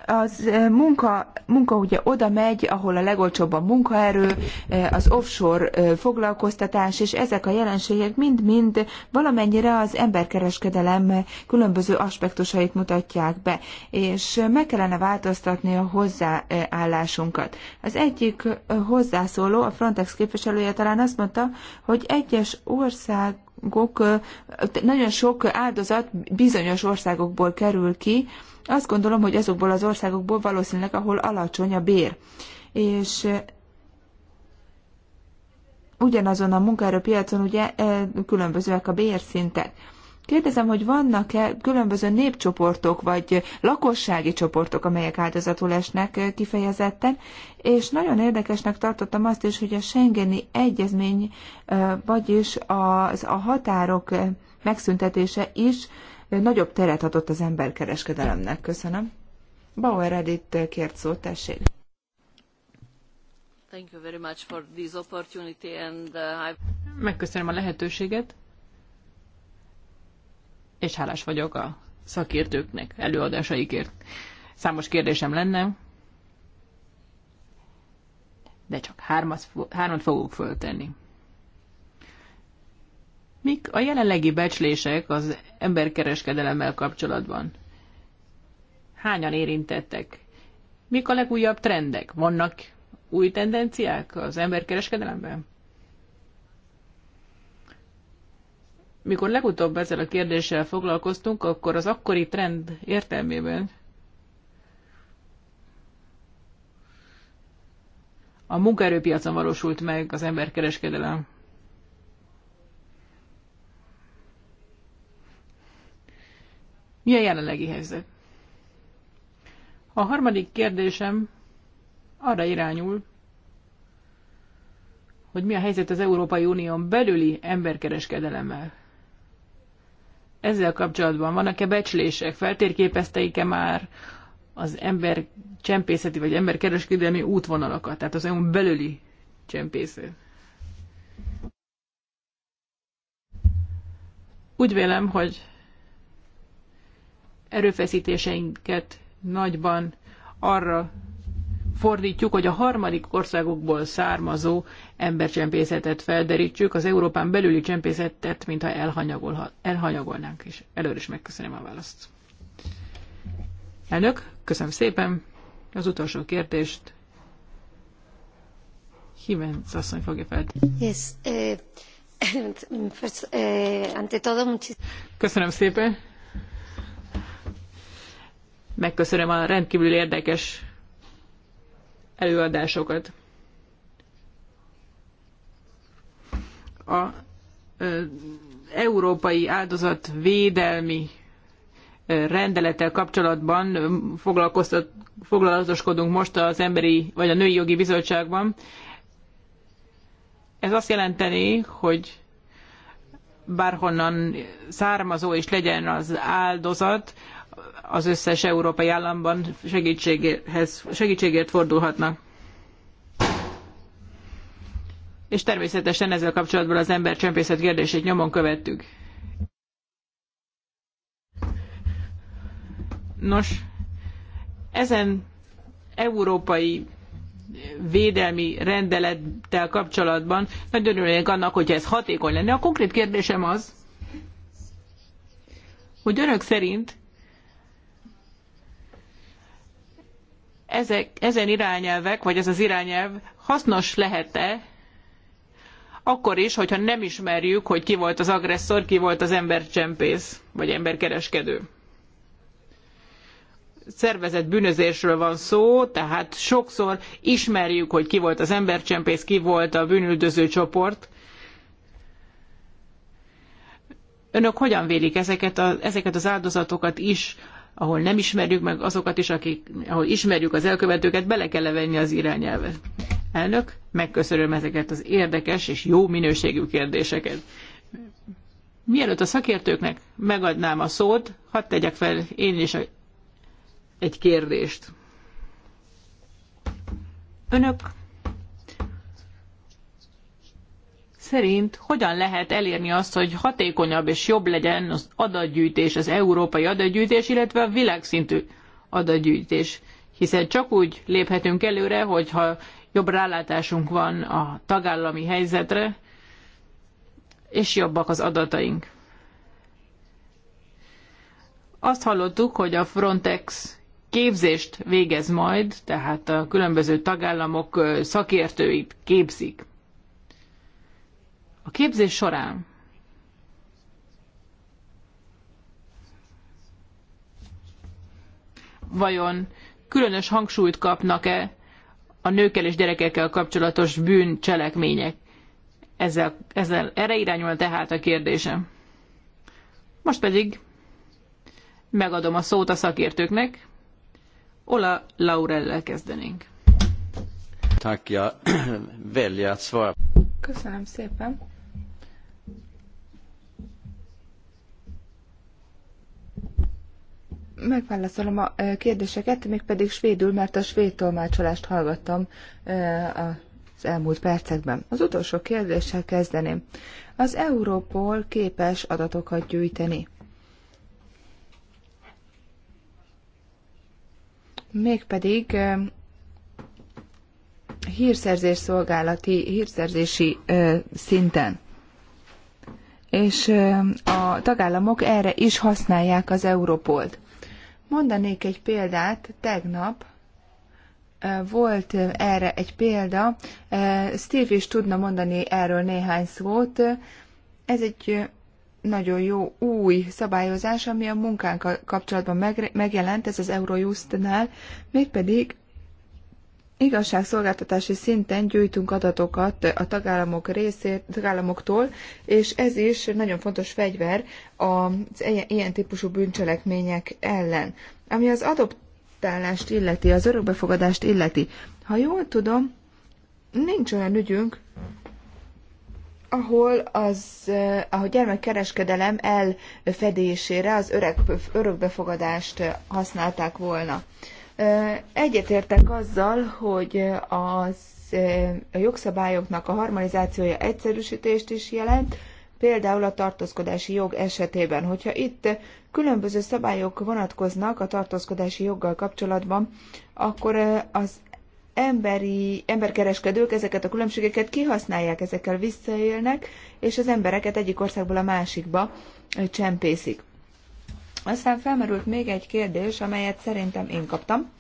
az eh, munka, munka ugye oda megy, ahol a legolcsóbb a munkaerő, eh, az offshore eh, foglalkoztatás, és ezek a jelenségek mind-mind valamennyire az emberkereskedelem különböző aspektusait mutatják be, és meg kellene változtatni a hozzáállásunkat. Az egyik hozzászóló, a Frontex képviselője talán azt mondta, hogy egyes országok, nagyon sok áldozat bizonyos országokból kerül ki, azt gondolom, hogy azokból az országokból valószínűleg, ahol alacsony a bér. És eh, ugyanazon a munkaerőpiacon ugye eh, különbözőek a bérszintek. Kérdezem, hogy vannak-e különböző népcsoportok vagy lakossági csoportok, amelyek áldozatul esnek eh, kifejezetten, és nagyon érdekesnek tartottam azt is, hogy a Schengeni Egyezmény, vagyis az a határok megszüntetése is nagyobb teret adott az emberkereskedelemnek. Köszönöm. Bauer Edith kért szót, tessék. Thank you very much for this opportunity and uh, I... Megköszönöm a lehetőséget, és hálás vagyok a szakértőknek előadásaikért. Számos kérdésem lenne, de csak hármat, hármat fogok föltenni. Mik a jelenlegi becslések az emberkereskedelemmel kapcsolatban? Hányan érintettek? Mik a legújabb trendek? Vannak új tendenciák az emberkereskedelemben? Mikor legutóbb ezzel a kérdéssel foglalkoztunk, akkor az akkori trend értelmében a munkaerőpiacon valósult meg az emberkereskedelem. Mi a jelenlegi helyzet? A harmadik kérdésem arra irányul, hogy mi a helyzet az Európai Unión belüli emberkereskedelemmel. Ezzel kapcsolatban vannak-e becslések, feltérképezteik-e már az ember csempészeti vagy emberkereskedelmi útvonalakat, tehát az EU-n belüli csempészet? Úgy vélem, hogy erőfeszítéseinket nagyban arra fordítjuk, hogy a harmadik országokból származó embercsempészetet felderítsük, az Európán belüli csempészetet, mintha elhanyagolnánk, és előre is megköszönöm a választ. Elnök, köszönöm szépen. Az utolsó kérdést Jiménez asszony fogja feltenni. Yes, eh, [LAUGHS] eh, ante todo, Köszönöm szépen. Megköszönöm a rendkívül érdekes előadásokat. A ö, európai áldozat védelmi rendelettel kapcsolatban foglalatoskodunk most az emberi vagy a női jogi bizottságban. Ez azt jelenteni, hogy bárhonnan származó is legyen az áldozat, az összes európai államban segítséghez, segítségért fordulhatnak. És természetesen ezzel kapcsolatban az embercsempészet kérdését nyomon követtük. Nos, ezen európai védelmi rendelettel kapcsolatban nagyon örülnék annak, hogyha ez hatékony lenne. A konkrét kérdésem az, hogy önök szerint ezek, ezen irányelvek, vagy ez az irányelv hasznos lehet-e akkor is, hogyha nem ismerjük, hogy ki volt az agresszor, ki volt az embercsempész, vagy emberkereskedő. Szervezett bűnözésről van szó, tehát sokszor ismerjük, hogy ki volt az embercsempész, ki volt a bűnüldöző csoport. Önök hogyan vélik ezeket, a, ezeket az áldozatokat is ahol nem ismerjük meg azokat is, akik, ahol ismerjük az elkövetőket, bele kell venni az irányelvet. Elnök, megköszönöm ezeket az érdekes és jó minőségű kérdéseket. Mielőtt a szakértőknek megadnám a szót, hadd tegyek fel én is egy kérdést. Önök szerint hogyan lehet elérni azt, hogy hatékonyabb és jobb legyen az adatgyűjtés, az európai adatgyűjtés, illetve a világszintű adatgyűjtés. Hiszen csak úgy léphetünk előre, hogyha jobb rálátásunk van a tagállami helyzetre, és jobbak az adataink. Azt hallottuk, hogy a Frontex képzést végez majd, tehát a különböző tagállamok szakértőit képzik. A képzés során vajon különös hangsúlyt kapnak-e a nőkkel és gyerekekkel kapcsolatos bűncselekmények? Ezzel, ezzel erre irányul tehát a kérdésem. Most pedig megadom a szót a szakértőknek. Ola Laurellel kezdenénk. [CLEARS THROAT] Köszönöm szépen. Megválaszolom a kérdéseket, mégpedig svédül, mert a svéd tolmácsolást hallgattam az elmúlt percekben. Az utolsó kérdéssel kezdeném. Az Európol képes adatokat gyűjteni. Mégpedig hírszerzés szolgálati, hírszerzési szinten és a tagállamok erre is használják az Európolt. Mondanék egy példát, tegnap volt erre egy példa, Steve is tudna mondani erről néhány szót. Ez egy nagyon jó új szabályozás, ami a munkánkkal kapcsolatban megjelent, ez az Eurojust-nál, mégpedig igazságszolgáltatási szinten gyűjtünk adatokat a tagállamok részét, tagállamoktól, és ez is nagyon fontos fegyver az e-, ilyen típusú bűncselekmények ellen. Ami az adoptálást illeti, az örökbefogadást illeti, ha jól tudom, nincs olyan ügyünk, ahol az eh, a gyermekkereskedelem elfedésére az öreg, örökbefogadást használták volna. Egyetértek azzal, hogy az a jogszabályoknak a harmonizációja egyszerűsítést is jelent, például a tartózkodási jog esetében. Hogyha itt különböző szabályok vonatkoznak a tartózkodási joggal kapcsolatban, akkor az emberi, emberkereskedők ezeket a különbségeket kihasználják, ezekkel visszaélnek, és az embereket egyik országból a másikba csempészik. Aztán felmerült még egy kérdés, amelyet szerintem én kaptam.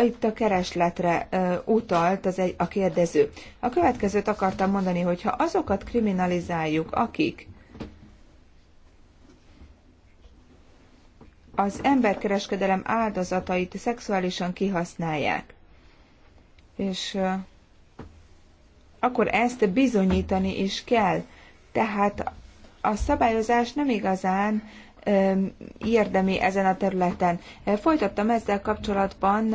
Itt a keresletre uh, utalt az egy, a kérdező. A következőt akartam mondani, hogy ha azokat kriminalizáljuk, akik az emberkereskedelem áldozatait szexuálisan kihasználják, és uh, akkor ezt bizonyítani is kell. Tehát a szabályozás nem igazán érdemi ezen a területen. Folytattam ezzel kapcsolatban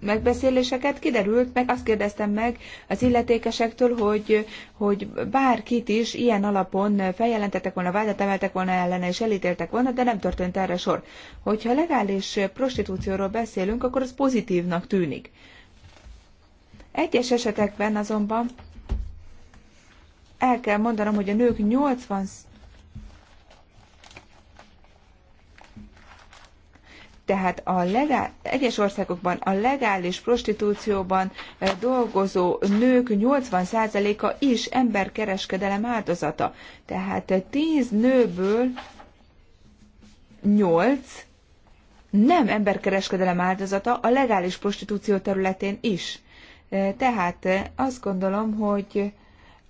megbeszéléseket, kiderült, meg azt kérdeztem meg az illetékesektől, hogy, hogy bárkit is ilyen alapon feljelentettek volna, vádat emeltek volna ellene és elítéltek volna, de nem történt erre sor. Hogyha legális prostitúcióról beszélünk, akkor az pozitívnak tűnik. Egyes esetekben azonban el kell mondanom, hogy a nők 80 Tehát a legál, egyes országokban a legális prostitúcióban eh, dolgozó nők 80%-a is emberkereskedelem áldozata. Tehát 10 eh, nőből 8 nem emberkereskedelem áldozata a legális prostitúció területén is. Eh, tehát azt gondolom, hogy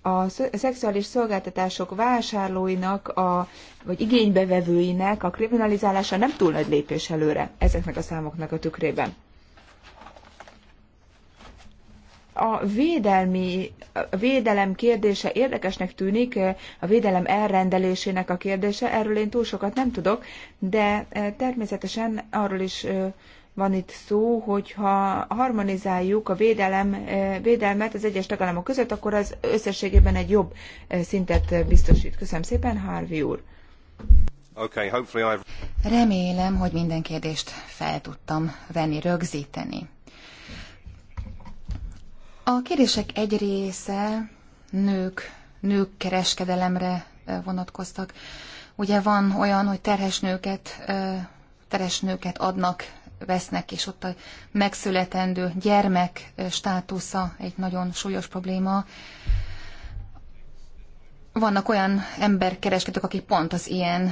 a szexuális szolgáltatások vásárlóinak, a, vagy igénybevevőinek a kriminalizálása nem túl nagy lépés előre ezeknek a számoknak a tükrében. a védelmi, a védelem kérdése érdekesnek tűnik, a védelem elrendelésének a kérdése, erről én túl sokat nem tudok, de e, természetesen arról is e, van itt szó, hogyha harmonizáljuk a védelem, e, védelmet az egyes tagállamok között, akkor az összességében egy jobb szintet biztosít. Köszönöm szépen, Harvey úr. Okay, Remélem, hogy minden kérdést fel tudtam venni, rögzíteni. A kérdések egy része nők, nők kereskedelemre vonatkoztak. Ugye van olyan, hogy terhes nőket, terhes nőket adnak, vesznek, és ott a megszületendő gyermek státusza egy nagyon súlyos probléma. Vannak olyan emberkereskedők, akik pont az ilyen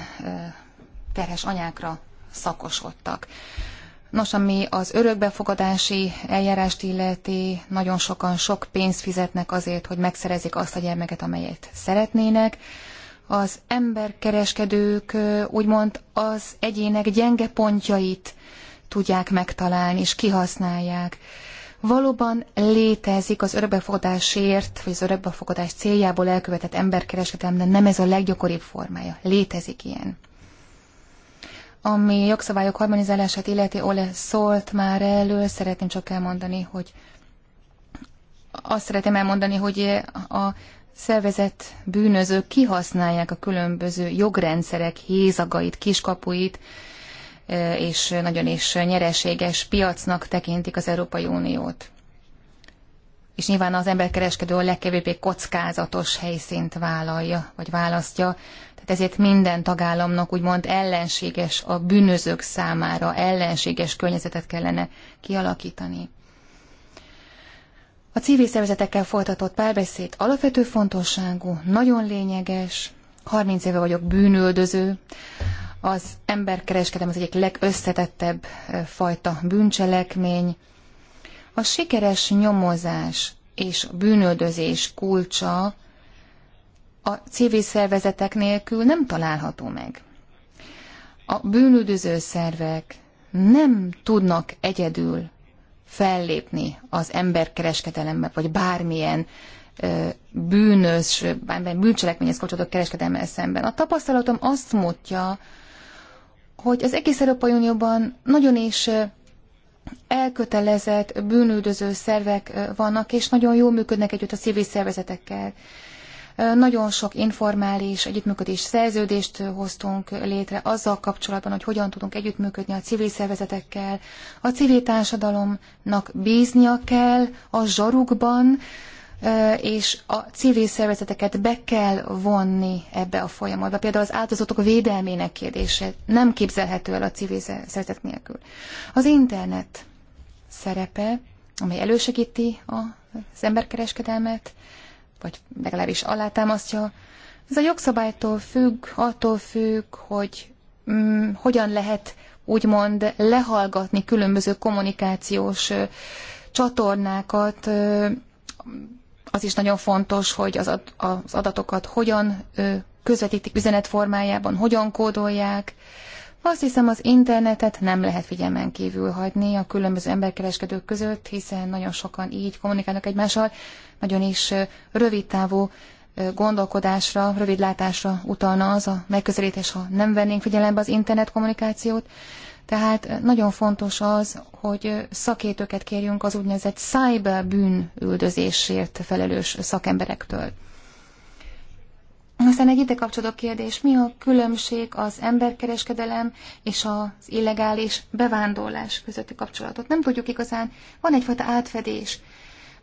terhes anyákra szakosodtak. Nos, ami az örökbefogadási eljárást illeti, nagyon sokan sok pénzt fizetnek azért, hogy megszerezik azt a gyermeket, amelyet szeretnének. Az emberkereskedők úgymond az egyének gyenge pontjait tudják megtalálni és kihasználják. Valóban létezik az örökbefogadásért, vagy az örökbefogadás céljából elkövetett emberkereskedelem, de nem ez a leggyakoribb formája. Létezik ilyen. Ami jogszabályok harmonizálását illeti, Ole szólt már elő, szeretném csak elmondani, hogy azt szeretném elmondani, hogy a szervezett bűnözők kihasználják a különböző jogrendszerek hézagait, kiskapuit, e, és nagyon is nyereséges piacnak tekintik az Európai Uniót. És nyilván az emberkereskedő a legkevésbé kockázatos helyszínt vállalja, vagy választja, tehát ezért minden tagállamnak úgymond ellenséges a bűnözők számára, ellenséges környezetet kellene kialakítani. A civil szervezetekkel folytatott párbeszéd alapvető fontosságú, nagyon lényeges. 30 éve vagyok bűnöldöző. Az emberkereskedem az egyik legösszetettebb fajta bűncselekmény. A sikeres nyomozás és bűnöldözés kulcsa a civil szervezetek nélkül nem található meg. A bűnüldöző szervek nem tudnak egyedül fellépni az emberkereskedelemben, vagy bármilyen bűnös, bármilyen bűncselekményhez kapcsolódó kereskedelemmel szemben. A tapasztalatom azt mutatja, hogy az egész Európai Unióban nagyon is elkötelezett bűnüldöző szervek vannak, és nagyon jól működnek együtt a civil szervezetekkel. Nagyon sok informális együttműködés szerződést hoztunk létre azzal kapcsolatban, hogy hogyan tudunk együttműködni a civil szervezetekkel. A civil társadalomnak bíznia kell a zsarukban, és a civil szervezeteket be kell vonni ebbe a folyamatba. Például az áldozatok védelmének kérdése nem képzelhető el a civil szervezet nélkül. Az internet szerepe, amely elősegíti az emberkereskedelmet, vagy legalábbis alátámasztja. Ez a jogszabálytól függ, attól függ, hogy mm, hogyan lehet úgymond lehallgatni különböző kommunikációs ö, csatornákat. Ö, az is nagyon fontos, hogy az, ad, az adatokat hogyan ö, közvetítik üzenet formájában, hogyan kódolják. Ö, azt hiszem, az internetet nem lehet figyelmen kívül hagyni a különböző emberkereskedők között, hiszen nagyon sokan így kommunikálnak egymással, nagyon is rövidtávú gondolkodásra, rövidlátásra utalna az a megközelítés, ha nem vennénk figyelembe az internet kommunikációt. Tehát nagyon fontos az, hogy szakértőket kérjünk az úgynevezett cyberbűn üldözésért felelős szakemberektől. Aztán egy ide kapcsolódó kérdés, mi a különbség az emberkereskedelem és az illegális bevándorlás közötti kapcsolatot? Nem tudjuk igazán, van egyfajta átfedés.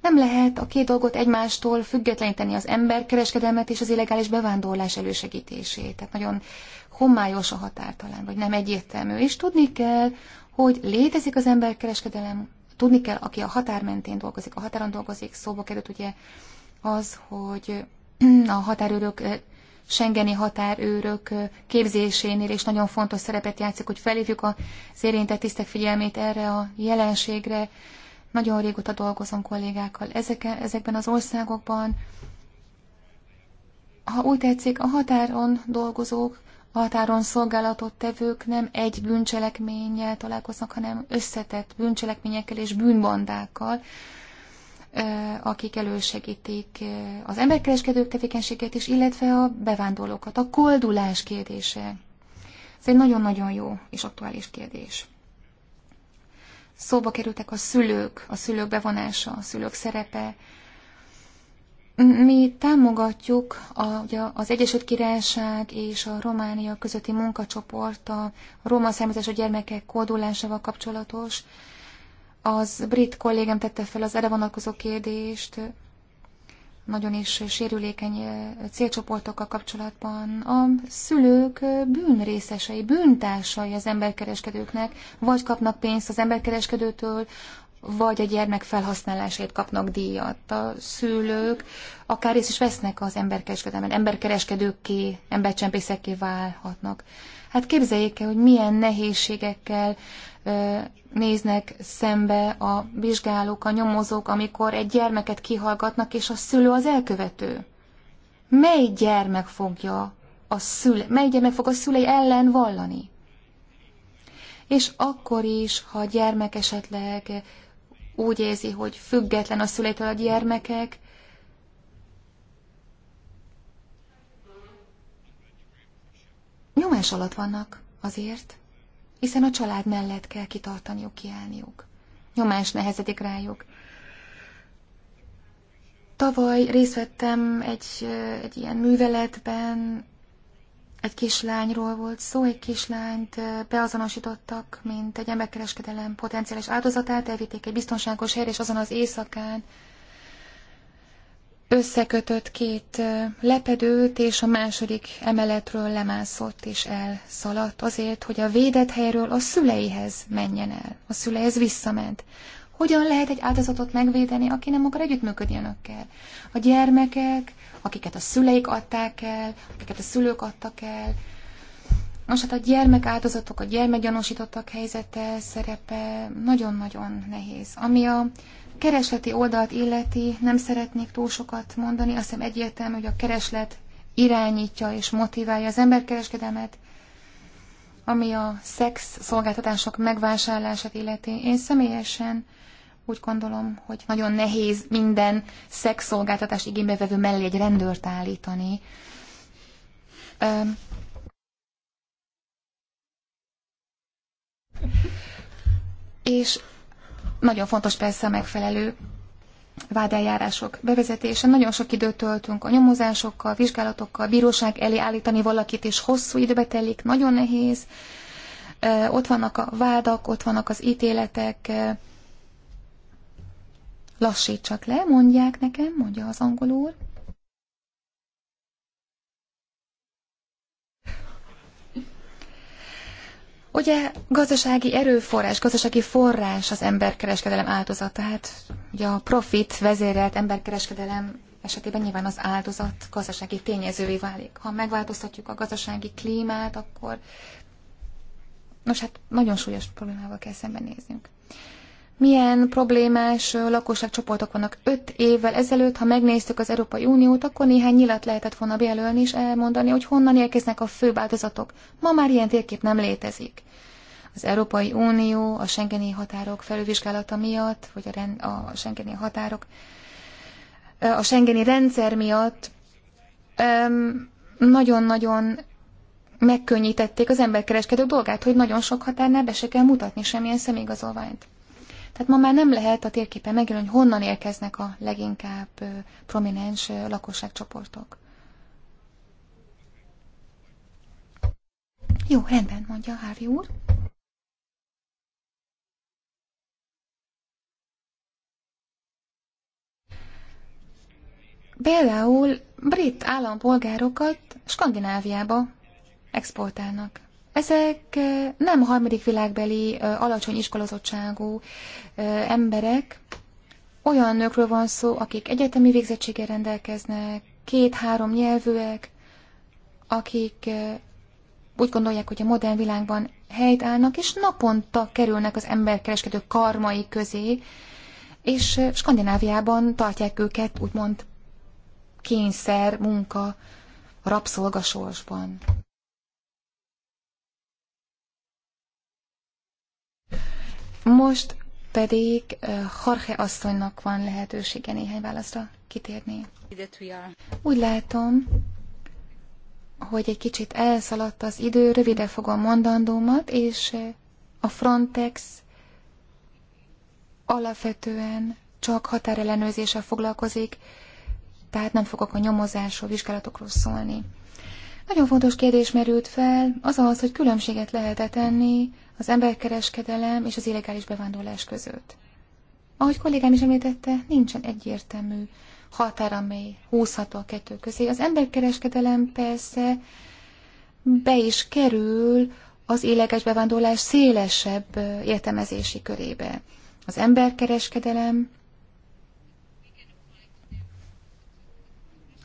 Nem lehet a két dolgot egymástól függetleníteni, az emberkereskedelmet és az illegális bevándorlás elősegítését. Tehát nagyon homályos a határ talán, vagy nem egyértelmű. És tudni kell, hogy létezik az emberkereskedelem, tudni kell, aki a határ mentén dolgozik, a határon dolgozik, szóba került ugye az, hogy a határőrök, Schengeni határőrök képzésénél is nagyon fontos szerepet játszik, hogy felhívjuk az érintett tisztek figyelmét erre a jelenségre. Nagyon régóta dolgozom kollégákkal Ezeken, ezekben az országokban. Ha úgy tetszik, a határon dolgozók, a határon szolgálatot tevők nem egy bűncselekménnyel találkoznak, hanem összetett bűncselekményekkel és bűnbandákkal, akik elősegítik az emberkereskedők tevékenységét is, illetve a bevándorlókat. A koldulás kérdése. Ez egy nagyon-nagyon jó és aktuális kérdés. Szóba kerültek a szülők, a szülők bevonása, a szülők szerepe. Mi támogatjuk a, ugye az Egyesült Királyság és a Románia közötti munkacsoport a roma származású gyermekek kódulásával kapcsolatos az brit kollégám tette fel az erre vonatkozó kérdést, nagyon is sérülékeny célcsoportokkal kapcsolatban. A szülők bűnrészesei, bűntársai az emberkereskedőknek, vagy kapnak pénzt az emberkereskedőtől, vagy a gyermek felhasználásért kapnak díjat. A szülők akár részt is vesznek az emberkereskedelmen, emberkereskedőkké, embercsempészekké válhatnak. Hát képzeljék el, hogy milyen nehézségekkel néznek szembe a vizsgálók, a nyomozók, amikor egy gyermeket kihallgatnak, és a szülő az elkövető. Mely gyermek fogja a szüle, mely gyermek fog a szülei ellen vallani? És akkor is, ha a gyermek esetleg úgy érzi, hogy független a szüleitől a gyermekek, nyomás alatt vannak azért, hiszen a család mellett kell kitartaniuk, kiállniuk. Nyomás nehezedik rájuk. Tavaly részt vettem egy, egy ilyen műveletben, egy kislányról volt szó, egy kislányt beazonosítottak, mint egy emberkereskedelem potenciális áldozatát, elvitték egy biztonságos helyre, és azon az éjszakán összekötött két lepedőt, és a második emeletről lemászott és elszaladt azért, hogy a védett helyről a szüleihez menjen el. A szüleihez visszament. Hogyan lehet egy áldozatot megvédeni, aki nem akar együttműködni önökkel? A gyermekek, akiket a szüleik adták el, akiket a szülők adtak el. Most hát a gyermek áldozatok, a gyermekgyanúsítottak helyzete, szerepe nagyon-nagyon nehéz. Ami a keresleti oldalt illeti nem szeretnék túl sokat mondani, azt hiszem egyértelmű, hogy a kereslet irányítja és motiválja az emberkereskedelmet, ami a szex szolgáltatások megvásárlását illeti. Én személyesen úgy gondolom, hogy nagyon nehéz minden szex szolgáltatás igénybevevő mellé egy rendőrt állítani. Öm. És nagyon fontos persze a megfelelő vádeljárások bevezetése. Nagyon sok időt töltünk a nyomozásokkal, vizsgálatokkal, bíróság elé állítani valakit, és hosszú időbe telik, nagyon nehéz. Ott vannak a vádak, ott vannak az ítéletek. Lassítsak le, mondják nekem, mondja az angol úr. Ugye gazdasági erőforrás, gazdasági forrás az emberkereskedelem áldozat, tehát ugye a profit vezérelt emberkereskedelem esetében nyilván az áldozat gazdasági tényezővé válik. Ha megváltoztatjuk a gazdasági klímát, akkor nos hát nagyon súlyos problémával kell szembenéznünk milyen problémás lakosságcsoportok vannak. Öt évvel ezelőtt, ha megnéztük az Európai Uniót, akkor néhány nyilat lehetett volna bejelölni és elmondani, hogy honnan érkeznek a fő változatok. Ma már ilyen térkép nem létezik. Az Európai Unió a Schengeni határok felülvizsgálata miatt, vagy a, rend, a Schengeni határok, a Schengeni rendszer miatt nagyon-nagyon megkönnyítették az emberkereskedők dolgát, hogy nagyon sok határnál be se kell mutatni semmilyen személyigazolványt. Tehát ma már nem lehet a térképen megjelölni, hogy honnan érkeznek a leginkább prominens lakosságcsoportok. Jó, rendben, mondja Hári úr. Például brit állampolgárokat Skandináviába exportálnak. Ezek nem harmadik világbeli alacsony iskolozottságú emberek, olyan nőkről van szó, akik egyetemi végzettséggel rendelkeznek, két-három nyelvűek, akik úgy gondolják, hogy a modern világban helyt állnak, és naponta kerülnek az emberkereskedő karmai közé, és Skandináviában tartják őket úgymond kényszer, munka, rabszolgasorsban. Most pedig Jorge asszonynak van lehetősége néhány válaszra kitérni. Úgy látom, hogy egy kicsit elszaladt az idő, rövide fogom mondandómat, és a Frontex alapvetően csak határellenőrzéssel foglalkozik, tehát nem fogok a nyomozásról, vizsgálatokról szólni. Nagyon fontos kérdés merült fel, az az, hogy különbséget lehet -e tenni az emberkereskedelem és az illegális bevándorlás között. Ahogy kollégám is említette, nincsen egyértelmű határ, amely húzható a kettő közé. Az emberkereskedelem persze be is kerül az illegális bevándorlás szélesebb értelmezési körébe. Az emberkereskedelem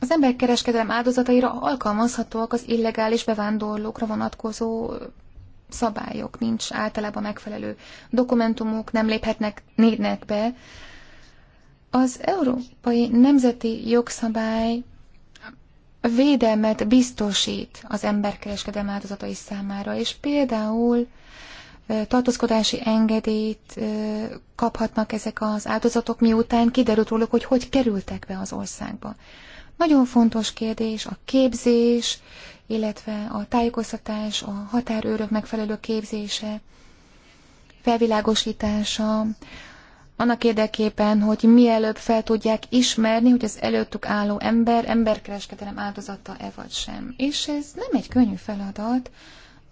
Az emberkereskedelem áldozataira alkalmazhatóak az illegális bevándorlókra vonatkozó szabályok, nincs általában megfelelő dokumentumok, nem léphetnek négynek be. Az európai nemzeti jogszabály védelmet biztosít az emberkereskedelem áldozatai számára, és például tartózkodási engedélyt kaphatnak ezek az áldozatok, miután kiderült róluk, hogy hogy kerültek be az országba. Nagyon fontos kérdés a képzés, illetve a tájékoztatás, a határőrök megfelelő képzése, felvilágosítása, annak érdekében, hogy mielőbb fel tudják ismerni, hogy az előttük álló ember emberkereskedelem áldozata-e vagy sem. És ez nem egy könnyű feladat,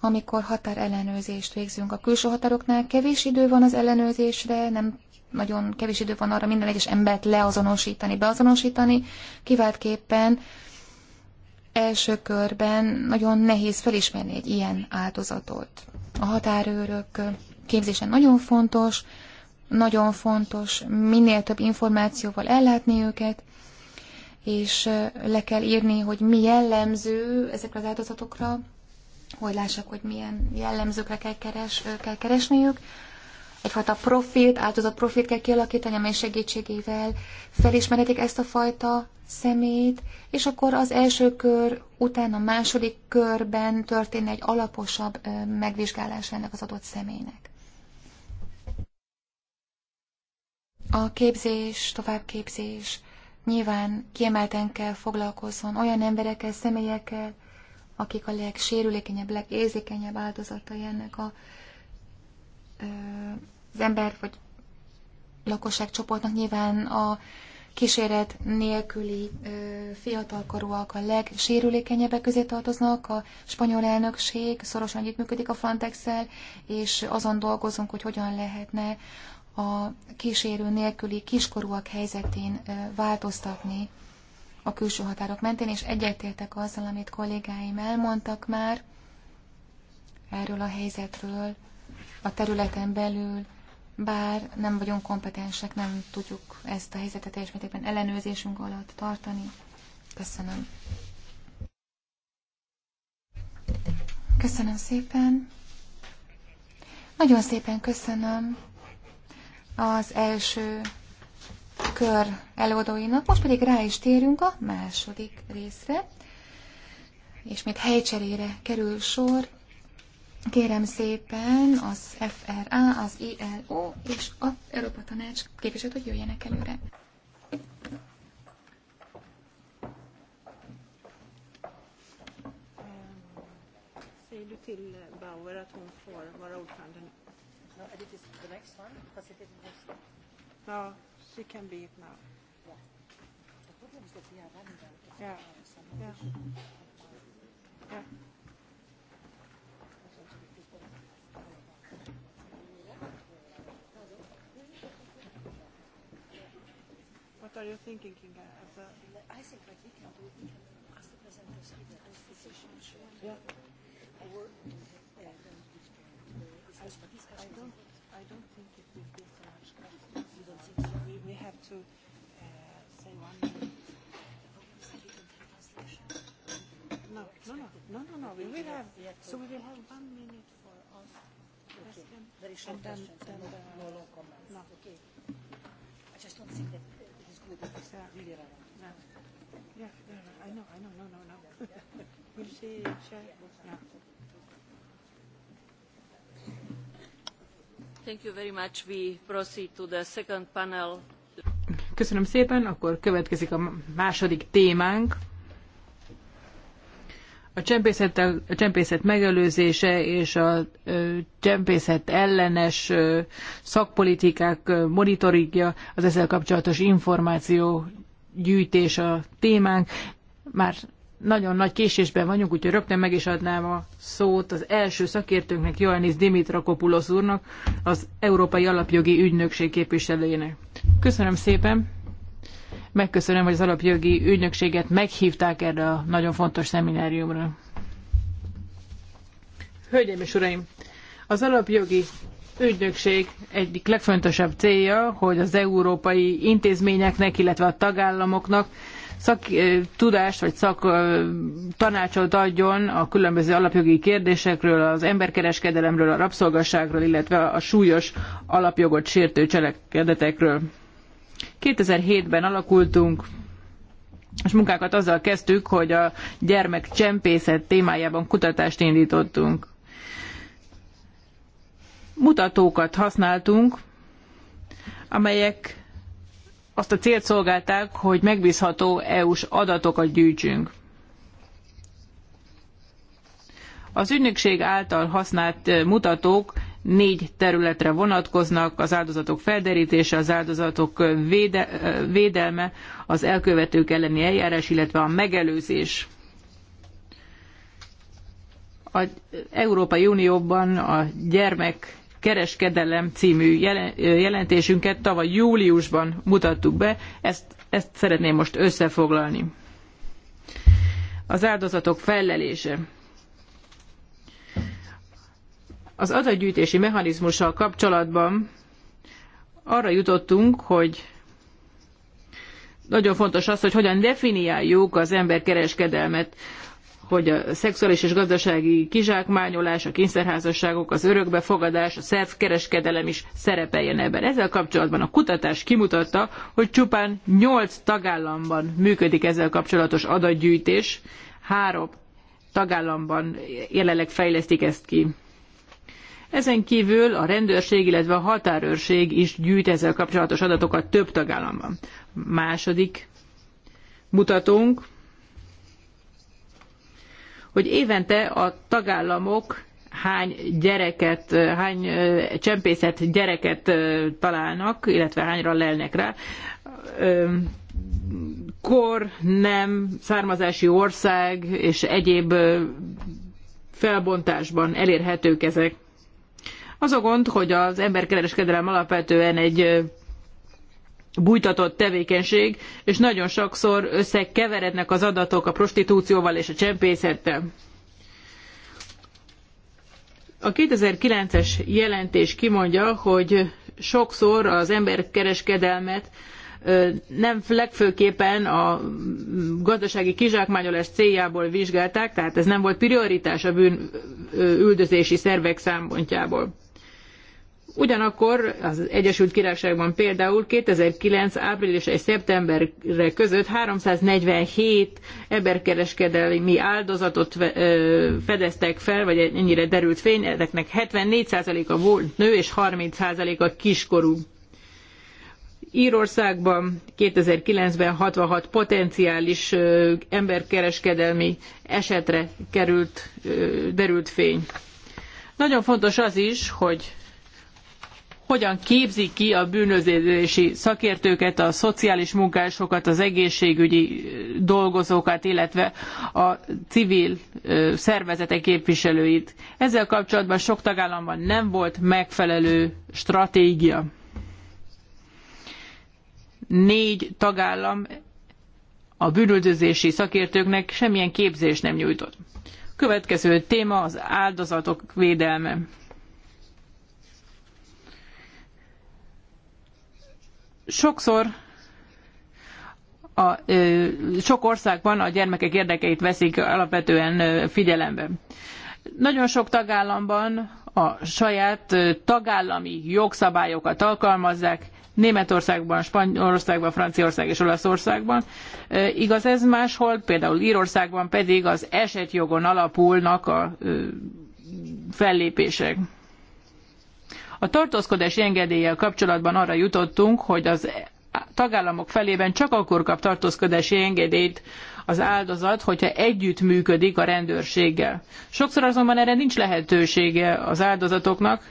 amikor határellenőrzést végzünk a külső határoknál, kevés idő van az ellenőrzésre, nem nagyon kevés idő van arra minden egyes embert leazonosítani, beazonosítani, kiváltképpen első körben nagyon nehéz felismerni egy ilyen áldozatot. A határőrök képzése nagyon fontos, nagyon fontos minél több információval ellátni őket, és le kell írni, hogy mi jellemző ezekre az áldozatokra, hogy lássák, hogy milyen jellemzőkre kell, keres, kell keresniük egyfajta profilt, áldozat profilt kell kialakítani, amely segítségével felismerhetik ezt a fajta szemét, és akkor az első kör után a második körben történne egy alaposabb megvizsgálás ennek az adott személynek. A képzés, továbbképzés nyilván kiemelten kell foglalkozzon olyan emberekkel, személyekkel, akik a legsérülékenyebb, legérzékenyebb áldozatai ennek a az ember vagy csoportnak nyilván a kíséret nélküli fiatalkorúak a legsérülékenyebbek közé tartoznak, a spanyol elnökség szorosan együttműködik a frontex és azon dolgozunk, hogy hogyan lehetne a kísérő nélküli kiskorúak helyzetén változtatni a külső határok mentén, és egyetértek azzal, amit kollégáim elmondtak már erről a helyzetről, a területen belül, bár nem vagyunk kompetensek, nem tudjuk ezt a helyzetet teljes mértékben ellenőrzésünk alatt tartani. Köszönöm. Köszönöm szépen. Nagyon szépen köszönöm az első kör előadóinak. Most pedig rá is térünk a második részre. És még helycserére kerül sor. Kérem szépen az FRA, az ILO és az Európa Tanács képviselőt, hogy jöjjenek előre. Bauer she can be now. yeah. what are you thinking in, as a... I think what we can do, we can ask the presenters if the institution should yeah. or uh, I don't, I don't think it will be so much You don't think so? We, we have to uh, say one minute. No, no, no, no, no, no. We will have, so we will have one minute for us. Okay. Very short and then, questions then, and no, no long comments. No. Okay. I just don't think that Thank you very much. We proceed to the second panel. Köszönöm szépen, akkor következik a második témánk a, a csempészet megelőzése és a csempészet ellenes szakpolitikák monitorigja, az ezzel kapcsolatos információ gyűjtés a témánk. Már nagyon nagy késésben vagyunk, úgyhogy rögtön meg is adnám a szót az első szakértőnknek, Ioannis Dimitrakopoulos úrnak, az Európai Alapjogi Ügynökség képviselőjének. Köszönöm szépen! Megköszönöm, hogy az alapjogi ügynökséget meghívták erre a nagyon fontos szemináriumra. Hölgyeim és Uraim! Az alapjogi ügynökség egyik legfontosabb célja, hogy az európai intézményeknek, illetve a tagállamoknak szak, tudást vagy szak tanácsot adjon a különböző alapjogi kérdésekről, az emberkereskedelemről, a rabszolgasságról, illetve a súlyos alapjogot sértő cselekedetekről. 2007-ben alakultunk, és munkákat azzal kezdtük, hogy a gyermek csempészet témájában kutatást indítottunk. Mutatókat használtunk, amelyek azt a célt szolgálták, hogy megbízható EU-s adatokat gyűjtsünk. Az ügynökség által használt mutatók négy területre vonatkoznak, az áldozatok felderítése, az áldozatok véde, védelme, az elkövetők elleni eljárás, illetve a megelőzés. Az Európai Unióban a gyermek kereskedelem című jelentésünket tavaly júliusban mutattuk be, ezt, ezt szeretném most összefoglalni. Az áldozatok fellelése. Az adatgyűjtési mechanizmussal kapcsolatban arra jutottunk, hogy nagyon fontos az, hogy hogyan definiáljuk az emberkereskedelmet, hogy a szexuális és gazdasági kizsákmányolás, a kényszerházasságok, az örökbefogadás, a szervkereskedelem is szerepeljen ebben. Ezzel kapcsolatban a kutatás kimutatta, hogy csupán 8 tagállamban működik ezzel kapcsolatos adatgyűjtés, három tagállamban jelenleg fejlesztik ezt ki. Ezen kívül a rendőrség, illetve a határőrség is gyűjt ezzel kapcsolatos adatokat több tagállamban. Második mutatónk, hogy évente a tagállamok hány gyereket, hány csempészet gyereket találnak, illetve hányra lelnek rá. Kor, nem, származási ország és egyéb felbontásban elérhetők ezek. Az a gond, hogy az emberkereskedelem alapvetően egy bújtatott tevékenység, és nagyon sokszor összekeverednek az adatok a prostitúcióval és a csempészettel. A 2009-es jelentés kimondja, hogy sokszor az emberkereskedelmet nem legfőképpen a gazdasági kizsákmányolás céljából vizsgálták, tehát ez nem volt prioritás a bűnüldözési szervek szempontjából. Ugyanakkor az Egyesült Királyságban például 2009. április és szeptemberre között 347 emberkereskedelmi áldozatot fedeztek fel, vagy ennyire derült fény, ezeknek 74%-a volt nő és 30%-a kiskorú. Írországban 2009-ben 66 potenciális emberkereskedelmi esetre került, derült fény. Nagyon fontos az is, hogy hogyan képzik ki a bűnözési szakértőket, a szociális munkásokat, az egészségügyi dolgozókat, illetve a civil szervezetek képviselőit. Ezzel kapcsolatban sok tagállamban nem volt megfelelő stratégia. Négy tagállam a bűnöldözési szakértőknek semmilyen képzést nem nyújtott. Következő téma az áldozatok védelme. sokszor a, ö, sok országban a gyermekek érdekeit veszik alapvetően figyelembe. Nagyon sok tagállamban a saját tagállami jogszabályokat alkalmazzák, Németországban, Spanyolországban, Franciaország és Olaszországban. igaz ez máshol, például Írországban pedig az esetjogon alapulnak a fellépések. A tartózkodási engedéllyel kapcsolatban arra jutottunk, hogy az tagállamok felében csak akkor kap tartózkodási engedélyt az áldozat, hogyha együttműködik a rendőrséggel. Sokszor azonban erre nincs lehetősége az áldozatoknak,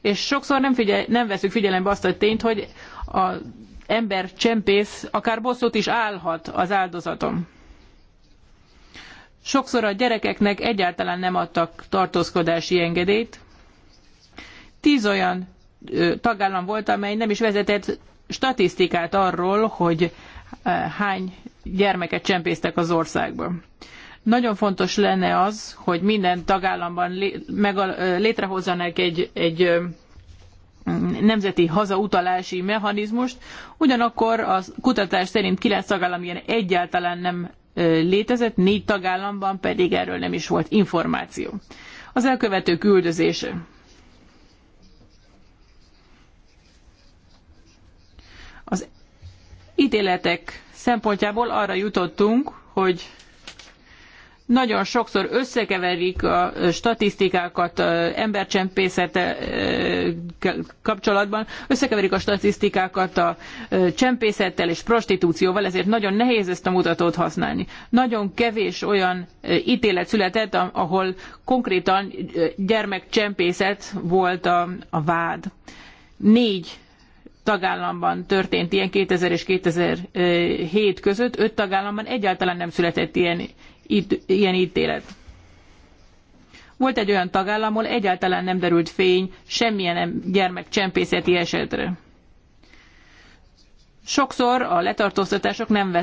és sokszor nem, figyel, nem veszük figyelembe azt a tényt, hogy az ember csempész akár bosszút is állhat az áldozatom. Sokszor a gyerekeknek egyáltalán nem adtak tartózkodási engedélyt, tíz olyan tagállam volt, amely nem is vezetett statisztikát arról, hogy hány gyermeket csempésztek az országba. Nagyon fontos lenne az, hogy minden tagállamban létrehozzanak egy, egy nemzeti hazautalási mechanizmust, ugyanakkor a kutatás szerint kilenc tagállam ilyen egyáltalán nem létezett, négy tagállamban pedig erről nem is volt információ. Az elkövetők üldözése. ítéletek szempontjából arra jutottunk, hogy nagyon sokszor összekeverik a statisztikákat embercsempészete kapcsolatban, összekeverik a statisztikákat a csempészettel és prostitúcióval, ezért nagyon nehéz ezt a mutatót használni. Nagyon kevés olyan ítélet született, ahol konkrétan gyermekcsempészet volt a, a vád. Négy tagállamban történt ilyen 2000 és 2007 között, öt tagállamban egyáltalán nem született ilyen, itt, ilyen ítélet. Volt egy olyan tagállam, ahol egyáltalán nem derült fény semmilyen gyermekcsempészeti esetre. Sokszor a letartóztatások nem,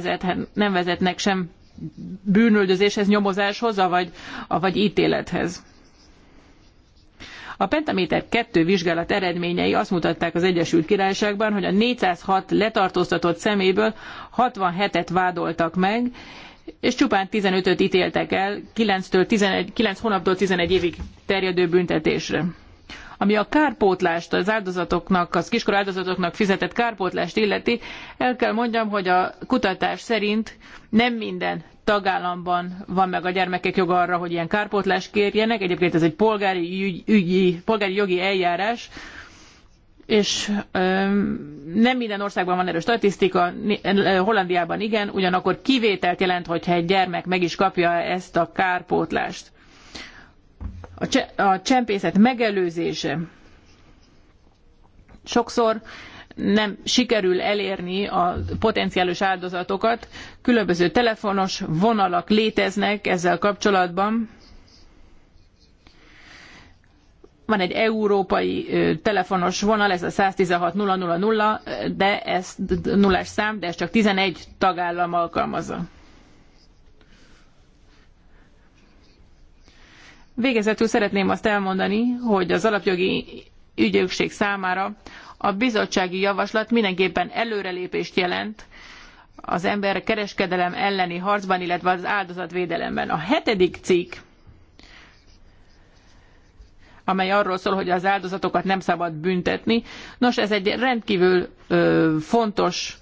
nem vezetnek sem bűnöldözéshez, nyomozáshoz, vagy, vagy ítélethez. A Pentaméter 2 vizsgálat eredményei azt mutatták az Egyesült Királyságban, hogy a 406 letartóztatott szeméből 67-et vádoltak meg, és csupán 15-öt ítéltek el 9-től 11, 9 hónaptól 11 évig terjedő büntetésre. Ami a kárpótlást, az áldozatoknak, az kiskor áldozatoknak fizetett kárpótlást illeti, el kell mondjam, hogy a kutatás szerint nem minden tagállamban van meg a gyermekek joga arra, hogy ilyen kárpótlást kérjenek. Egyébként ez egy polgári, ügy, ügyi, polgári jogi eljárás, és nem minden országban van erős statisztika, Hollandiában igen, ugyanakkor kivételt jelent, hogyha egy gyermek meg is kapja ezt a kárpótlást. A, cse, a csempészet megelőzése sokszor nem sikerül elérni a potenciális áldozatokat. Különböző telefonos vonalak léteznek ezzel kapcsolatban. Van egy európai telefonos vonal, ez a 116000, de ez nullás szám, de ez csak 11 tagállam alkalmazza. Végezetül szeretném azt elmondani, hogy az alapjogi ügyőkség számára a bizottsági javaslat mindenképpen előrelépést jelent az ember kereskedelem elleni harcban, illetve az áldozatvédelemben. A hetedik cikk, amely arról szól, hogy az áldozatokat nem szabad büntetni. Nos, ez egy rendkívül ö, fontos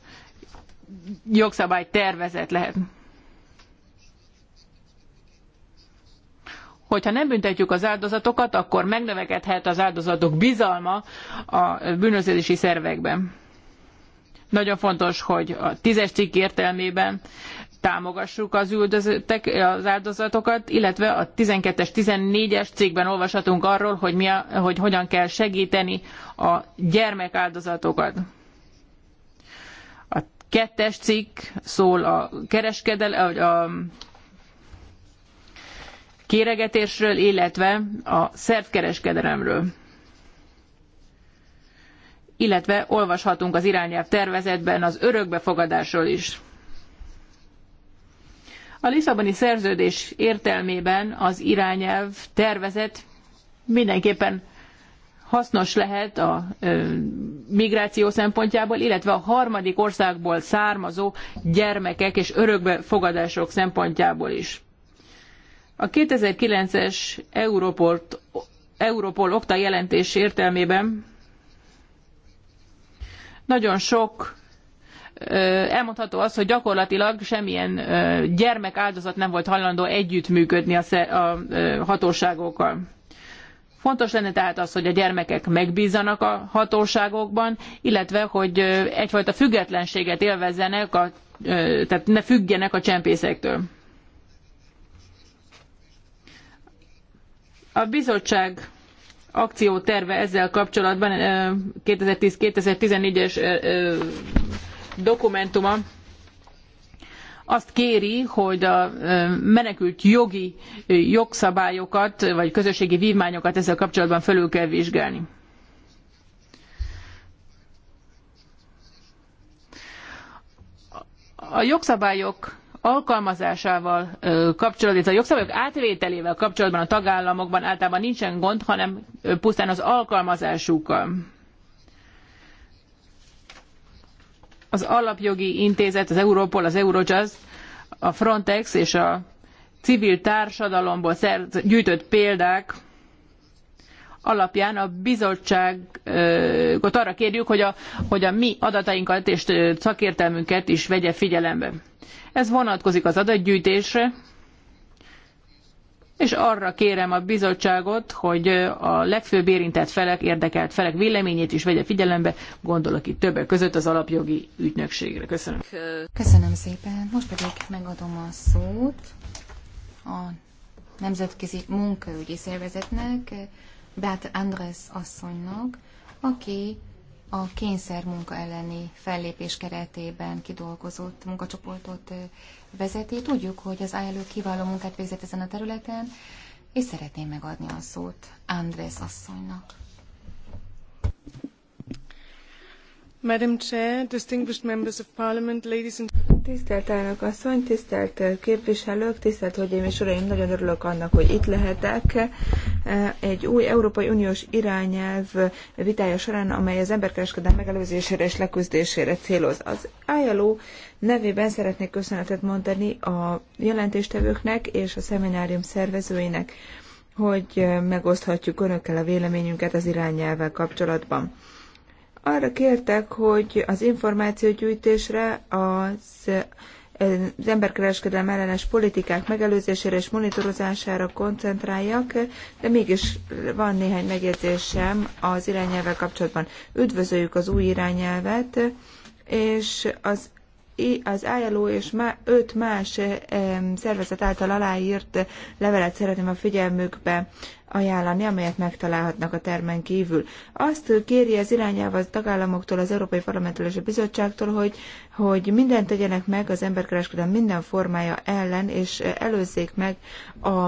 jogszabálytervezet lehet. hogyha nem büntetjük az áldozatokat, akkor megnövekedhet az áldozatok bizalma a bűnözési szervekben. Nagyon fontos, hogy a tízes cikk értelmében támogassuk az, üldözöttek, az áldozatokat, illetve a 12-es, 14-es cikkben olvashatunk arról, hogy, mi a, hogy hogyan kell segíteni a gyermekáldozatokat. A kettes cikk szól a kereskedel, a, a kéregetésről, illetve a szervkereskedelemről. Illetve olvashatunk az irányelv tervezetben az örökbefogadásról is. A Lisszaboni szerződés értelmében az irányelv tervezet mindenképpen hasznos lehet a migráció szempontjából, illetve a harmadik országból származó gyermekek és örökbefogadások szempontjából is. A 2009-es Europolt, Europol okta jelentés értelmében nagyon sok elmondható az, hogy gyakorlatilag semmilyen gyermek áldozat nem volt hajlandó együttműködni a hatóságokkal. Fontos lenne tehát az, hogy a gyermekek megbízanak a hatóságokban, illetve hogy egyfajta függetlenséget élvezzenek, a, tehát ne függjenek a csempészektől. A bizottság akcióterve ezzel kapcsolatban 2010-2014-es dokumentuma azt kéri, hogy a menekült jogi jogszabályokat, vagy közösségi vívmányokat ezzel kapcsolatban felül kell vizsgálni. A jogszabályok alkalmazásával kapcsolatban, a jogszabályok átvételével kapcsolatban a tagállamokban általában nincsen gond, hanem pusztán az alkalmazásukkal. Az alapjogi intézet, az Europol, az Eurojust, a Frontex és a civil társadalomból gyűjtött példák alapján a bizottságot arra kérjük, hogy a, hogy a mi adatainkat és szakértelmünket is vegye figyelembe. Ez vonatkozik az adatgyűjtésre, és arra kérem a bizottságot, hogy a legfőbb érintett felek, érdekelt felek véleményét is vegye figyelembe, gondolok itt többek között az alapjogi ügynökségre. Köszönöm. Köszönöm szépen. Most pedig megadom a szót a Nemzetközi Munkaügyi Szervezetnek, Beate Andres asszonynak, aki a munka elleni fellépés keretében kidolgozott munkacsoportot vezeti. Tudjuk, hogy az ILO kiváló munkát végzett ezen a területen, és szeretném megadni a szót Andres asszonynak. Madam Chair, distinguished members of parliament, ladies and Tisztelt elnök asszony, tisztelt eh, képviselők, tisztelt hölgyeim és uraim, nagyon örülök annak, hogy itt lehetek. Eh, egy új Európai Uniós irányelv vitája során, amely az emberkereskedelem megelőzésére és leküzdésére céloz. Az ILO nevében szeretnék köszönetet mondani a jelentéstevőknek és a szeminárium szervezőinek, hogy eh, megoszthatjuk önökkel a véleményünket az irányelvvel kapcsolatban. Arra kértek, hogy az információgyűjtésre az az emberkereskedelem ellenes politikák megelőzésére és monitorozására koncentráljak, de mégis van néhány megjegyzésem az irányelvvel kapcsolatban. Üdvözöljük az új irányelvet, és az az ILO és má, öt más szervezet által aláírt levelet szeretném a figyelmükbe ajánlani, amelyet megtalálhatnak a termen kívül. Azt kéri az irányelv a tagállamoktól, az Európai Parlamenttől és a Bizottságtól, hogy, hogy mindent tegyenek meg az emberkereskedelem minden formája ellen, és előzzék meg a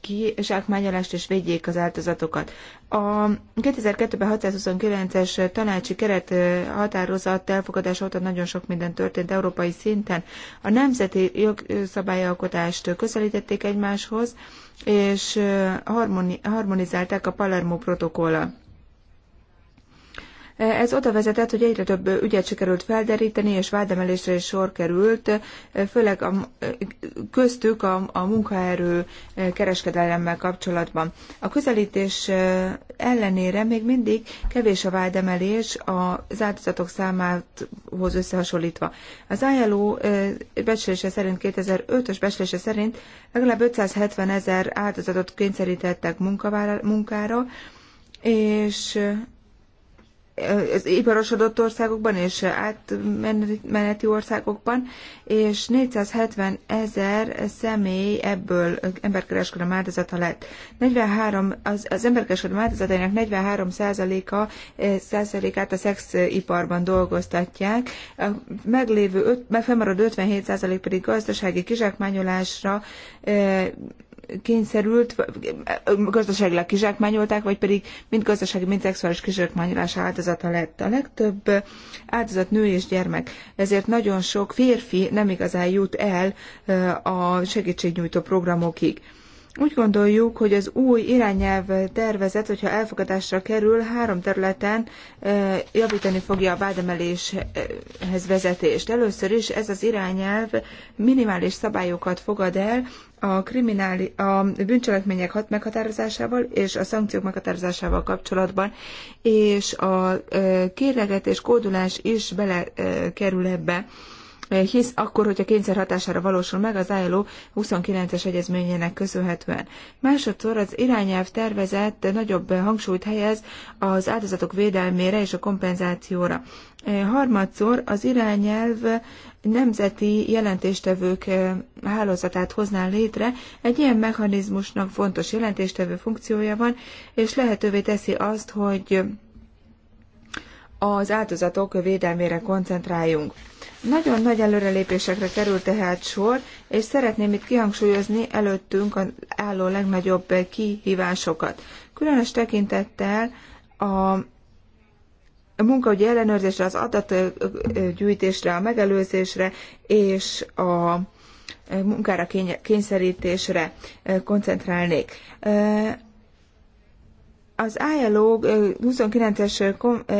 kizsákmányolást, és védjék az áldozatokat. A 2002-ben 629-es tanácsi keret határozat elfogadása óta nagyon sok minden történt európai szinten. A nemzeti jogszabályalkotást közelítették egymáshoz, és harmonizálták a Palermo protokollal. Ez oda vezetett, hogy egyre több ügyet sikerült felderíteni, és vádemelésre is sor került, főleg a, köztük a, a munkaerő kereskedelemmel kapcsolatban. A közelítés ellenére még mindig kevés a vádemelés az áldozatok számához összehasonlítva. Az ILO becslése szerint 2005-ös becslése szerint legalább 570 ezer áldozatot kényszerítettek munkára, és az iparosodott országokban és átmeneti országokban, és 470 ezer személy ebből emberkereskedelem áldozata lett. 43, az, az emberkereskedelem áldozatainak 43 százaléka, e, százalékát a szexiparban dolgoztatják, a meglévő, meg fennmaradó 57 százalék pedig gazdasági kizsákmányolásra e, kényszerült, gazdaságilag kizsákmányolták, vagy pedig mind gazdasági, mind szexuális kizsákmányolás áldozata lett. A legtöbb áldozat nő és gyermek, ezért nagyon sok férfi nem igazán jut el a segítségnyújtó programokig. Úgy gondoljuk, hogy az új irányelv tervezet, hogyha elfogadásra kerül, három területen javítani fogja a vádemeléshez vezetést. Először is ez az irányelv minimális szabályokat fogad el a, kriminál, a bűncselekmények hat meghatározásával és a szankciók meghatározásával kapcsolatban, és a kérlegetés, kódulás is belekerül ebbe hisz akkor, hogyha kényszer hatására valósul meg az ILO 29-es egyezményének köszönhetően. Másodszor az irányelv tervezett nagyobb hangsúlyt helyez az áldozatok védelmére és a kompenzációra. E, harmadszor az irányelv nemzeti jelentéstevők e, hálózatát hozná létre. Egy ilyen mechanizmusnak fontos jelentéstevő funkciója van, és lehetővé teszi azt, hogy az áldozatok védelmére koncentráljunk. Nagyon nagy előrelépésekre került tehát sor, és szeretném itt kihangsúlyozni előttünk az álló legnagyobb kihívásokat. Különös tekintettel a munkahogyi ellenőrzésre, az adatgyűjtésre, a megelőzésre és a munkára kényszerítésre koncentrálnék. Az ILO 29-es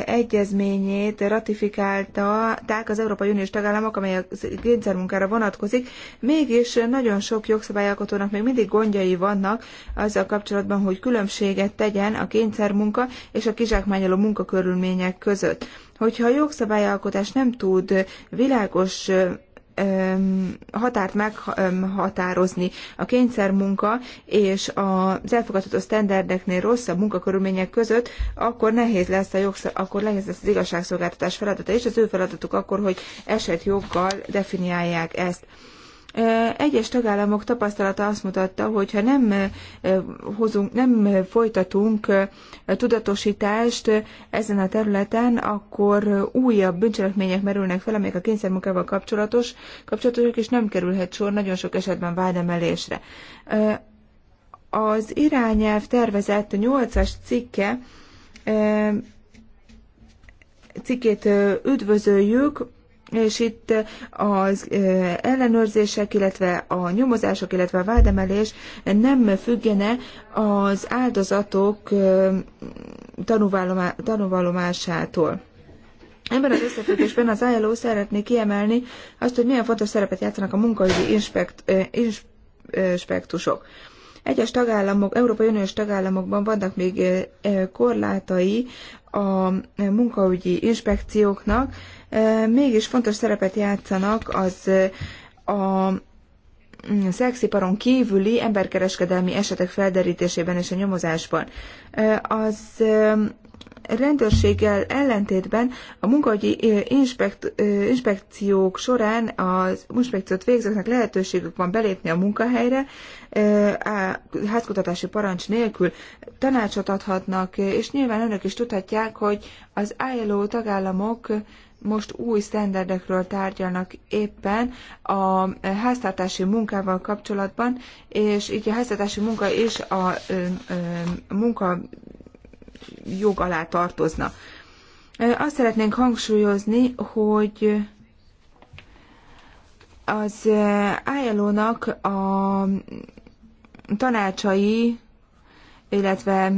egyezményét ratifikálták az Európai Uniós tagállamok, amely a kényszermunkára vonatkozik, mégis nagyon sok jogszabályalkotónak még mindig gondjai vannak azzal kapcsolatban, hogy különbséget tegyen a kényszermunka és a kizsákmányoló munkakörülmények között. Hogyha a jogszabályalkotás nem tud világos határt meghatározni a kényszermunka és az elfogadható sztenderdeknél rosszabb munkakörülmények között, akkor nehéz lesz, a jogsz- akkor nehéz lesz az igazságszolgáltatás feladata, és az ő feladatuk akkor, hogy esetjoggal definiálják ezt. Egyes tagállamok tapasztalata azt mutatta, hogy ha nem, hozunk, nem folytatunk tudatosítást ezen a területen, akkor újabb bűncselekmények merülnek fel, amelyek a kényszermunkával kapcsolatos, kapcsolatosak, és nem kerülhet sor nagyon sok esetben vádemelésre. Az irányelv tervezett 8-as cikke cikkét üdvözöljük, és itt az ellenőrzések, illetve a nyomozások, illetve a vádemelés nem függene az áldozatok tanúvallomásától. Ebben az összefüggésben az ILO szeretné kiemelni azt, hogy milyen fontos szerepet játszanak a munkaügyi inspekt, inspektusok. Egyes tagállamok, Európai Uniós tagállamokban vannak még korlátai a munkaügyi inspekcióknak, mégis fontos szerepet játszanak az a mm, szexiparon kívüli emberkereskedelmi esetek felderítésében és a nyomozásban. Az rendőrséggel ellentétben a munkahogyi inspekt, inspekciók során az inspekciót végzőknek lehetőségük van belépni a munkahelyre, házkutatási parancs nélkül tanácsot adhatnak, és nyilván önök is tudhatják, hogy az ILO tagállamok most új sztenderdekről tárgyalnak éppen a háztartási munkával kapcsolatban, és így a háztartási munka és a munka jog alá tartozna. Azt szeretnénk hangsúlyozni, hogy az ILO-nak a tanácsai illetve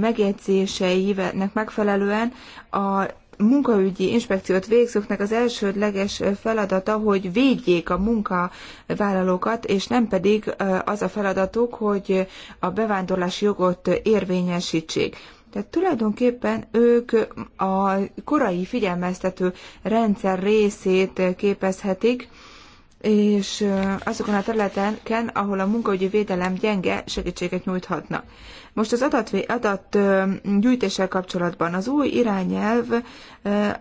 megjegyzéseinek megfelelően a munkaügyi inspekciót végzőknek az elsődleges feladata, hogy védjék a munkavállalókat, és nem pedig az a feladatuk, hogy a bevándorlási jogot érvényesítsék. Tehát tulajdonképpen ők a korai figyelmeztető rendszer részét képezhetik, és azokon a területeken, ahol a munkaügyi védelem gyenge, segítséget nyújthatnak. Most az adatvé, adatgyűjtéssel kapcsolatban az új irányelv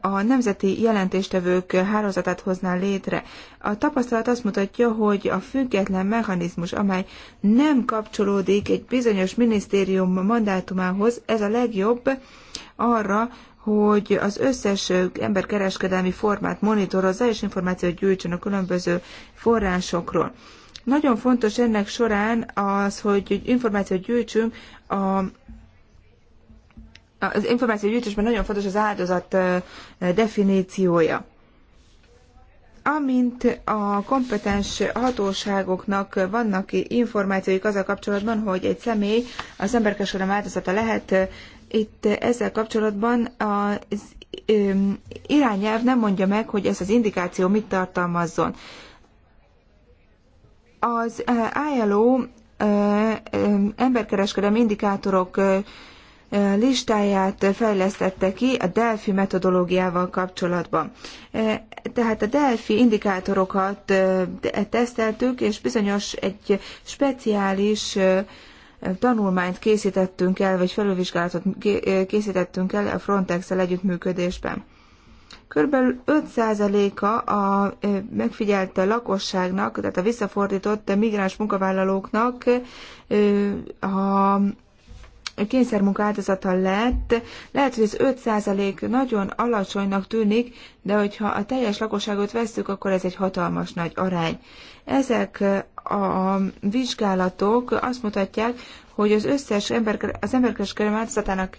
a nemzeti jelentéstevők hálózatát hozná létre. A tapasztalat azt mutatja, hogy a független mechanizmus, amely nem kapcsolódik egy bizonyos minisztérium mandátumához, ez a legjobb arra, hogy az összes emberkereskedelmi formát monitorozza és információt gyűjtsön a különböző forrásokról. Nagyon fontos ennek során az, hogy információt gyűjtsünk a az információ gyűjtésben nagyon fontos az áldozat definíciója. Amint a kompetens hatóságoknak vannak információik azzal kapcsolatban, hogy egy személy az emberkeselem áldozata lehet, itt ezzel kapcsolatban az irányelv nem mondja meg, hogy ez az indikáció mit tartalmazzon. Az ILO eh, eh, eh, emberkereskedelmi indikátorok listáját fejlesztette ki a Delphi metodológiával kapcsolatban. Tehát a Delphi indikátorokat teszteltük, és bizonyos egy speciális tanulmányt készítettünk el, vagy felülvizsgálatot készítettünk el a Frontex-el együttműködésben. Körülbelül 5%-a a megfigyelt lakosságnak, tehát a visszafordított migráns munkavállalóknak a kényszermunka áldozata lett. Lehet, hogy ez 5% nagyon alacsonynak tűnik, de hogyha a teljes lakosságot vesszük, akkor ez egy hatalmas nagy arány. Ezek a vizsgálatok azt mutatják, hogy az összes ember, az emberkereskedelem áldozatának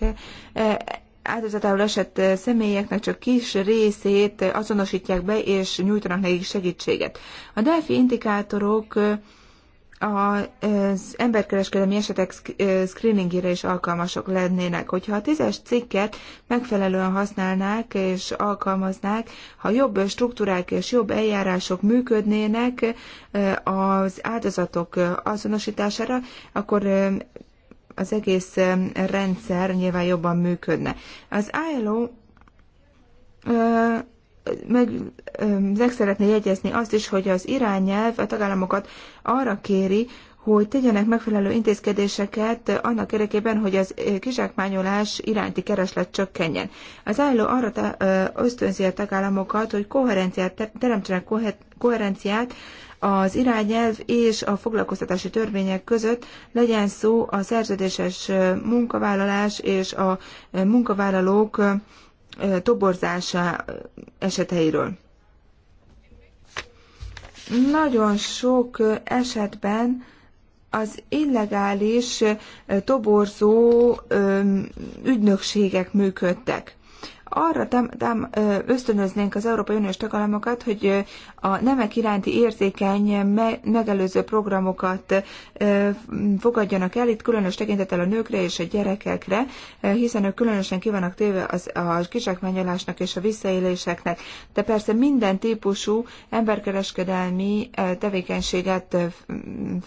áldozatául esett eh, személyeknek csak kis részét azonosítják be, és nyújtanak nekik segítséget. A Delphi indikátorok eh, eh, az emberkereskedelmi esetek screeningére is alkalmasok lennének. Hogyha a tízes cikket megfelelően használnák és alkalmaznák, ha jobb struktúrák és jobb eljárások működnének az áldozatok azonosítására, akkor az egész rendszer nyilván jobban működne. Az ILO meg, meg szeretné jegyezni azt is, hogy az irányelv a tagállamokat arra kéri, hogy tegyenek megfelelő intézkedéseket annak érdekében, hogy az kizsákmányolás iránti kereslet csökkenjen. Az álló arra ösztönzi a tagállamokat, hogy koherenciát, teremtsenek koherenciát az irányelv és a foglalkoztatási törvények között legyen szó a szerződéses munkavállalás és a munkavállalók toborzása eseteiről. Nagyon sok esetben az illegális toborzó ügynökségek működtek arra tám, tám, ösztönöznénk az Európai Uniós tagállamokat, hogy a nemek iránti érzékeny me, megelőző programokat fogadjanak el, itt különös tekintettel a nőkre és a gyerekekre, hiszen ők különösen kivannak téve az, a kizsákmányolásnak és a visszaéléseknek. De persze minden típusú emberkereskedelmi tevékenységet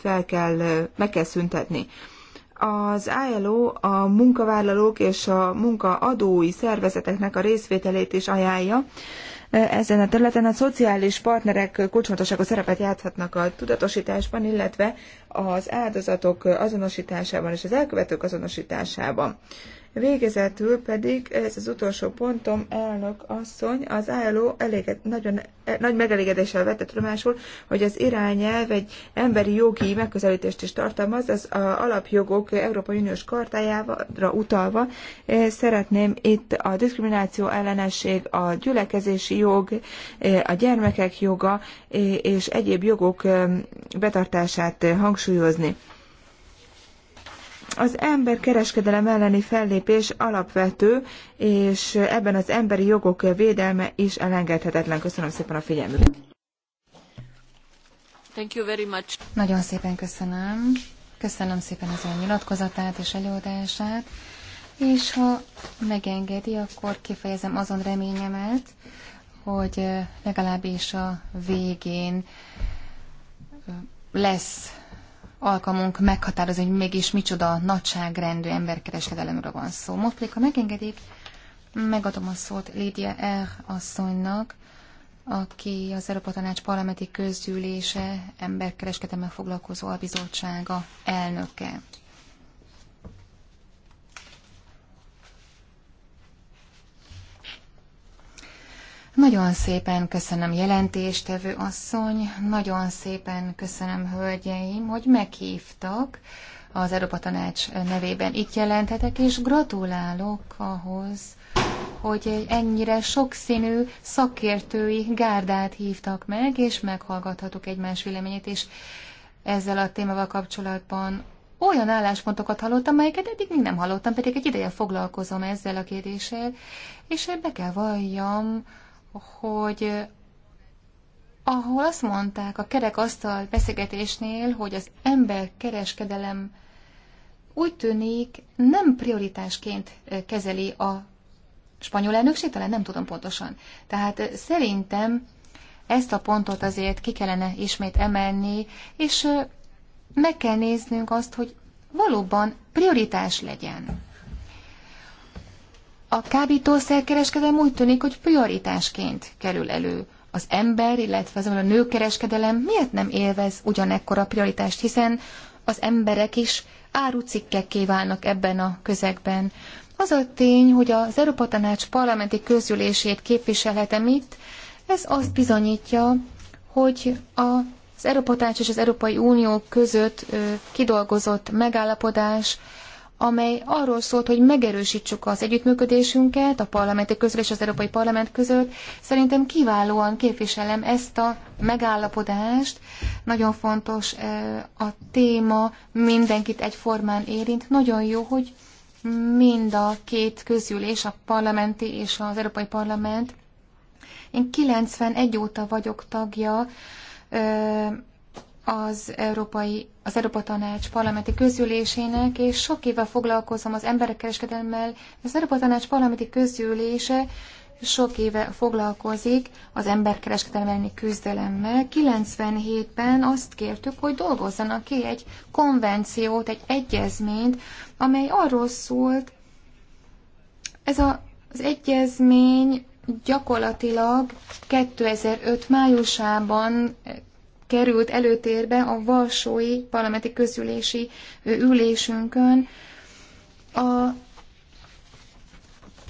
fel kell, meg kell szüntetni. Az ILO a munkavállalók és a munkaadói szervezeteknek a részvételét is ajánlja. E, ezen a területen a szociális partnerek kulcsfontosságú szerepet játszhatnak a tudatosításban, illetve az áldozatok azonosításában és az elkövetők azonosításában. Végezetül pedig, ez az utolsó pontom, elnök asszony, az álló eléged, nagyon e, nagy megelégedéssel vette tudomásul, hogy az irányelv egy emberi jogi megközelítést is tartalmaz, az alapjogok Európai Uniós kartájára utalva. Szeretném itt a diszkrimináció ellenesség, a gyülekezési jog, a gyermekek joga és egyéb jogok betartását hangsúlyozni. Az emberkereskedelem elleni fellépés alapvető, és ebben az emberi jogok védelme is elengedhetetlen. Köszönöm szépen a figyelmüket. Thank you very much. Nagyon szépen köszönöm. Köszönöm szépen az ön nyilatkozatát és előadását. És ha megengedi, akkor kifejezem azon reményemet, hogy legalábbis a végén lesz alkalmunk meghatározni, hogy mégis micsoda nagyságrendű emberkereskedelemről van szó. most pedig ha megengedik, megadom a szót Lídia R. asszonynak, aki az Európa Tanács Parlamenti Közgyűlése emberkereskedemmel foglalkozó albizottsága elnöke. Nagyon szépen köszönöm jelentéstevő asszony, nagyon szépen köszönöm hölgyeim, hogy meghívtak az Európa Tanács nevében itt jelenthetek, és gratulálok ahhoz, hogy egy ennyire sokszínű szakértői gárdát hívtak meg, és meghallgathatok egymás véleményét, és ezzel a témával kapcsolatban olyan álláspontokat hallottam, melyeket eddig még nem hallottam, pedig egy ideje foglalkozom ezzel a kérdéssel, és be kell valljam, hogy ahol azt mondták a kerekasztal beszélgetésnél, hogy az ember kereskedelem úgy tűnik nem prioritásként kezeli a spanyol elnökség, talán nem tudom pontosan. Tehát szerintem ezt a pontot azért ki kellene ismét emelni, és meg kell néznünk azt, hogy valóban prioritás legyen a kábítószerkereskedelem úgy tűnik, hogy prioritásként kerül elő. Az ember, illetve az a nőkereskedelem miért nem élvez ugyanekkora prioritást, hiszen az emberek is árucikkekké válnak ebben a közegben. Az a tény, hogy az Európa Tanács parlamenti közülését képviselhetem itt, ez azt bizonyítja, hogy az Európa Tanács és az Európai Unió között kidolgozott megállapodás amely arról szólt, hogy megerősítsük az együttműködésünket a parlamenti közül és az Európai Parlament között. Szerintem kiválóan képviselem ezt a megállapodást. Nagyon fontos eh, a téma, mindenkit egyformán érint. Nagyon jó, hogy mind a két közülés, a parlamenti és az Európai Parlament. Én 91 óta vagyok tagja eh, az Európai, az Európa Tanács parlamenti közülésének, és sok éve foglalkozom az emberek kereskedelmmel. Az Európa Tanács parlamenti közülése sok éve foglalkozik az emberkereskedelmi küzdelemmel. 97-ben azt kértük, hogy dolgozzanak ki egy konvenciót, egy egyezményt, amely arról szólt, ez a, az egyezmény gyakorlatilag 2005 májusában került előtérbe a Valsói parlamenti közülési ülésünkön. A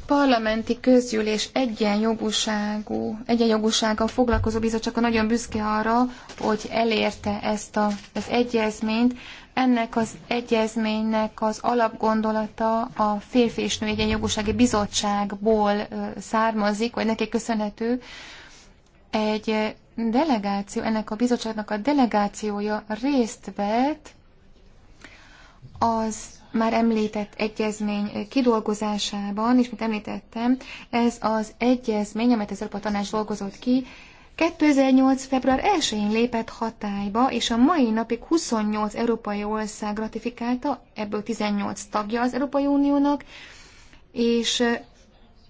parlamenti közgyűlés egyenjogúságú, egyenjogúsággal foglalkozó bizottsága nagyon büszke arra, hogy elérte ezt a, az egyezményt. Ennek az egyezménynek az alapgondolata a férfi és női egyenjogúsági bizottságból származik, vagy neki köszönhető, egy delegáció, ennek a bizottságnak a delegációja részt vett az már említett egyezmény kidolgozásában, és mint említettem, ez az egyezmény, amelyet az Európa Tanács dolgozott ki, 2008. február 1-én lépett hatályba, és a mai napig 28 európai ország ratifikálta, ebből 18 tagja az Európai Uniónak, és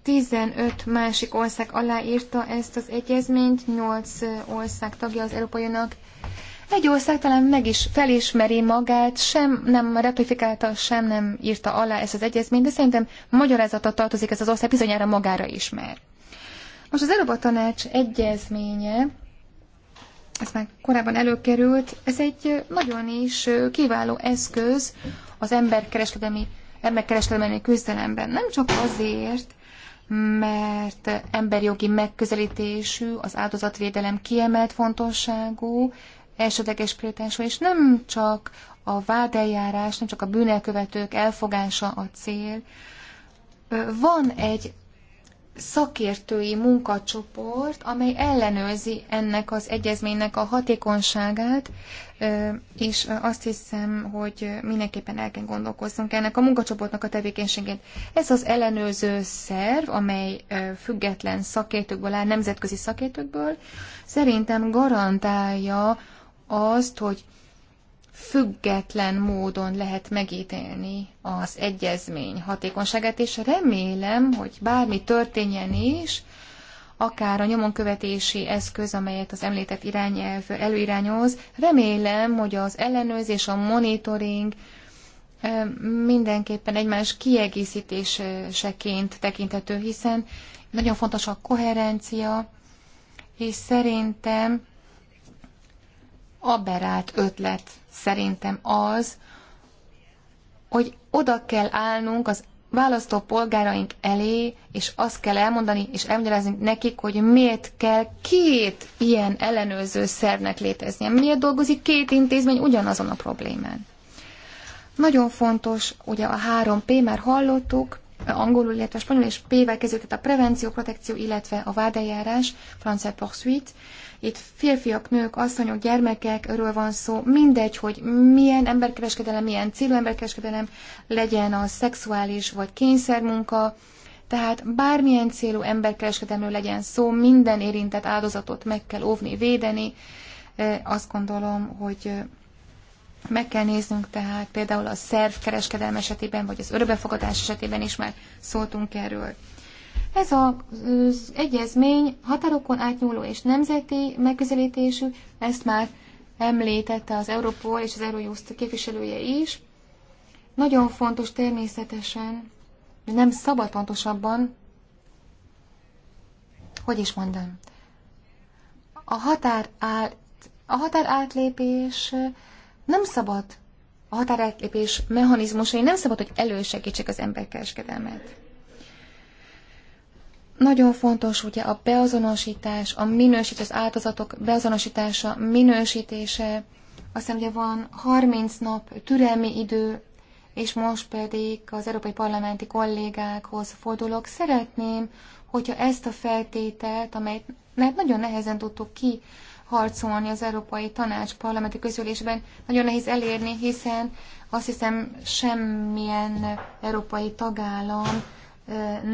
15 másik ország aláírta ezt az egyezményt, 8 ország tagja az Európai Uniónak. Egy ország talán meg is felismeri magát, sem nem ratifikálta, sem nem írta alá ezt az egyezményt, de szerintem magyarázata tartozik ez az ország, bizonyára magára ismer. Most az Európa Tanács egyezménye, ez már korábban előkerült, ez egy nagyon is kiváló eszköz az emberkereskedelmi emberkereskedelmi küzdelemben. Nem csak azért, mert emberjogi megközelítésű, az áldozatvédelem kiemelt fontosságú, elsődleges prioritású, és nem csak a vádeljárás, nem csak a bűnelkövetők elfogása a cél. Van egy szakértői munkacsoport, amely ellenőrzi ennek az egyezménynek a hatékonyságát, és azt hiszem, hogy mindenképpen el kell gondolkoznunk ennek a munkacsoportnak a tevékenységét. Ez az ellenőrző szerv, amely független szakértőkből áll, nemzetközi szakértőkből, szerintem garantálja azt, hogy független módon lehet megítélni az egyezmény hatékonyságát, és remélem, hogy bármi történjen is, akár a nyomonkövetési eszköz, amelyet az említett irányelv előirányoz, remélem, hogy az ellenőrzés, a monitoring mindenképpen egymás kiegészítéseként tekinthető, hiszen nagyon fontos a koherencia, és szerintem aberált ötlet szerintem az, hogy oda kell állnunk az választó polgáraink elé, és azt kell elmondani és elmagyarázni nekik, hogy miért kell két ilyen ellenőrző szervnek léteznie. Miért dolgozik két intézmény ugyanazon a problémán. Nagyon fontos, ugye a három p már hallottuk, angolul, illetve spanyol és P-vel kezdődött a prevenció, protekció, illetve a vádeljárás, francia poursuit. Itt férfiak, nők, asszonyok, gyermekek, erről van szó, mindegy, hogy milyen emberkereskedelem, milyen célú emberkereskedelem legyen a szexuális vagy kényszermunka, tehát bármilyen célú emberkereskedelemről legyen szó, minden érintett áldozatot meg kell óvni, védeni. Azt gondolom, hogy meg kell néznünk tehát például a szerv kereskedelm esetében, vagy az örökbefogadás esetében is már szóltunk erről. Ez az egyezmény határokon átnyúló és nemzeti megközelítésű, ezt már említette az Európol és az Eurojust képviselője is. Nagyon fontos természetesen, nem szabad pontosabban, hogy is mondom, a határ, át, a határ átlépés nem szabad a határátlépés mechanizmusai nem szabad, hogy elősegítsék az emberkereskedelmet. Nagyon fontos ugye a beazonosítás, a minősítés, az áldozatok beazonosítása, minősítése. hiszem, ugye van 30 nap türelmi idő, és most pedig az európai parlamenti kollégákhoz fordulok. Szeretném, hogyha ezt a feltételt, amelyet mert nagyon nehezen tudtuk ki harcolni az Európai Tanács parlamenti közülésben. Nagyon nehéz elérni, hiszen azt hiszem semmilyen európai tagállam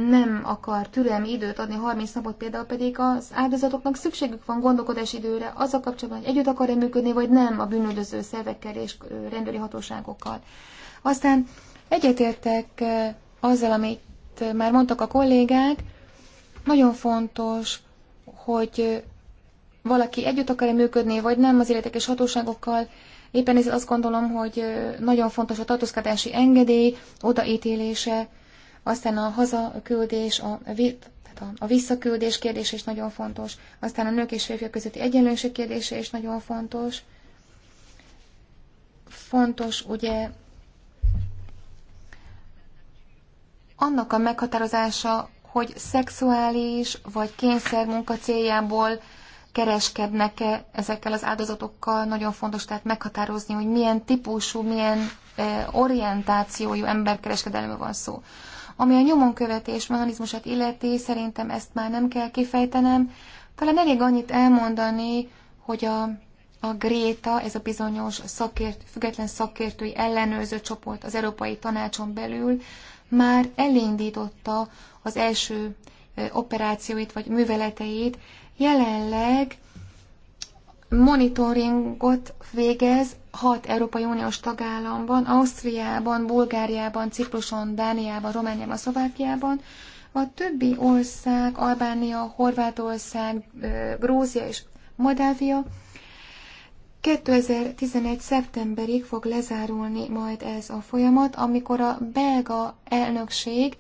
nem akar türelmi időt adni, 30 napot például pedig az áldozatoknak szükségük van gondolkodási időre, az a kapcsolatban, hogy együtt akar-e működni, vagy nem a bűnöldöző szervekkel és rendőri hatóságokkal. Aztán egyetértek azzal, amit már mondtak a kollégák, nagyon fontos, hogy valaki együtt akar -e működni, vagy nem az illetékes hatóságokkal. Éppen ezért azt gondolom, hogy nagyon fontos a tartózkodási engedély, odaítélése, aztán a hazaküldés, a, tehát a, visszaküldés kérdése is nagyon fontos, aztán a nők és férfiak közötti egyenlőség kérdése is nagyon fontos. Fontos ugye annak a meghatározása, hogy szexuális vagy munka céljából kereskednek-e ezekkel az áldozatokkal, nagyon fontos tehát meghatározni, hogy milyen típusú, milyen e, orientációjú emberkereskedelemről van szó. Ami a nyomonkövetés mechanizmusát illeti, szerintem ezt már nem kell kifejtenem. Talán elég annyit elmondani, hogy a, a Gréta, ez a bizonyos szakért, független szakértői ellenőrző csoport az Európai Tanácson belül már elindította az első e, operációit vagy műveleteit, Jelenleg monitoringot végez hat Európai Uniós tagállamban, Ausztriában, Bulgáriában, Cipruson, Dániában, Romániában, Szlovákiában. A többi ország, Albánia, Horvátország, Grózia és Moldávia 2011. szeptemberig fog lezárulni majd ez a folyamat, amikor a belga elnökség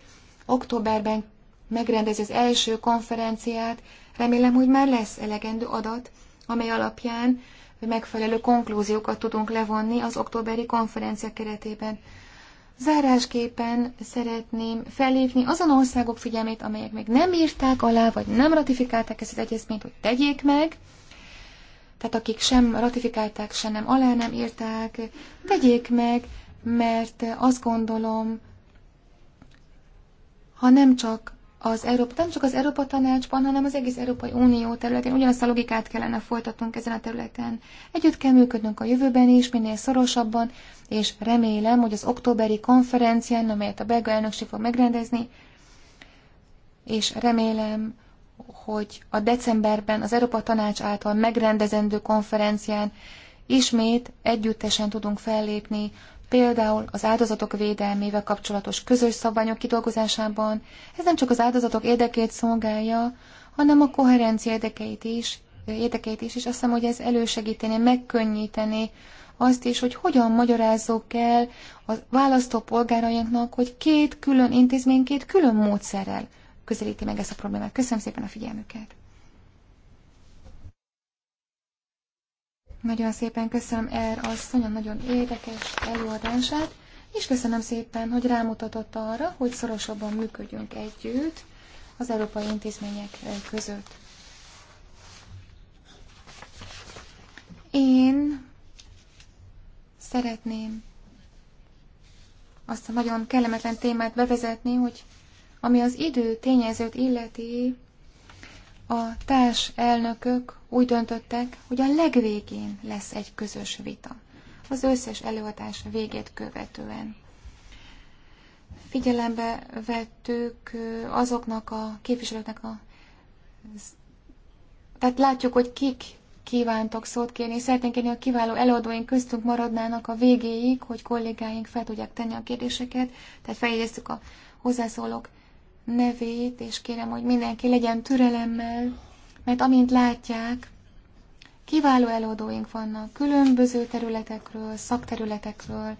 októberben megrendezi az első konferenciát Remélem, hogy már lesz elegendő adat, amely alapján megfelelő konklúziókat tudunk levonni az októberi konferencia keretében. Zárásképpen szeretném felhívni azon országok figyelmét, amelyek még nem írták alá, vagy nem ratifikálták ezt az egyezményt, hogy tegyék meg. Tehát akik sem ratifikálták, sem nem alá nem írták, tegyék meg, mert azt gondolom, ha nem csak az Európa, nem csak az Európa Tanácsban, hanem az egész Európai Unió területén ugyanazt a logikát kellene folytatnunk ezen a területen. Együtt kell működnünk a jövőben is, minél szorosabban, és remélem, hogy az októberi konferencián, amelyet a belga elnökség fog megrendezni, és remélem, hogy a decemberben az Európa Tanács által megrendezendő konferencián ismét együttesen tudunk fellépni például az áldozatok védelmével kapcsolatos közös szabványok kidolgozásában. Ez nem csak az áldozatok érdekét szolgálja, hanem a koherencia érdekeit is, érdekeit is, és azt hiszem, hogy ez elősegíteni, megkönnyíteni azt is, hogy hogyan magyarázzuk el a választó polgárainknak, hogy két külön intézmény, két külön módszerrel közelíti meg ezt a problémát. Köszönöm szépen a figyelmüket! Nagyon szépen köszönöm Er asszony a nagyon érdekes előadását, és köszönöm szépen, hogy rámutatott arra, hogy szorosabban működjünk együtt az európai intézmények között. Én szeretném azt a nagyon kellemetlen témát bevezetni, hogy ami az idő tényezőt illeti, a társ elnökök úgy döntöttek, hogy a legvégén lesz egy közös vita. Az összes előadás végét követően. Figyelembe vettük azoknak a képviselőknek a... Tehát látjuk, hogy kik kívántok szót kérni. Szeretnénk kérni, a kiváló előadóink köztünk maradnának a végéig, hogy kollégáink fel tudják tenni a kérdéseket. Tehát feljegyeztük a hozzászólók nevét, és kérem, hogy mindenki legyen türelemmel, mert amint látják, kiváló előadóink vannak különböző területekről, szakterületekről,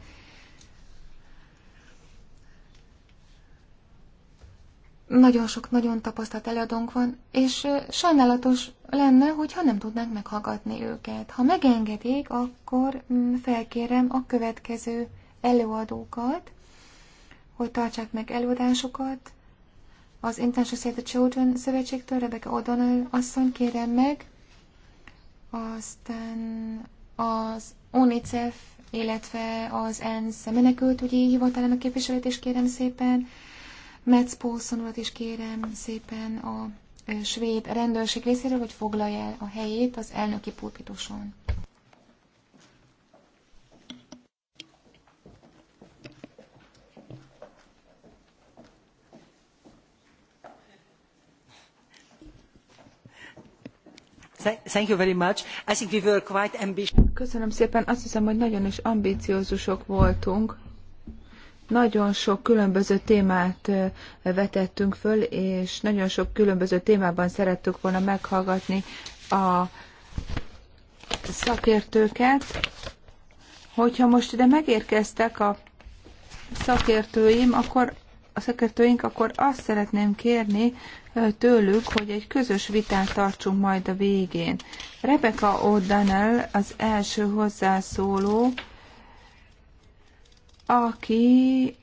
Nagyon sok, nagyon tapasztalt előadónk van, és sajnálatos lenne, hogyha nem tudnánk meghallgatni őket. Ha megengedik, akkor mm, felkérem a következő előadókat, hogy tartsák meg előadásokat az International Save the Children szövetségtől, Rebecca O'Donnell asszony kérem meg, aztán az UNICEF, illetve az ENSZ menekültügyi hivatalának képviselőt is kérem szépen, Metz Paulson urat is kérem szépen a svéd rendőrség részéről, hogy foglalja el a helyét az elnöki pulpituson. Köszönöm szépen. Azt hiszem, hogy nagyon is ambíciózusok voltunk. Nagyon sok különböző témát vetettünk föl, és nagyon sok különböző témában szerettük volna meghallgatni a szakértőket. Hogyha most ide megérkeztek a szakértőim, akkor a szakértőink, akkor azt szeretném kérni, tőlük, hogy egy közös vitát tartsunk majd a végén. Rebecca O'Donnell az első hozzászóló, aki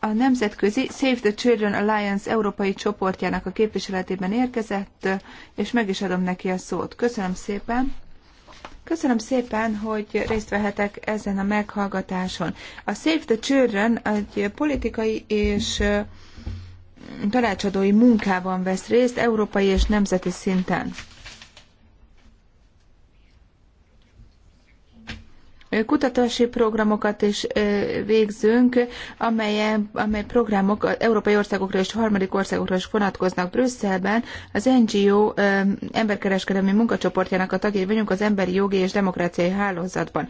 a nemzetközi Save the Children Alliance európai csoportjának a képviseletében érkezett, és meg is adom neki a szót. Köszönöm szépen! Köszönöm szépen, hogy részt vehetek ezen a meghallgatáson. A Save the Children egy politikai és tanácsadói munkában vesz részt európai és nemzeti szinten. Kutatási programokat is végzünk, amely, amely programok az európai országokra és harmadik országokra is vonatkoznak. Brüsszelben az NGO emberkereskedelmi munkacsoportjának a tagjai vagyunk az Emberi Jogi és Demokráciai Hálózatban.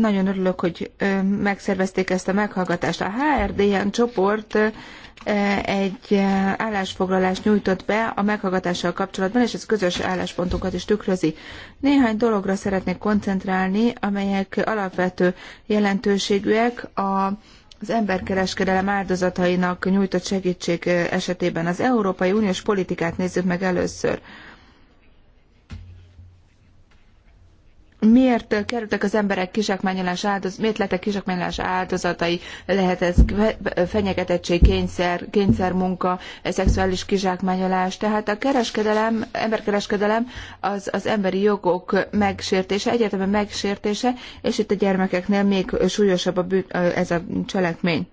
Nagyon örülök, hogy megszervezték ezt a meghallgatást. A HRDN csoport egy állásfoglalást nyújtott be a meghallgatással kapcsolatban, és ez közös álláspontunkat is tükrözi. Néhány dologra szeretnék koncentrálni, amelyek alapvető jelentőségűek a az emberkereskedelem áldozatainak nyújtott segítség esetében az Európai Uniós politikát nézzük meg először. miért kerültek az emberek kizsákmányolás áldoz, miért lettek kizsákmányolás áldozatai, lehet ez fenyegetettség, kényszer, kényszermunka, szexuális kizsákmányolás. Tehát a kereskedelem, emberkereskedelem az, az emberi jogok megsértése, egyértelműen megsértése, és itt a gyermekeknél még súlyosabb a bűn, ez a cselekmény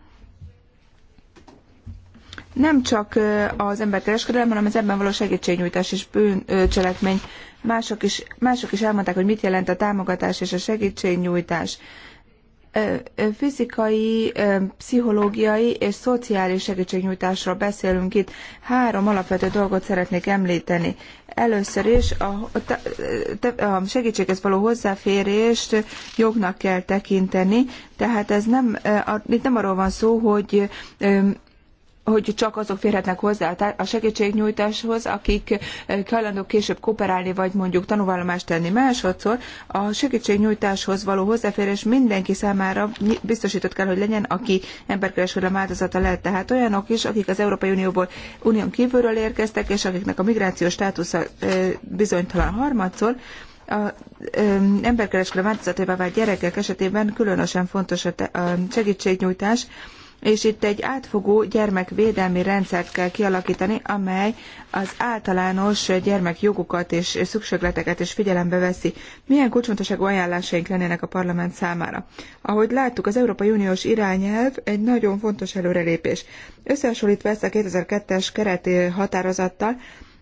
nem csak az emberkereskedelem, hanem az ebben való segítségnyújtás és bűncselekmény Mások is, mások is elmondták, hogy mit jelent a támogatás és a segítségnyújtás fizikai, pszichológiai és szociális segítségnyújtásról beszélünk itt. Három alapvető dolgot szeretnék említeni. Először is a, a segítséghez való hozzáférést jognak kell tekinteni, tehát ez nem, itt nem arról van szó, hogy hogy csak azok férhetnek hozzá a segítségnyújtáshoz, akik eh, hajlandók később kooperálni, vagy mondjuk tanulvallomást tenni. Másodszor a segítségnyújtáshoz való hozzáférés mindenki számára biztosított kell, hogy legyen, aki emberkereskedelem áldozata lehet. Tehát olyanok is, akik az Európai Unióból, unión kívülről érkeztek, és akiknek a migrációs státusza eh, bizonytalan harmadszor, a eh, emberkereskedelem áldozatává vált gyerekek esetében különösen fontos a segítségnyújtás, és itt egy átfogó gyermekvédelmi rendszert kell kialakítani, amely az általános gyermekjogokat és szükségleteket is figyelembe veszi. Milyen kulcsfontosságú ajánlásaink lennének a parlament számára? Ahogy láttuk, az Európai Uniós irányelv egy nagyon fontos előrelépés. Összehasonlítva ezt a 2002-es kereti határozattal,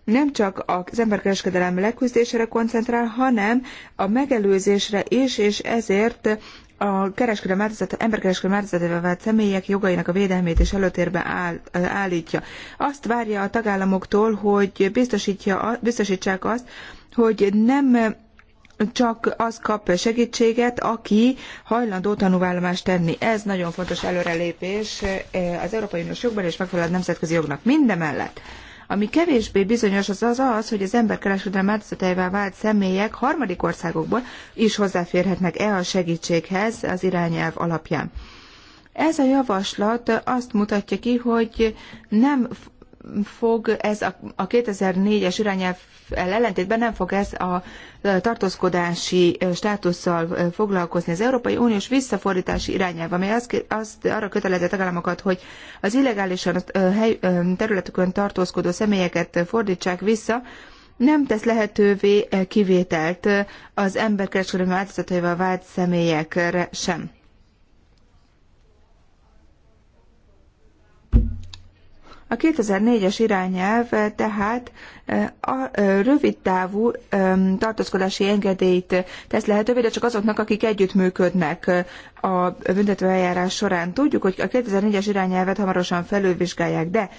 nem csak az emberkereskedelem leküzdésére koncentrál, hanem a megelőzésre is, és ezért a kereskedelem áldozat, emberkereskedelem áldozatével vált személyek jogainak a védelmét és előtérbe áll, állítja. Azt várja a tagállamoktól, hogy biztosítja, biztosítsák azt, hogy nem csak az kap segítséget, aki hajlandó tanúvállomást tenni. Ez nagyon fontos előrelépés eh, az Európai Uniós jogban és megfelel a nemzetközi jognak. Mindemellett ami kevésbé bizonyos az az, az hogy az emberkereskedelem áldozataivá vált személyek harmadik országokból is hozzáférhetnek e a segítséghez az irányelv alapján. Ez a javaslat azt mutatja ki, hogy nem fog ez a, a 2004-es irányelv ellentétben nem fog ez a tartózkodási státusszal foglalkozni. Az Európai Uniós visszafordítási irányelv, amely azt, azt arra kötelezi a tagállamokat, hogy az illegálisan a hely, területükön tartózkodó személyeket fordítsák vissza, nem tesz lehetővé kivételt az emberkereskedelmi áldozataival vált személyekre sem. A 2004-es irányelv eh, tehát eh, a eh, rövidtávú tartózkodási engedélyt tesz lehetővé, de csak azoknak, akik együttműködnek a büntetőeljárás során. Tudjuk, hogy a 2004-es irányelvet hamarosan felülvizsgálják, de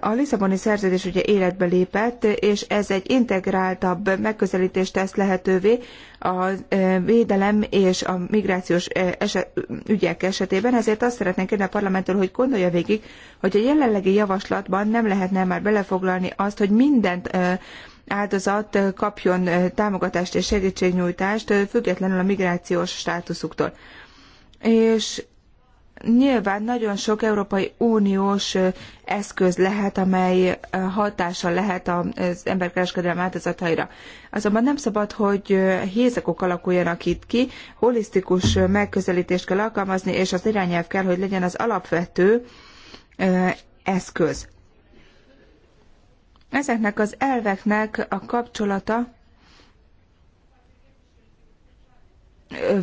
a Lisszaboni szerződés ugye életbe lépett, és ez egy integráltabb megközelítést tesz lehetővé a e, védelem és a migrációs e, eset, ügyek esetében, ezért azt szeretnénk kérni a parlamenttől, hogy gondolja végig, hogy a jelenlegi javaslatban nem lehetne már belefoglalni azt, hogy mindent e, áldozat kapjon támogatást és segítségnyújtást, függetlenül a migrációs státuszuktól. És Nyilván nagyon sok Európai Uniós eszköz lehet, amely hatással lehet az emberkereskedelem áldozataira. Azonban nem szabad, hogy hézakok alakuljanak itt ki, holisztikus megközelítést kell alkalmazni, és az irányelv kell, hogy legyen az alapvető eszköz. Ezeknek az elveknek a kapcsolata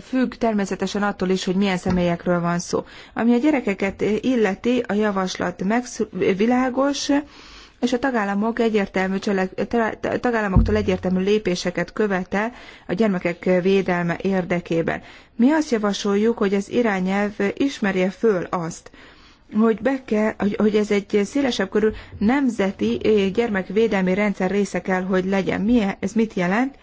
függ természetesen attól is, hogy milyen személyekről van szó. Ami a gyerekeket illeti, a javaslat megsz- világos, és a tagállamok egyértelmű cselek, tagállamoktól egyértelmű lépéseket követel a gyermekek védelme érdekében. Mi azt javasoljuk, hogy az irányelv ismerje föl azt, hogy, be kell, hogy ez egy szélesebb körül nemzeti gyermekvédelmi rendszer része kell, hogy legyen. Mi ez mit jelent?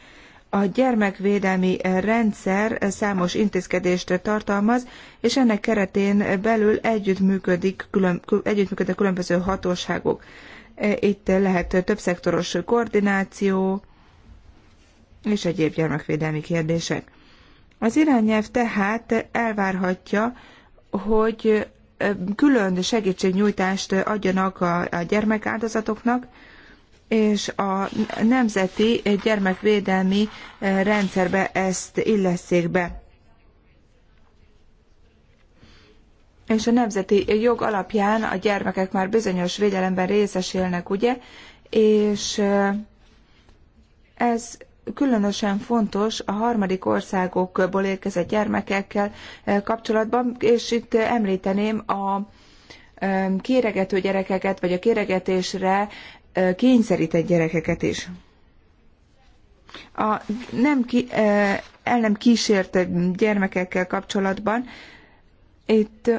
A gyermekvédelmi rendszer számos intézkedést tartalmaz, és ennek keretén belül együttműködik, külön, együttműködnek különböző hatóságok. E, itt lehet többszektoros koordináció és egyéb gyermekvédelmi kérdések. Az irányelv tehát elvárhatja, hogy e, külön segítségnyújtást adjanak a, a gyermekáldozatoknak, és a nemzeti gyermekvédelmi eh, rendszerbe ezt illeszék be. És a nemzeti jog alapján a gyermekek már bizonyos védelemben részesülnek, ugye? És eh, ez különösen fontos a harmadik országokból érkezett gyermekekkel eh, kapcsolatban, és itt említeném a kéregető gyerekeket, vagy a kéregetésre kényszerített gyerekeket is. A nem ki, el nem kísért gyermekekkel kapcsolatban itt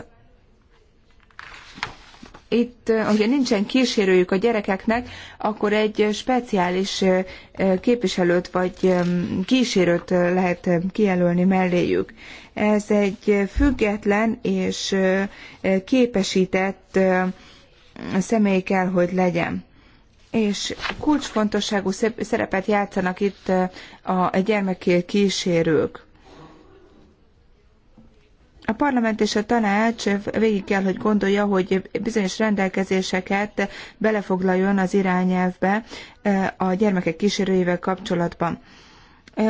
itt, ugye nincsen kísérőjük a gyerekeknek, akkor egy speciális képviselőt vagy kísérőt lehet kijelölni melléjük. Ez egy független és képesített személy kell, hogy legyen és kulcsfontosságú szerepet játszanak itt a gyermek kísérők. A parlament és a tanács végig kell, hogy gondolja, hogy bizonyos rendelkezéseket belefoglaljon az irányelvbe a gyermekek kísérőivel kapcsolatban.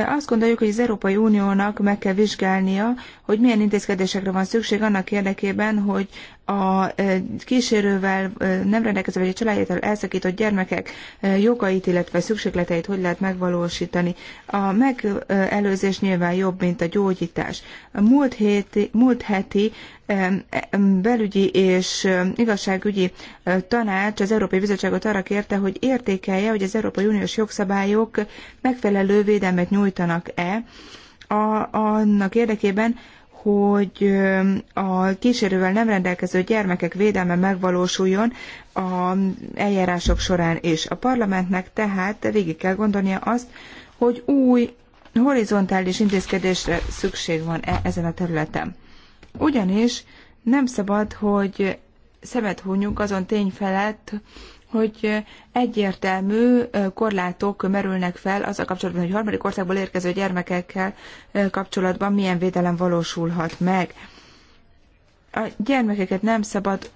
Azt gondoljuk, hogy az Európai Uniónak meg kell vizsgálnia, hogy milyen intézkedésekre van szükség annak érdekében, hogy a e, kísérővel e, nem rendelkező vagy a családjától elszakított gyermekek e, jogait, illetve szükségleteit hogy lehet megvalósítani. A megelőzés nyilván jobb, mint a gyógyítás. A múlt, héti, múlt heti belügyi és igazságügyi tanács az Európai Bizottságot arra kérte, hogy értékelje, hogy az Európai Uniós jogszabályok megfelelő védelmet nyújtanak-e annak érdekében, hogy a kísérővel nem rendelkező gyermekek védelme megvalósuljon a eljárások során és A parlamentnek tehát végig kell gondolnia azt, hogy új horizontális intézkedésre szükség van -e ezen a területen. Ugyanis nem szabad, hogy szemet hunyunk azon tény felett, hogy egyértelmű korlátok merülnek fel az a kapcsolatban, hogy harmadik országból érkező gyermekekkel kapcsolatban milyen védelem valósulhat meg. A gyermekeket nem szabad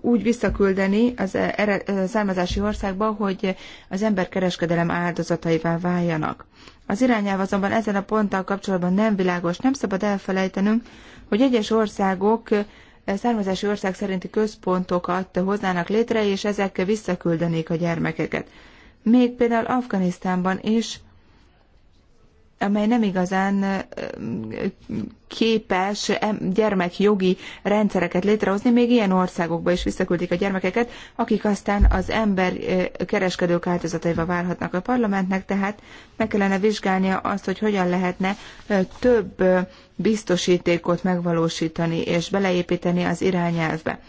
úgy visszaküldeni az e, származási országba, hogy az emberkereskedelem áldozataivá váljanak. Az irányelv azonban ezen a ponttal kapcsolatban nem világos, nem szabad elfelejtenünk, hogy egyes országok származási ország szerinti központokat hoznának létre, és ezekkel visszaküldenék a gyermekeket. Még például Afganisztánban is amely nem igazán képes gyermekjogi rendszereket létrehozni, még ilyen országokba is visszaküldik a gyermekeket, akik aztán az ember kereskedők áldozataiba válhatnak a parlamentnek, tehát meg kellene vizsgálnia azt, hogy hogyan lehetne több biztosítékot megvalósítani és beleépíteni az irányelvbe.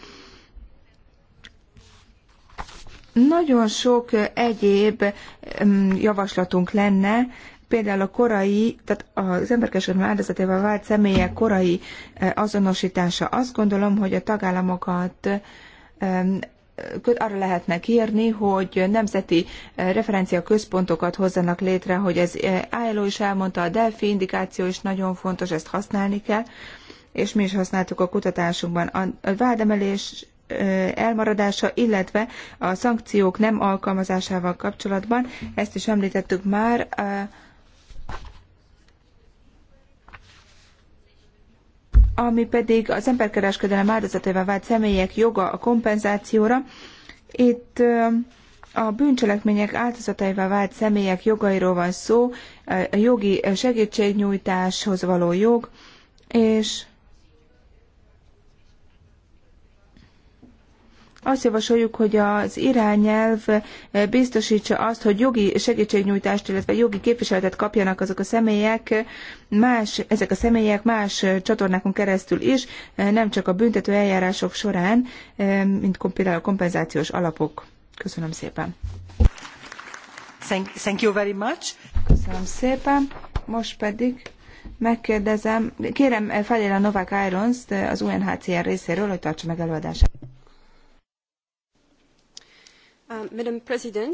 Nagyon sok egyéb javaslatunk lenne, például a korai, tehát az emberkereskedelem áldozatával vált személyek korai eh, azonosítása. Azt gondolom, hogy a tagállamokat arra lehetne kérni, hogy nemzeti eh, referencia központokat hozzanak létre, hogy ez eh, ILO is elmondta, a Delphi indikáció is nagyon fontos, ezt használni kell, és mi is használtuk a kutatásunkban. A vádemelés elmaradása, illetve a szankciók nem alkalmazásával kapcsolatban, ezt is említettük már, ami pedig az emberkereskedelem áldozatává vált személyek joga a kompenzációra. Itt a bűncselekmények áldozataivá vált személyek jogairól van szó, a jogi segítségnyújtáshoz való jog, és Azt javasoljuk, hogy az irányelv eh, biztosítsa azt, hogy jogi segítségnyújtást, illetve jogi képviseletet kapjanak azok a személyek, más, ezek a személyek más eh, csatornákon keresztül is, eh, nem csak a büntető eljárások során, mint például a kompenzációs alapok. Köszönöm szépen. Thank, thank you very much. Köszönöm szépen. Most pedig megkérdezem, kérem Feléla Novák Irons az UNHCR részéről, hogy tartsa meg előadását. Uh,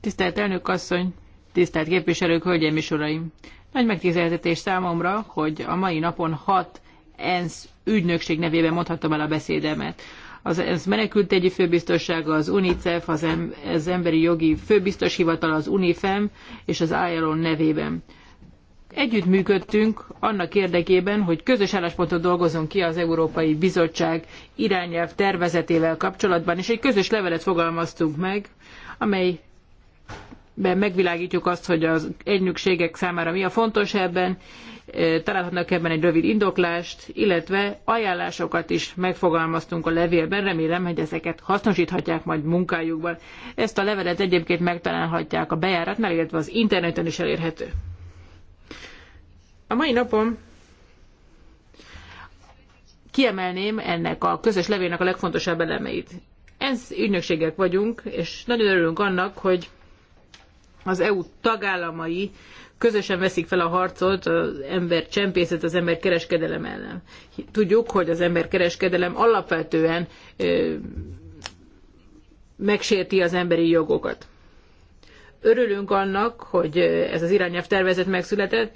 tisztelt elnök asszony, tisztelt képviselők, hölgyeim és uraim! Nagy megtiszteltetés számomra, hogy a mai napon hat ENSZ ügynökség nevében mondhatom el a beszédemet. Az ENSZ menekültügyi főbiztossága, az UNICEF, az, az Emberi Jogi Főbiztos Hivatal, az UNIFEM és az ILO nevében. Együttműködtünk annak érdekében, hogy közös álláspontot dolgozunk ki az Európai Bizottság irányelv tervezetével kapcsolatban, és egy közös levelet fogalmaztunk meg, amelyben megvilágítjuk azt, hogy az egynökségek számára mi a fontos ebben, eh, találhatnak ebben egy rövid indoklást, illetve ajánlásokat is megfogalmaztunk a levélben, remélem, hogy ezeket hasznosíthatják majd munkájukban. Ezt a levelet egyébként megtalálhatják a bejáratnál, illetve az interneten is elérhető. A mai napon kiemelném ennek a közös levélnek a legfontosabb elemeit. ENSZ ügynökségek vagyunk, és nagyon örülünk annak, hogy az EU tagállamai közösen veszik fel a harcot az ember csempészet, az ember kereskedelem ellen. Tudjuk, hogy az ember kereskedelem alapvetően ö, megsérti az emberi jogokat. Örülünk annak, hogy ez az irányelv tervezet megszületett,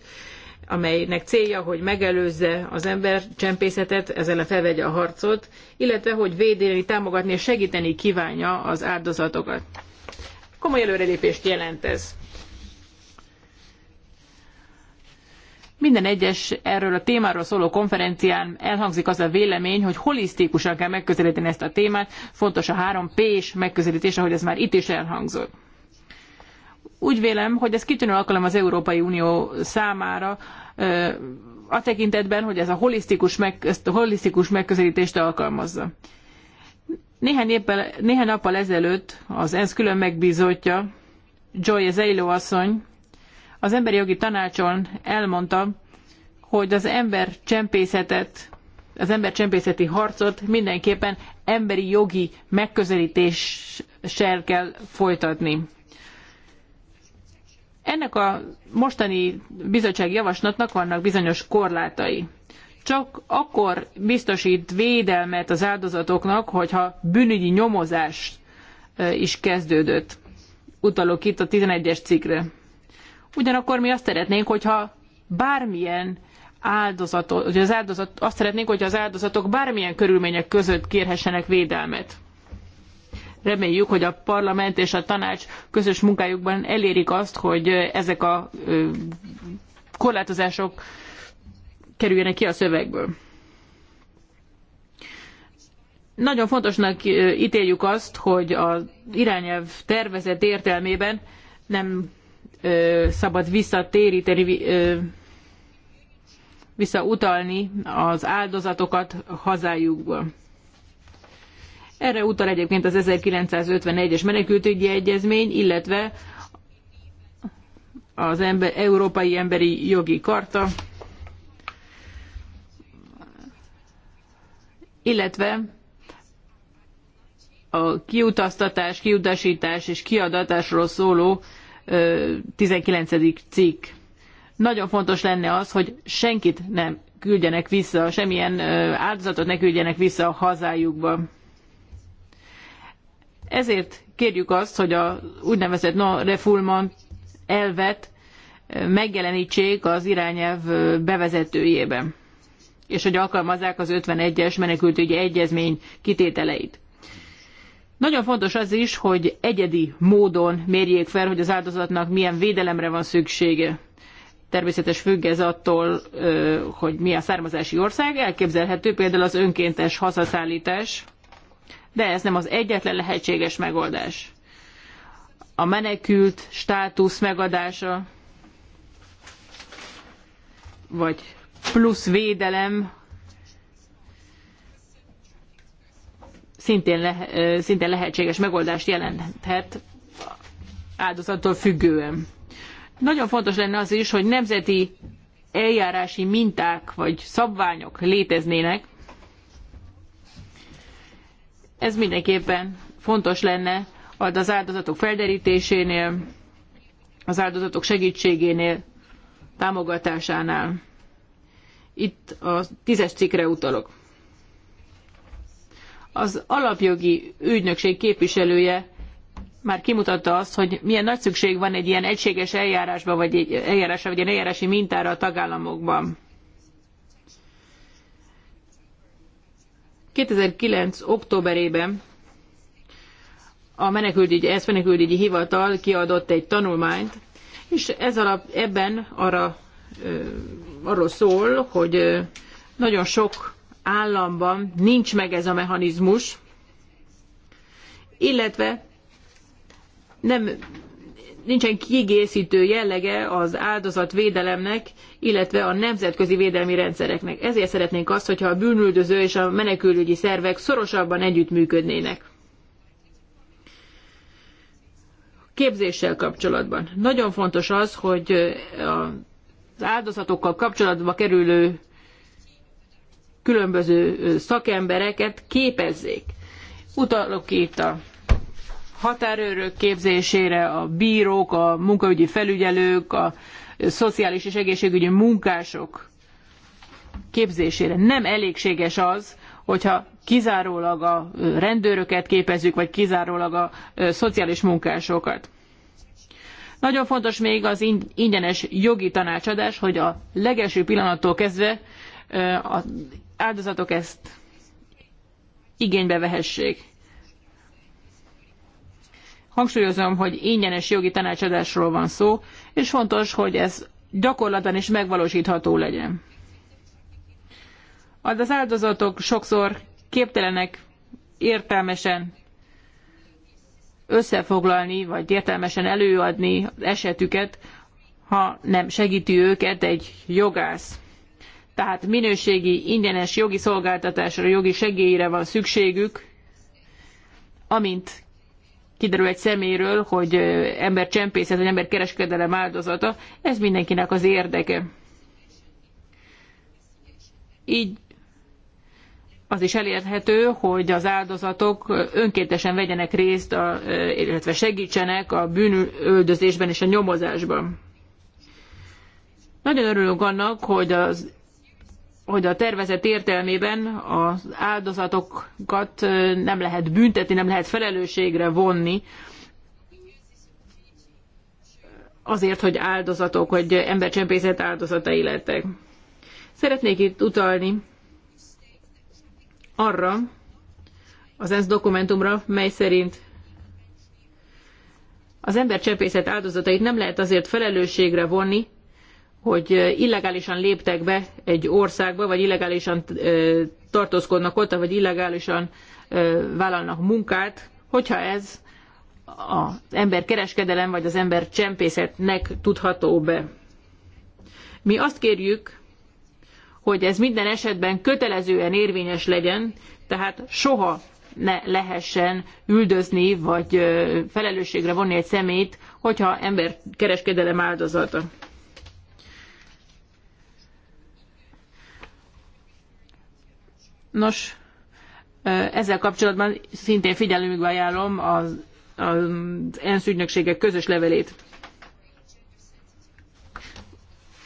amelynek célja, hogy megelőzze az embercsempészetet, ezzel felvegye a harcot, illetve hogy védeni, támogatni és segíteni kívánja az áldozatokat. Komoly előrelépést jelent ez. Minden egyes erről a témáról szóló konferencián elhangzik az a vélemény, hogy holisztikusan kell megközelíteni ezt a témát, fontos a három P-s megközelítés, ahogy ez már itt is elhangzott úgy vélem, hogy ez kitűnő alkalom az Európai Unió számára, a tekintetben, hogy ez a holisztikus, meg, ezt a holisztikus megközelítést alkalmazza. Néhány, éppen, néhány nappal ezelőtt az ENSZ külön megbízottja, Joy Zeilo asszony, az emberi jogi tanácson elmondta, hogy az ember csempészetet, az ember csempészeti harcot mindenképpen emberi jogi megközelítéssel kell folytatni. Ennek a mostani bizottság javaslatnak vannak bizonyos korlátai. Csak akkor biztosít védelmet az áldozatoknak, hogyha bűnügyi nyomozás e, is kezdődött. Utalok itt a 11-es cikkre. Ugyanakkor mi azt szeretnénk, hogyha bármilyen áldozatot, hogy az áldozat, azt szeretnénk, hogy az áldozatok bármilyen körülmények között kérhessenek védelmet. Reméljük, hogy a parlament és a tanács közös munkájukban elérik azt, hogy ezek a korlátozások kerüljenek ki a szövegből. Nagyon fontosnak ítéljük azt, hogy az irányelv tervezett értelmében nem szabad visszatéríteni, visszautalni az áldozatokat hazájukba. Erre utal egyébként az 1951-es menekültügyi egyezmény, illetve az ember, Európai Emberi Jogi Karta, illetve a kiutasztatás, kiutasítás és kiadatásról szóló 19. cikk. Nagyon fontos lenne az, hogy senkit nem küldjenek vissza, semmilyen áldozatot ne küldjenek vissza a hazájukba. Ezért kérjük azt, hogy a úgynevezett non-refoulement elvet megjelenítsék az irányelv bevezetőjében, és hogy alkalmazzák az 51-es menekültügyi egyezmény kitételeit. Nagyon fontos az is, hogy egyedi módon mérjék fel, hogy az áldozatnak milyen védelemre van szüksége. Természetes függ ez attól, hogy mi a származási ország. Elképzelhető például az önkéntes hazaszállítás, de ez nem az egyetlen lehetséges megoldás. A menekült státusz megadása, vagy plusz védelem szintén, le, szintén lehetséges megoldást jelenthet áldozattól függően. Nagyon fontos lenne az is, hogy nemzeti eljárási minták vagy szabványok léteznének, ez mindenképpen fontos lenne az áldozatok felderítésénél, az áldozatok segítségénél, támogatásánál. Itt a tízes cikkre utalok. Az alapjogi ügynökség képviselője már kimutatta azt, hogy milyen nagy szükség van egy ilyen egységes eljárásba, vagy egy eljárásra, vagy egy eljárási mintára a tagállamokban. 2009. októberében a menekültügyi, ez menekültügyi hivatal kiadott egy tanulmányt, és ez alap, ebben arra, arról szól, hogy nagyon sok államban nincs meg ez a mechanizmus, illetve nem nincsen kiegészítő jellege az áldozatvédelemnek, illetve a nemzetközi védelmi rendszereknek. Ezért szeretnénk azt, hogyha a bűnüldöző és a menekülügyi szervek szorosabban együttműködnének. Képzéssel kapcsolatban. Nagyon fontos az, hogy az áldozatokkal kapcsolatba kerülő különböző szakembereket képezzék. Utalok itt a határőrök képzésére, a bírók, a munkaügyi felügyelők, a szociális és egészségügyi munkások képzésére. Nem elégséges az, hogyha kizárólag a rendőröket képezzük, vagy kizárólag a szociális munkásokat. Nagyon fontos még az ingyenes jogi tanácsadás, hogy a legelső pillanattól kezdve az áldozatok ezt igénybe vehessék. Hangsúlyozom, hogy ingyenes jogi tanácsadásról van szó, és fontos, hogy ez gyakorlatban is megvalósítható legyen. Az áldozatok sokszor képtelenek értelmesen összefoglalni, vagy értelmesen előadni az esetüket, ha nem segíti őket egy jogász. Tehát minőségi, ingyenes jogi szolgáltatásra, jogi segélyre van szükségük, amint kiderül egy szeméről, hogy ember csempészet, vagy ember kereskedelem áldozata, ez mindenkinek az érdeke. Így az is elérhető, hogy az áldozatok önkéntesen vegyenek részt, a, illetve segítsenek a bűnöldözésben és a nyomozásban. Nagyon örülünk annak, hogy az hogy a tervezet értelmében az áldozatokat nem lehet büntetni, nem lehet felelősségre vonni azért, hogy áldozatok, hogy embercsempészet áldozatai lettek. Szeretnék itt utalni arra az ENSZ dokumentumra, mely szerint az embercsempészet áldozatait nem lehet azért felelősségre vonni, hogy illegálisan léptek be egy országba, vagy illegálisan tartózkodnak ott, vagy illegálisan vállalnak munkát, hogyha ez az ember kereskedelem vagy az ember csempészetnek tudható be. Mi azt kérjük, hogy ez minden esetben kötelezően érvényes legyen, tehát soha ne lehessen üldözni vagy felelősségre vonni egy szemét, hogyha ember kereskedelem áldozata. Nos, ezzel kapcsolatban szintén figyelmükbe ajánlom az, az ENSZ ügynökségek közös levelét.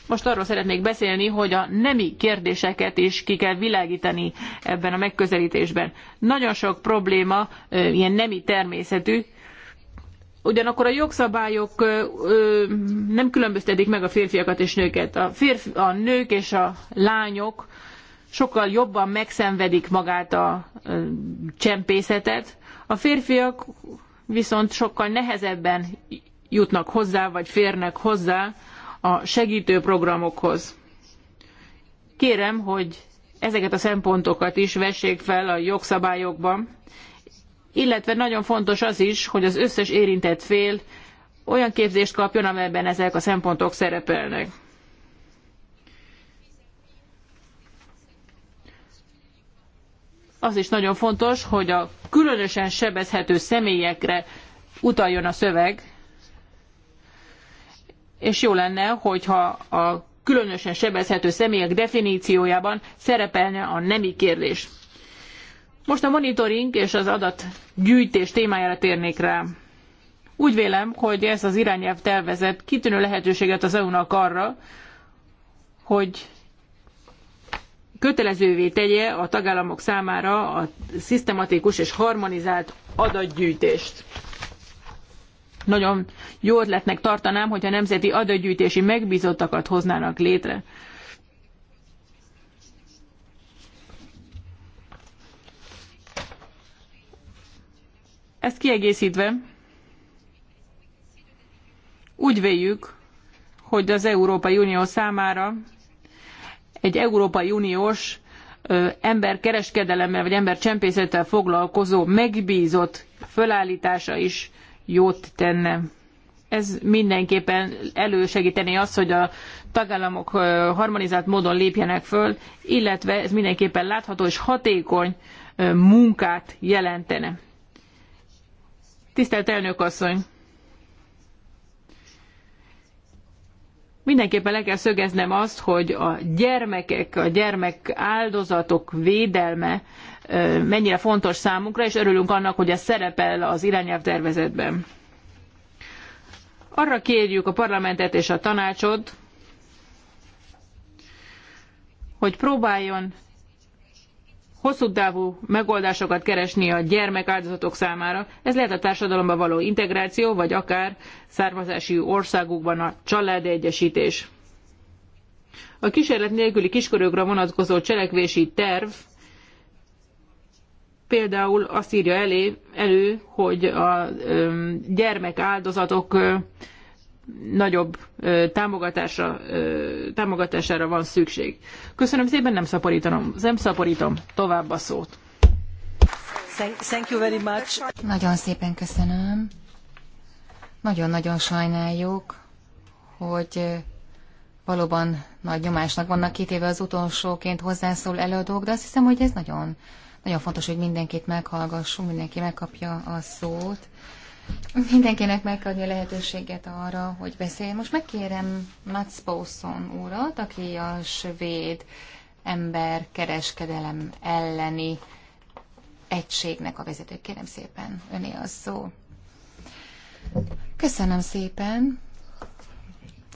Most arról szeretnék beszélni, hogy a nemi kérdéseket is ki kell világítani ebben a megközelítésben. Nagyon sok probléma ilyen nemi természetű, ugyanakkor a jogszabályok nem különböztetik meg a férfiakat és nőket. A, férfi, a nők és a lányok sokkal jobban megszenvedik magát a csempészetet, a férfiak viszont sokkal nehezebben jutnak hozzá, vagy férnek hozzá a segítő programokhoz. Kérem, hogy ezeket a szempontokat is vessék fel a jogszabályokban, illetve nagyon fontos az is, hogy az összes érintett fél olyan képzést kapjon, amelyben ezek a szempontok szerepelnek. az is nagyon fontos, hogy a különösen sebezhető személyekre utaljon a szöveg, és jó lenne, hogyha a különösen sebezhető személyek definíciójában szerepelne a nemi kérdés. Most a monitoring és az adatgyűjtés témájára térnék rá. Úgy vélem, hogy ez az irányelv tervezet kitűnő lehetőséget az EU-nak arra, hogy kötelezővé tegye a tagállamok számára a szisztematikus és harmonizált adatgyűjtést. Nagyon jó ötletnek tartanám, hogyha nemzeti adatgyűjtési megbízottakat hoznának létre. Ezt kiegészítve úgy véljük, hogy az Európai Unió számára egy Európai Uniós emberkereskedelemmel vagy embercsempészettel foglalkozó megbízott fölállítása is jót tenne. Ez mindenképpen elősegíteni azt, hogy a tagállamok harmonizált módon lépjenek föl, illetve ez mindenképpen látható és hatékony munkát jelentene. Tisztelt elnök asszony! Mindenképpen le kell szögeznem azt, hogy a gyermekek, a gyermek áldozatok védelme mennyire fontos számunkra, és örülünk annak, hogy ez szerepel az irányelvtervezetben. Arra kérjük a parlamentet és a tanácsot, hogy próbáljon hosszú távú megoldásokat keresni a gyermekáldozatok számára. Ez lehet a társadalomba való integráció, vagy akár származási országukban a családegyesítés. A kísérlet nélküli kiskorokra vonatkozó cselekvési terv például azt írja elő, elő hogy a gyermekáldozatok nagyobb támogatásra, támogatására van szükség. Köszönöm szépen, nem szaporítom, nem szaporítom tovább a szót. Thank you very much. Nagyon szépen köszönöm. Nagyon-nagyon sajnáljuk, hogy valóban nagy nyomásnak vannak két éve az utolsóként hozzászól előadók, de azt hiszem, hogy ez nagyon, nagyon fontos, hogy mindenkit meghallgassunk, mindenki megkapja a szót. Mindenkinek meg kell adni a lehetőséget arra, hogy beszéljen. Most megkérem Mats Bowson úrat, aki a svéd kereskedelem elleni egységnek a vezető. Kérem szépen, öné a szó. Köszönöm szépen.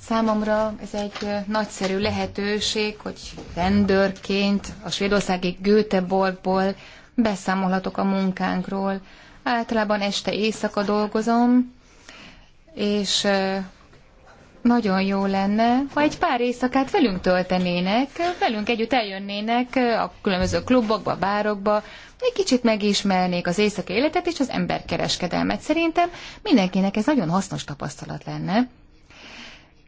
Számomra ez egy nagyszerű lehetőség, hogy rendőrként a svédországi Göteborgból beszámolhatok a munkánkról, Általában este éjszaka dolgozom, és nagyon jó lenne, ha egy pár éjszakát velünk töltenének, velünk együtt eljönnének a különböző klubokba, bárokba, egy kicsit megismernék az éjszaka életet és az emberkereskedelmet. Szerintem mindenkinek ez nagyon hasznos tapasztalat lenne.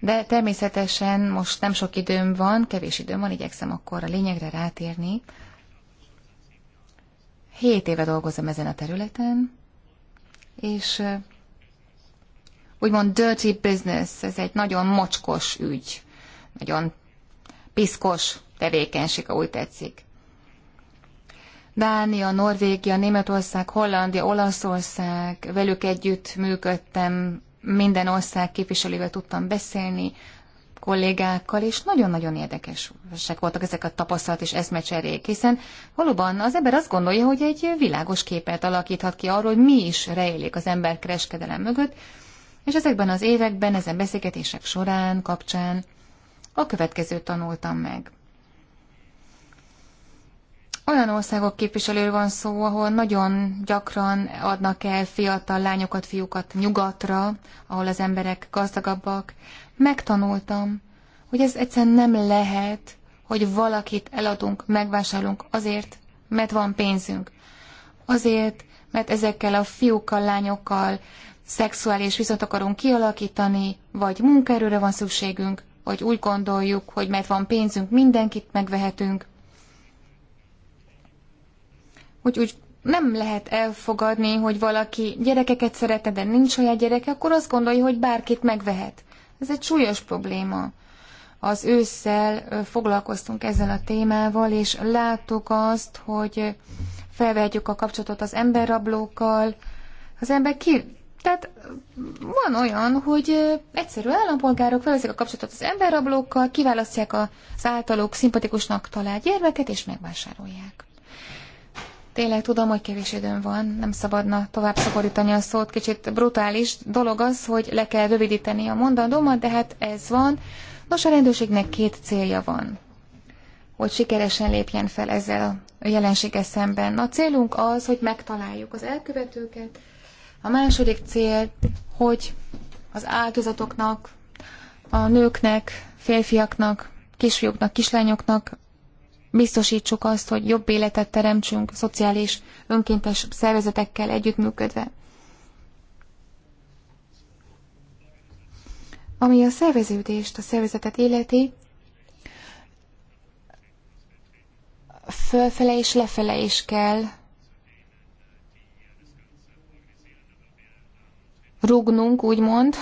De természetesen most nem sok időm van, kevés időm van, igyekszem akkor a lényegre rátérni. Hét éve dolgozom ezen a területen, és úgymond dirty business, ez egy nagyon mocskos ügy, nagyon piszkos tevékenység, ha úgy tetszik. Dánia, Norvégia, Németország, Hollandia, Olaszország, velük együtt működtem, minden ország képviselővel tudtam beszélni, kollégákkal, és nagyon-nagyon érdekesek voltak ezek a tapasztalat és eszmecserék, hiszen valóban az ember azt gondolja, hogy egy világos képet alakíthat ki arról, hogy mi is rejlik az ember kereskedelem mögött, és ezekben az években, ezen beszélgetések során, kapcsán a következőt tanultam meg. Olyan országok képviselő van szó, ahol nagyon gyakran adnak el fiatal lányokat, fiúkat nyugatra, ahol az emberek gazdagabbak, megtanultam, hogy ez egyszerűen nem lehet, hogy valakit eladunk, megvásárolunk azért, mert van pénzünk. Azért, mert ezekkel a fiúkkal, lányokkal szexuális viszont akarunk kialakítani, vagy munkaerőre van szükségünk, vagy úgy gondoljuk, hogy mert van pénzünk, mindenkit megvehetünk. Úgy, úgy nem lehet elfogadni, hogy valaki gyerekeket szeretne, de nincs saját gyereke, akkor azt gondolja, hogy bárkit megvehet. Ez egy súlyos probléma. Az ősszel foglalkoztunk ezzel a témával, és láttuk azt, hogy felvehetjük a kapcsolatot az emberrablókkal. Az ember ki... Tehát van olyan, hogy egyszerű állampolgárok felveszik a kapcsolatot az emberrablókkal, kiválasztják az általuk szimpatikusnak talált gyermeket, és megvásárolják. Tényleg tudom, hogy kevés időm van, nem szabadna tovább szaporítani a szót. Kicsit brutális dolog az, hogy le kell rövidíteni a mondandómat, de hát ez van. Nos, a rendőrségnek két célja van, hogy sikeresen lépjen fel ezzel a jelenséggel szemben. A célunk az, hogy megtaláljuk az elkövetőket. A második cél, hogy az áldozatoknak, a nőknek, férfiaknak, kisfiúknak, kislányoknak biztosítsuk azt, hogy jobb életet teremtsünk szociális önkéntes szervezetekkel együttműködve. Ami a szerveződést, a szervezetet életi, fölfele és lefele is kell rugnunk, úgymond.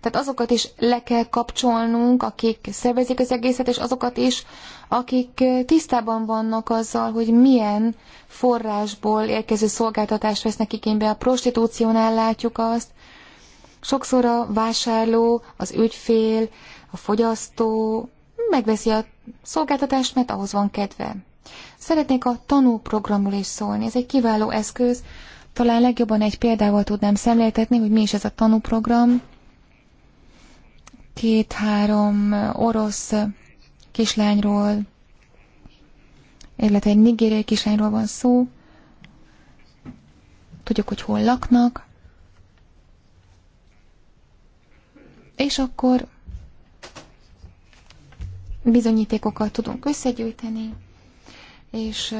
Tehát azokat is le kell kapcsolnunk, akik szervezik az egészet, és azokat is, akik tisztában vannak azzal, hogy milyen forrásból érkező szolgáltatást vesznek igénybe. A prostitúciónál látjuk azt, sokszor a vásárló, az ügyfél, a fogyasztó megveszi a szolgáltatást, mert ahhoz van kedve. Szeretnék a tanúprogramról is szólni. Ez egy kiváló eszköz, talán legjobban egy példával tudnám szemléltetni, hogy mi is ez a tanúprogram. Két-három orosz kislányról, illetve egy nigériai kislányról van szó. Tudjuk, hogy hol laknak. És akkor bizonyítékokat tudunk összegyűjteni, és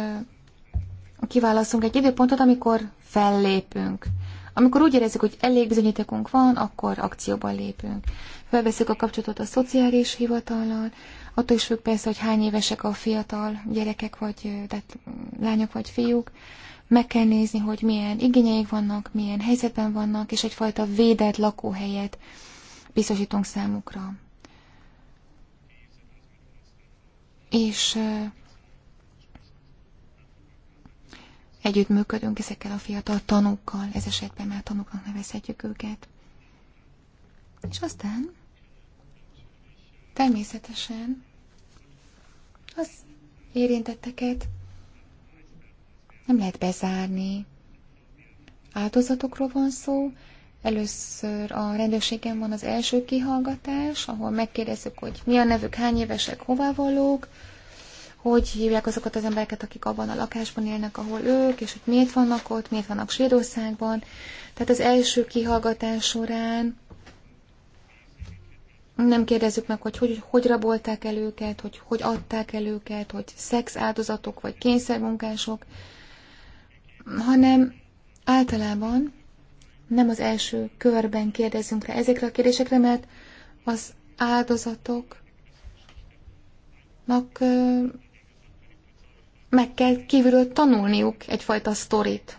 kiválaszunk egy időpontot, amikor fellépünk. Amikor úgy érezzük, hogy elég bizonyítékunk van, akkor akcióban lépünk. Felveszük a kapcsolatot a szociális hivatallal, attól is függ persze, hogy hány évesek a fiatal gyerekek, vagy tehát lányok vagy fiúk. Meg kell nézni, hogy milyen igényeik vannak, milyen helyzetben vannak, és egyfajta védett lakóhelyet biztosítunk számukra. És együttműködünk ezekkel a fiatal tanúkkal, ez esetben már tanúknak nevezhetjük őket. És aztán természetesen az érintetteket nem lehet bezárni. Áldozatokról van szó. Először a rendőrségen van az első kihallgatás, ahol megkérdezzük, hogy mi a nevük, hány évesek, hova valók, hogy hívják azokat az embereket, akik abban a lakásban élnek, ahol ők, és hogy miért vannak ott, miért vannak Svédországban. Tehát az első kihallgatás során nem kérdezzük meg, hogy hogy, hogy rabolták el őket, hogy hogy adták el őket, hogy szex áldozatok vagy kényszermunkások, hanem általában nem az első körben kérdezünk rá ezekre a kérdésekre, mert az áldozatoknak meg kell kívülről tanulniuk egyfajta sztorit.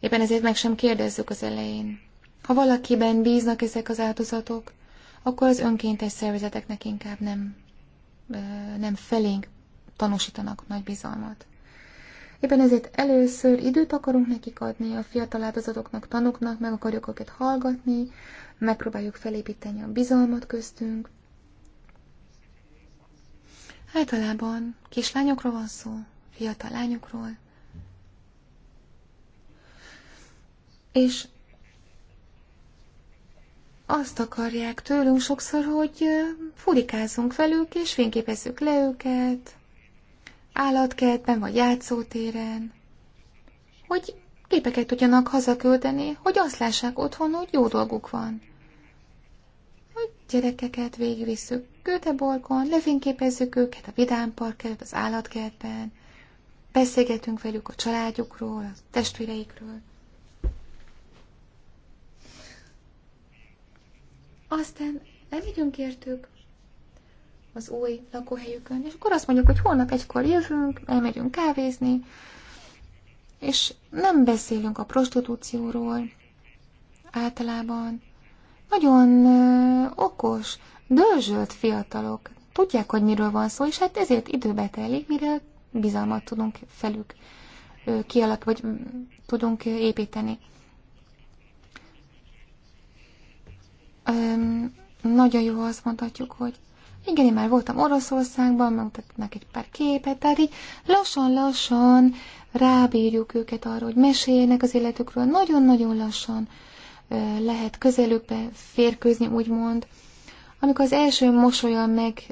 Éppen ezért meg sem kérdezzük az elején. Ha valakiben bíznak ezek az áldozatok, akkor az önkéntes szervezeteknek inkább nem, nem felénk tanúsítanak nagy bizalmat. Éppen ezért először időt akarunk nekik adni, a fiatal áldozatoknak, tanuknak, meg akarjuk őket hallgatni, megpróbáljuk felépíteni a bizalmat köztünk, Általában kislányokról van szó, fiatal lányokról. És azt akarják tőlünk sokszor, hogy furikázzunk velük, és fényképezzük le őket, állatkertben vagy játszótéren, hogy képeket tudjanak hazaküldeni, hogy azt lássák otthon, hogy jó dolguk van. Hogy gyerekeket végigviszük Göteborgon, lefényképezzük őket a Vidám parkert, az állatkertben, beszélgetünk velük a családjukról, a testvéreikről. Aztán lemegyünk értük az új lakóhelyükön, és akkor azt mondjuk, hogy holnap egykor jövünk, elmegyünk kávézni, és nem beszélünk a prostitúcióról általában. Nagyon okos, dörzsölt fiatalok. Tudják, hogy miről van szó, és hát ezért időbe telik, mire bizalmat tudunk felük kialak, vagy mm, tudunk építeni. Öm, nagyon jó, azt mondhatjuk, hogy igen, én már voltam Oroszországban, megmutatnak egy pár képet, tehát így lassan-lassan rábírjuk őket arra, hogy meséljenek az életükről, nagyon-nagyon lassan lehet közelükbe férkőzni, úgymond. Amikor az első mosolyon meg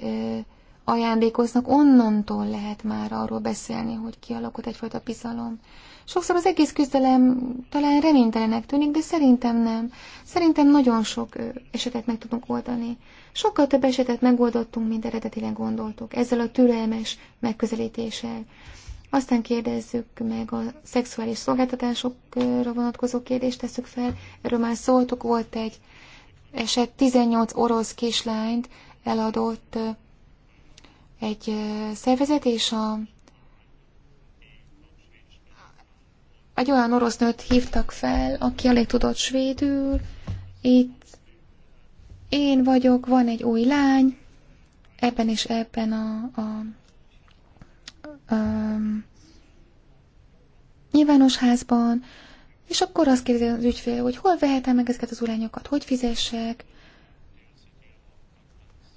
ajándékoznak, onnantól lehet már arról beszélni, hogy kialakult egyfajta bizalom. Sokszor az egész küzdelem talán reménytelenek tűnik, de szerintem nem. Szerintem nagyon sok esetet meg tudunk oldani. Sokkal több esetet megoldottunk, mint eredetileg gondoltuk, ezzel a türelmes megközelítéssel. Aztán kérdezzük meg a szexuális szolgáltatásokra vonatkozó kérdést, tesszük fel. Erről már szóltok, volt egy eset 18 orosz kislányt eladott egy szervezet, és a, egy olyan orosz nőt hívtak fel, aki alig tudott svédül, itt én vagyok, van egy új lány, ebben és ebben a, a, a, a nyilvános házban, és akkor azt kérdezi az ügyfél, hogy hol vehetem meg ezeket az urányokat, hogy fizessek.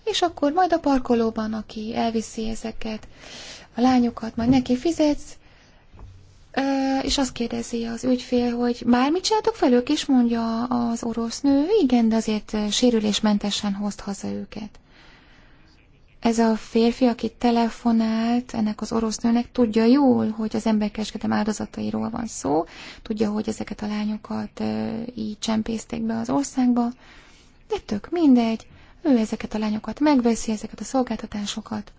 És akkor majd a parkolóban, aki elviszi ezeket, a lányokat, majd neki fizetsz, és azt kérdezi az ügyfél, hogy már mit csináltok fel ők, és mondja az orosz nő, igen, de azért sérülésmentesen hozt haza őket. Ez a férfi, aki telefonált ennek az orosz nőnek, tudja jól, hogy az emberkereskedem áldozatairól van szó, tudja, hogy ezeket a lányokat így csempészték be az országba, de tök mindegy, ő ezeket a lányokat megveszi, ezeket a szolgáltatásokat,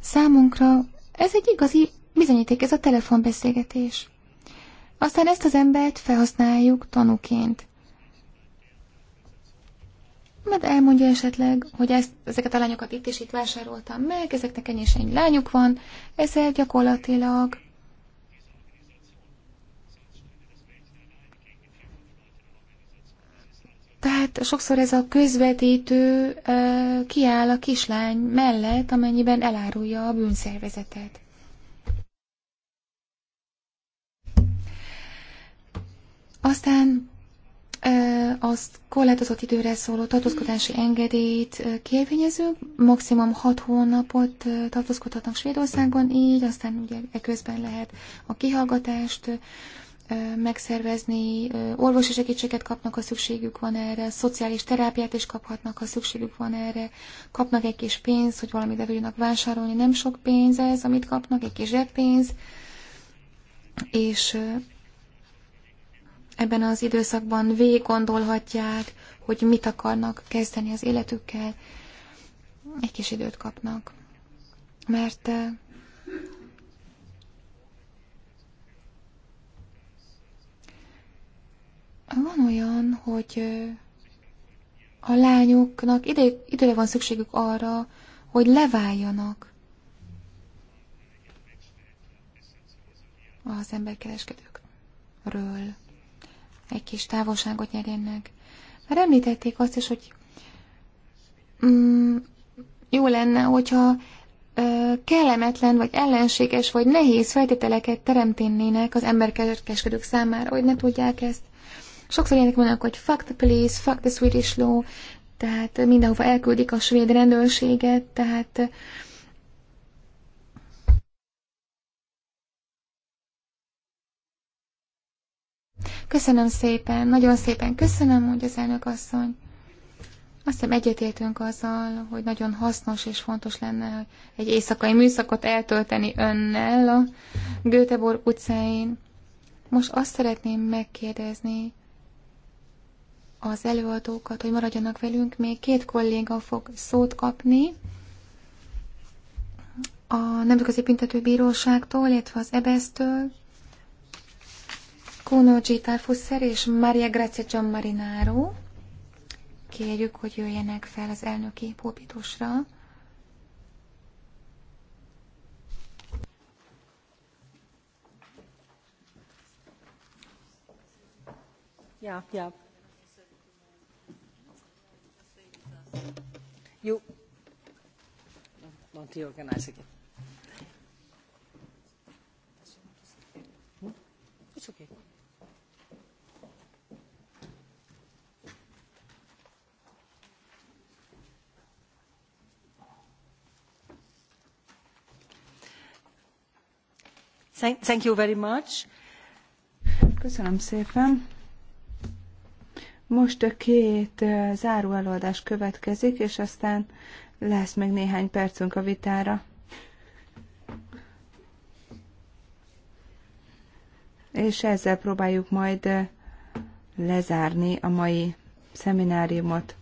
Számunkra ez egy igazi bizonyíték, ez a telefonbeszélgetés. Aztán ezt az embert felhasználjuk tanúként mert elmondja esetleg, hogy ezt, ezeket a lányokat itt és itt vásároltam meg, ezeknek ennyi és ennyi lányuk van, ezzel gyakorlatilag Tehát sokszor ez a közvetítő uh, kiáll a kislány mellett, amennyiben elárulja a bűnszervezetet. Aztán azt korlátozott időre szóló tartózkodási engedélyt kérvényezünk, maximum 6 hónapot tartózkodhatnak Svédországban, így aztán ugye eközben lehet a kihallgatást megszervezni, orvosi segítséget kapnak, ha szükségük van erre, szociális terápiát is kaphatnak, ha szükségük van erre, kapnak egy kis pénzt, hogy valamit el tudjanak vásárolni, nem sok pénz ez, amit kapnak, egy kis zsebpénz, és ebben az időszakban végig gondolhatják, hogy mit akarnak kezdeni az életükkel, egy kis időt kapnak. Mert van olyan, hogy a lányoknak ide, időre van szükségük arra, hogy leváljanak az emberkereskedőkről egy kis távolságot nyerjen meg. Már említették azt is, hogy mm, jó lenne, hogyha ö, kellemetlen, vagy ellenséges, vagy nehéz feltételeket teremténnének az emberkereskedők számára, hogy ne tudják ezt. Sokszor ilyenek mondanak, hogy fuck the police, fuck the Swedish law, tehát mindenhova elküldik a svéd rendőrséget, tehát Köszönöm szépen, nagyon szépen köszönöm, hogy az elnök asszony. Azt hiszem egyetértünk azzal, hogy nagyon hasznos és fontos lenne egy éjszakai műszakot eltölteni önnel a Göteborg utcáin. Most azt szeretném megkérdezni az előadókat, hogy maradjanak velünk. Még két kolléga fog szót kapni a Nemzetközi Büntetőbíróságtól, illetve az EBSZ-től. Kuno G. Tafuszer és Maria Grazia Gian Marinaro. Kérjük, hogy jöjjenek fel az elnöki pulpitusra. Ja, ja. Jó. want to organize again. Hm? It's okay. Thank, you very much. Köszönöm szépen. Most a két eh, záró előadás következik, és aztán lesz még néhány percünk a vitára. És ezzel próbáljuk majd eh, lezárni a mai szemináriumot.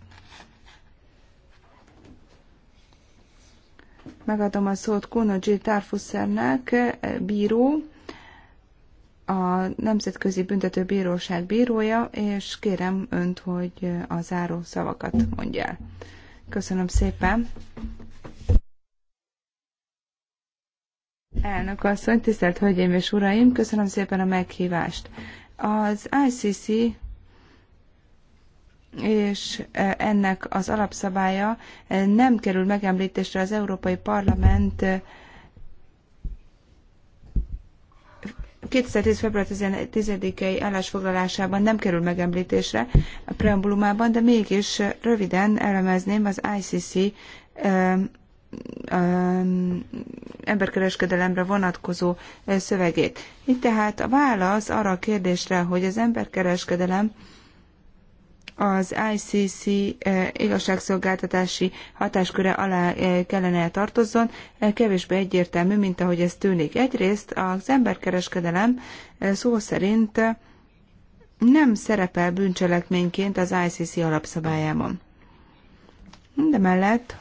Megadom a szót G. Tarfuszernek, bíró, a Nemzetközi Büntetőbíróság bírója, és kérem önt, hogy a záró szavakat mondja el. Köszönöm szépen. Elnök asszony, tisztelt Hölgyeim és Uraim, köszönöm szépen a meghívást. Az ICC és e, ennek az alapszabálya e, nem kerül megemlítésre az Európai Parlament 2010. E, február 10-i állásfoglalásában nem kerül megemlítésre a preambulumában, de mégis röviden elemezném az ICC emberkereskedelemre vonatkozó szövegét. Itt tehát a válasz arra a kérdésre, hogy az emberkereskedelem az ICC eh, igazságszolgáltatási hatásköre alá eh, kellene tartozzon, eh, kevésbé egyértelmű, mint ahogy ez tűnik. Egyrészt az emberkereskedelem szó szerint nem szerepel bűncselekményként az ICC alapszabályában. De mellett,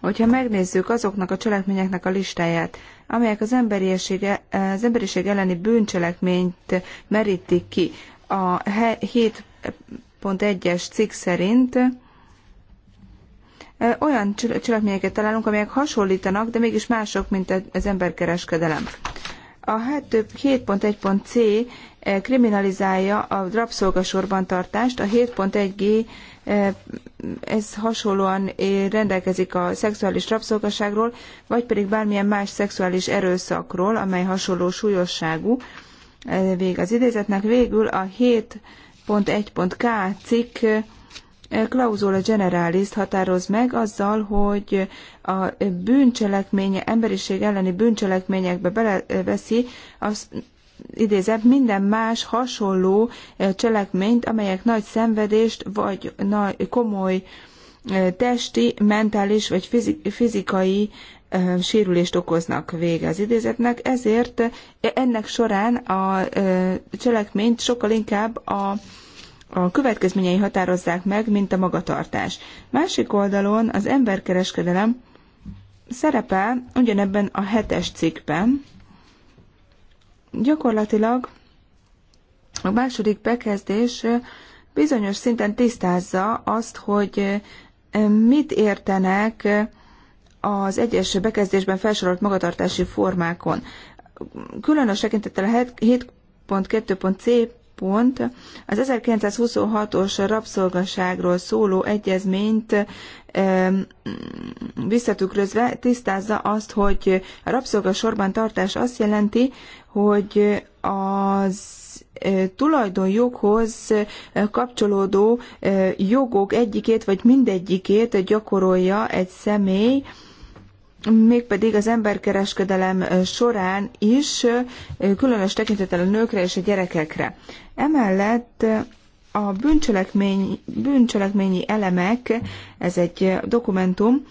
hogyha megnézzük azoknak a cselekményeknek a listáját, amelyek az, emberiség, az emberiség elleni bűncselekményt merítik ki, a 7.1-es cikk szerint olyan cselekményeket találunk, amelyek hasonlítanak, de mégis mások, mint e-, az emberkereskedelem. A 7.1.c kriminalizálja a rabszolgasorban tartást, a 7.1g ez hasonlóan rendelkezik a szexuális rabszolgaságról, vagy pedig bármilyen más szexuális erőszakról, amely hasonló súlyosságú, vég az idézetnek. Végül a 7.1.k cikk klauzula generalist határoz meg azzal, hogy a bűncselekménye, emberiség elleni bűncselekményekbe beleveszi az idézett minden más hasonló cselekményt, amelyek nagy szenvedést vagy nagy, komoly testi, mentális vagy fizikai sérülést okoznak vége az idézetnek, ezért ennek során a cselekményt sokkal inkább a a következményei határozzák meg, mint a magatartás. Másik oldalon az emberkereskedelem szerepel ugyanebben a hetes cikkben. Gyakorlatilag a második bekezdés bizonyos szinten tisztázza azt, hogy mit értenek az egyes bekezdésben felsorolt magatartási formákon. Különös tekintettel a 7.2.c pont az 1926-os rabszolgaságról szóló egyezményt visszatükrözve tisztázza azt, hogy a rabszolgasorban tartás azt jelenti, hogy az e, tulajdonjoghoz kapcsolódó e, jogok egyikét vagy mindegyikét gyakorolja egy személy, mégpedig az emberkereskedelem során is, különös tekintettel a nőkre és a gyerekekre. Emellett a bűncselekmény, bűncselekményi elemek, ez egy dokumentum,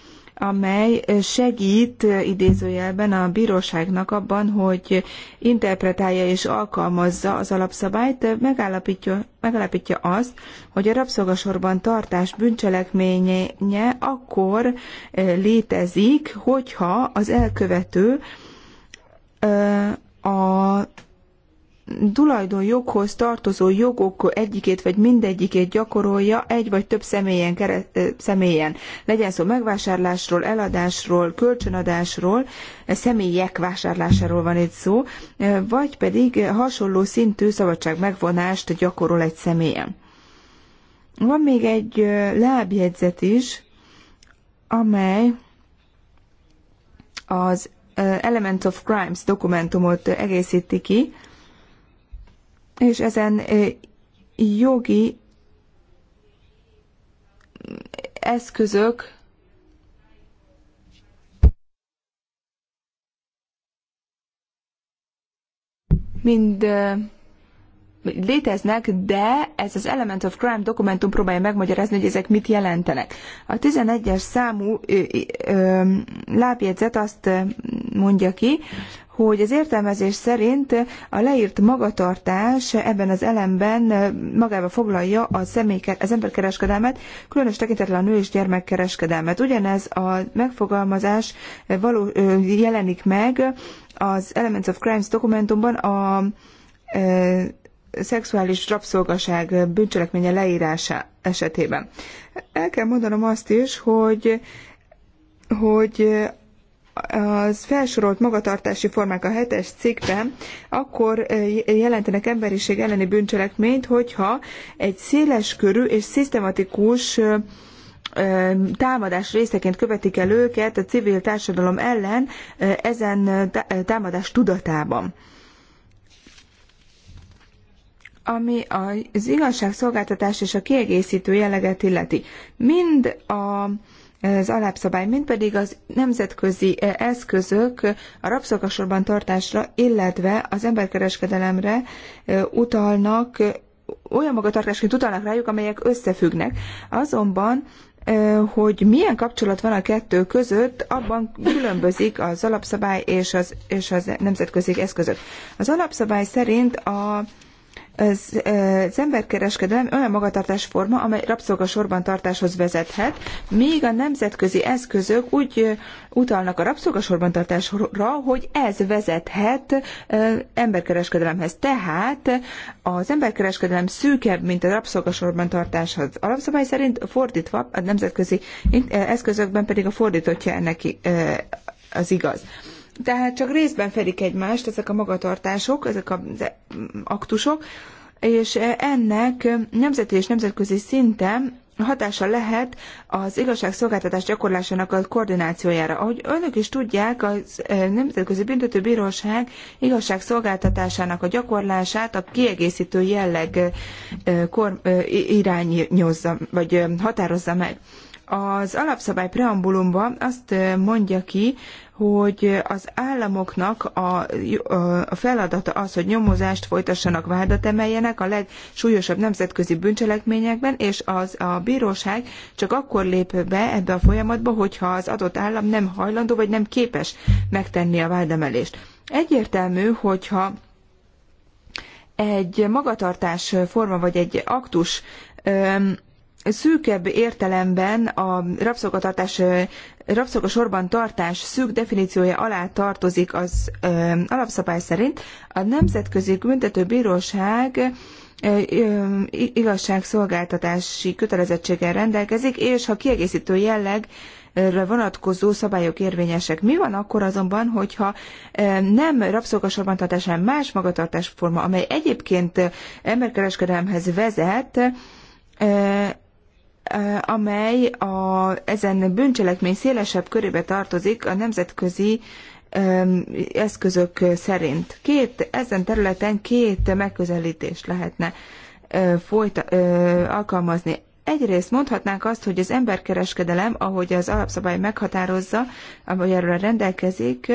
amely segít idézőjelben a bíróságnak abban, hogy interpretálja és alkalmazza az alapszabályt, megállapítja, megállapítja azt, hogy a rabszolgasorban tartás bűncselekménye akkor létezik, hogyha az elkövető a tulajdonjoghoz tartozó jogok egyikét vagy mindegyikét gyakorolja egy vagy több személyen, kereszt, személyen. legyen szó megvásárlásról, eladásról, kölcsönadásról, e, személyek vásárlásáról van itt szó, e, vagy pedig hasonló szintű szabadság megvonást gyakorol egy személyen. Van még egy lábjegyzet is, amely az Elements of Crimes dokumentumot egészíti ki, és ezen jogi eszközök mind léteznek, de ez az Element of Crime dokumentum próbálja megmagyarázni, hogy ezek mit jelentenek. A 11-es számú lábjegyzet azt mondja ki, hogy az értelmezés szerint a leírt magatartás ebben az elemben magába foglalja a személyke, az emberkereskedelmet, különös tekintetlen a nő és gyermekkereskedelmet. Ugyanez a megfogalmazás való, jelenik meg az Elements of Crimes dokumentumban a e, szexuális rabszolgaság bűncselekménye leírása esetében. El kell mondanom azt is, hogy hogy az felsorolt magatartási formák a hetes cikkben akkor jelentenek emberiség elleni bűncselekményt, hogyha egy széleskörű és szisztematikus támadás részeként követik el őket a civil társadalom ellen ezen támadás tudatában ami az igazságszolgáltatás és a kiegészítő jelleget illeti. Mind a az alapszabály, mint pedig az nemzetközi eh, eszközök a rabszolgasorban tartásra, illetve az emberkereskedelemre eh, utalnak, eh, olyan magatartásként utalnak rájuk, amelyek összefüggnek. Azonban hogy milyen kapcsolat van a kettő között, abban különbözik az alapszabály és az, és az nemzetközi eszközök. Az alapszabály szerint a az, az emberkereskedelem olyan magatartásforma, amely rabszolgasorban tartáshoz vezethet, míg a nemzetközi eszközök úgy utalnak a rabszolgasorban tartásra, hogy ez vezethet emberkereskedelemhez. Tehát az emberkereskedelem szűkebb, mint a rabszolgasorban tartáshoz. Alapszabály szerint fordítva, a nemzetközi eszközökben pedig a fordítottja ennek az igaz. Tehát csak részben fedik egymást ezek a magatartások, ezek az aktusok, és ennek nemzeti és nemzetközi szinten hatása lehet az igazságszolgáltatás gyakorlásának a koordinációjára. Ahogy önök is tudják, a eh, Nemzetközi Büntetőbíróság igazságszolgáltatásának a gyakorlását a kiegészítő jelleg eh, eh, irányozza, vagy határozza meg. Az alapszabály preambulumban azt mondja ki, hogy az államoknak a, a feladata az, hogy nyomozást folytassanak, vádat emeljenek a legsúlyosabb nemzetközi bűncselekményekben, és az a bíróság csak akkor lép be ebbe a folyamatba, hogyha az adott állam nem hajlandó vagy nem képes megtenni a vádemelést. Egyértelmű, hogyha egy magatartás forma vagy egy aktus öm, szűkebb értelemben a rabszolgatartás, rabszolgasorban tartás szűk definíciója alá tartozik az ö, alapszabály szerint. A Nemzetközi Büntetőbíróság igazságszolgáltatási kötelezettséggel rendelkezik, és ha kiegészítő jellegre vonatkozó szabályok érvényesek. Mi van akkor azonban, hogyha nem rabszolgasorban tartás, hanem más magatartásforma, amely egyébként emberkereskedelemhez vezet, Eh, amely a, ezen bűncselekmény szélesebb körébe tartozik a nemzetközi eszközök szerint. Két, ezen területen két megközelítést lehetne eh, folyta, eh, alkalmazni. Egyrészt mondhatnánk azt, hogy az emberkereskedelem, ahogy az alapszabály meghatározza, ahogy erről rendelkezik,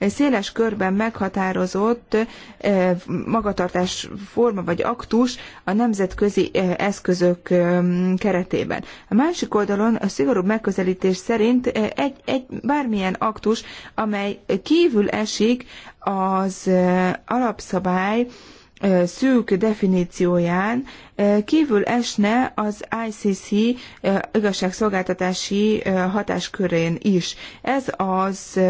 széles körben meghatározott eh, magatartás forma vagy aktus a nemzetközi eh, eszközök eh, keretében. A másik oldalon a szigorúbb megközelítés szerint egy, egy bármilyen aktus, amely kívül esik az alapszabály, szűk definícióján kívül esne az ICC igazságszolgáltatási hatáskörén is. Ez az